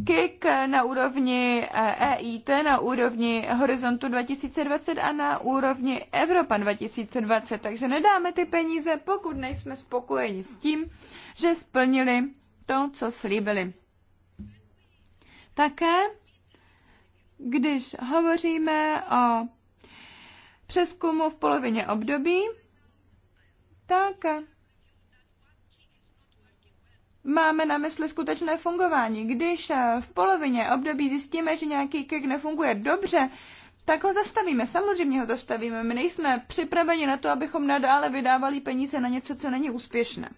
KIK, na úrovni EIT, eh, e na úrovni Horizontu 2020 a na úrovni Evropa 2020. Takže nedáme ty peníze, pokud nejsme spokojeni s tím, že splnili to, co slíbili. Také, když hovoříme o přeskumu v polovině období, tak máme na mysli skutečné fungování. Když v polovině období zjistíme, že nějaký kek nefunguje dobře, tak ho zastavíme. Samozřejmě ho zastavíme. My nejsme připraveni na to, abychom nadále vydávali peníze na něco, co není úspěšné.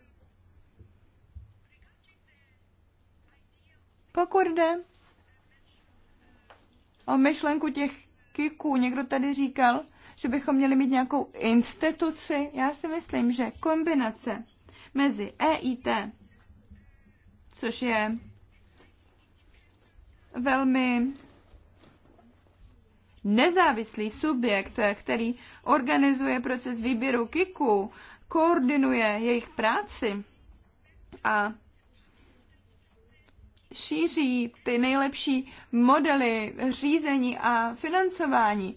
Pokud jde o myšlenku těch kiků. Někdo tady říkal, že bychom měli mít nějakou instituci. Já si myslím, že kombinace mezi EIT, což je velmi nezávislý subjekt, který organizuje proces výběru kiků, koordinuje jejich práci a šíří ty nejlepší modely řízení a financování.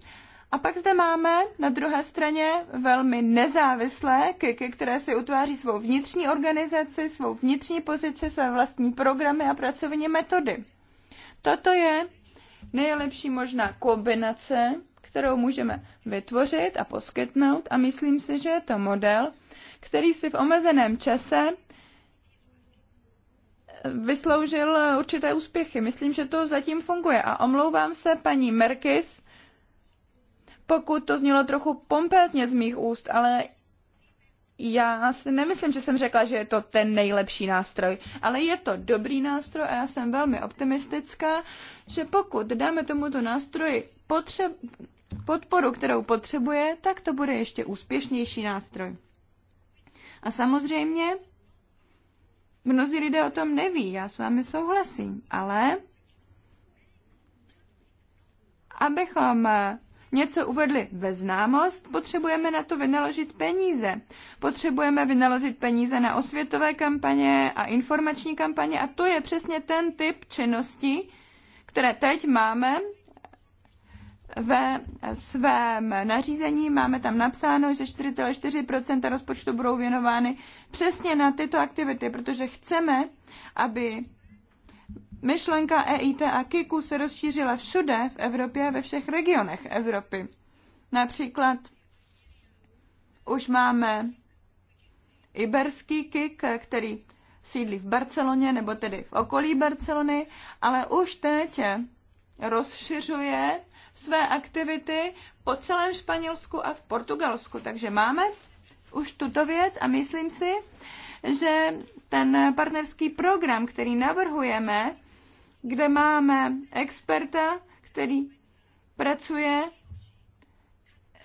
A pak zde máme na druhé straně velmi nezávislé KIKy, které si utváří svou vnitřní organizaci, svou vnitřní pozici, své vlastní programy a pracovní metody. Toto je nejlepší možná kombinace, kterou můžeme vytvořit a poskytnout a myslím si, že je to model, který si v omezeném čase vysloužil eh, určité úspěchy. Myslím, že to zatím funguje. A omlouvám se paní Merkis, pokud to znělo trochu pompézně z mých úst, ale já si nemyslím, že jsem řekla, že je to ten nejlepší nástroj, ale je to dobrý nástroj a já jsem velmi optimistická, že pokud dáme tomuto nástroji potřeb, podporu, kterou potřebuje, tak to bude ještě úspěšnější nástroj. A samozřejmě Mnozí lidé o tom neví, já s vámi souhlasím, ale abychom eh, něco uvedli ve známost, potřebujeme na to vynaložit peníze. Potřebujeme vynaložit peníze na osvětové kampaně a informační kampaně a to je přesně ten typ činnosti, které teď máme ve svém nařízení máme tam napsáno, že 4,4 rozpočtu budou věnovány přesně na tyto aktivity, protože chceme, aby myšlenka EIT a KIKu se rozšířila všude v Evropě a ve všech regionech Evropy. Například už máme iberský KIK, který sídlí v Barceloně, nebo tedy v okolí Barcelony, ale už teď rozšiřuje své aktivity po celém Španělsku a v Portugalsku. Takže máme už tuto věc a myslím si, že ten partnerský program, který navrhujeme, kde máme experta, který pracuje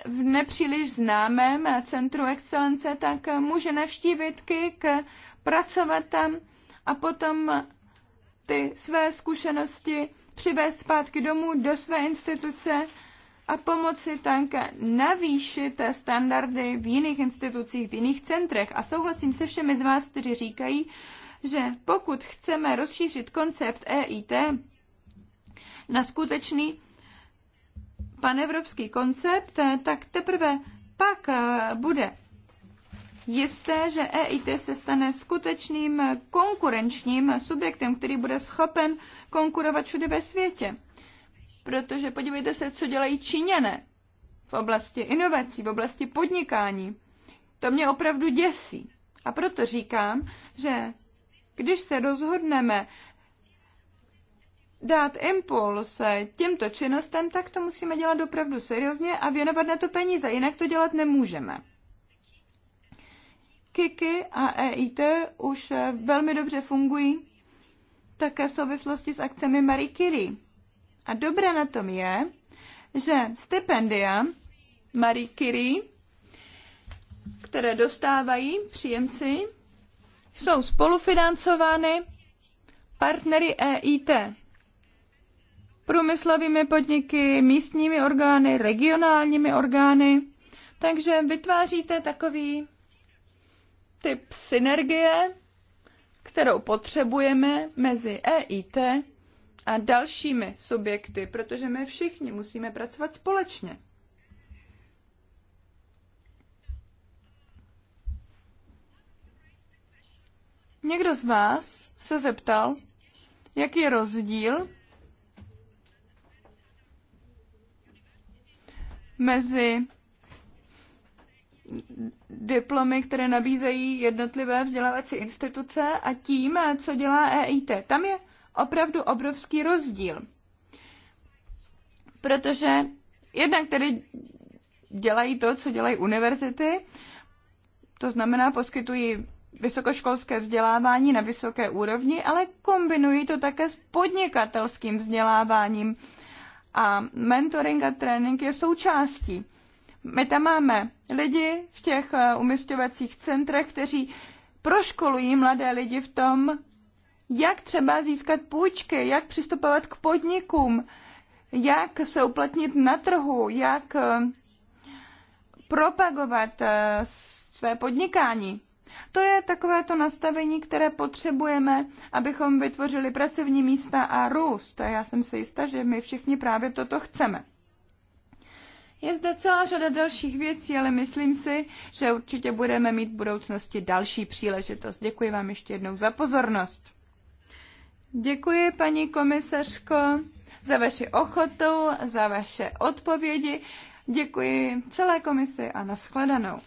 v nepříliš známém centru excelence, tak může navštívit KIK, pracovat tam a potom ty své zkušenosti přivést zpátky domů do své instituce a pomoci tanka navýšit standardy v jiných institucích, v jiných centrech. A souhlasím se všemi z vás, kteří říkají, že pokud chceme rozšířit koncept EIT na skutečný panevropský koncept, tak teprve pak bude jisté, že EIT se stane skutečným konkurenčním subjektem, který bude schopen konkurovat všude ve světě. Protože podívejte se, co dělají Číňané v oblasti inovací, v oblasti podnikání. To mě opravdu děsí. A proto říkám, že když se rozhodneme dát impuls těmto činnostem, tak to musíme dělat opravdu seriózně a věnovat na to peníze, jinak to dělat nemůžeme. Kiki a EIT už velmi dobře fungují také v souvislosti s akcemi Marie Curie. A dobré na tom je, že stipendia Marie Curie, které dostávají příjemci, jsou spolufinancovány partnery EIT, průmyslovými podniky, místními orgány, regionálními orgány. Takže vytváříte takový typ synergie kterou potřebujeme mezi EIT a dalšími subjekty, protože my všichni musíme pracovat společně. Někdo z vás se zeptal, jaký je rozdíl mezi diplomy, které nabízejí jednotlivé vzdělávací instituce a tím, co dělá EIT. Tam je opravdu obrovský rozdíl. Protože jednak tedy dělají to, co dělají univerzity, to znamená poskytují vysokoškolské vzdělávání na vysoké úrovni, ale kombinují to také s podnikatelským vzděláváním. A mentoring a trénink je součástí my tam máme lidi v těch eh, umistovacích centrech, kteří proškolují mladé lidi v tom, jak třeba získat půjčky, jak přistupovat k podnikům, jak se uplatnit na trhu, jak eh, propagovat eh, své podnikání. To je takové to nastavení, které potřebujeme, abychom vytvořili pracovní místa a růst. A já jsem si jistá, že my všichni právě toto chceme. Je zde celá řada dalších věcí, ale myslím si, že určitě budeme mít v budoucnosti další příležitost. Děkuji vám ještě jednou za pozornost. Děkuji, paní komisařko, za vaši ochotu, za vaše odpovědi. Děkuji celé komisi a nashledanou.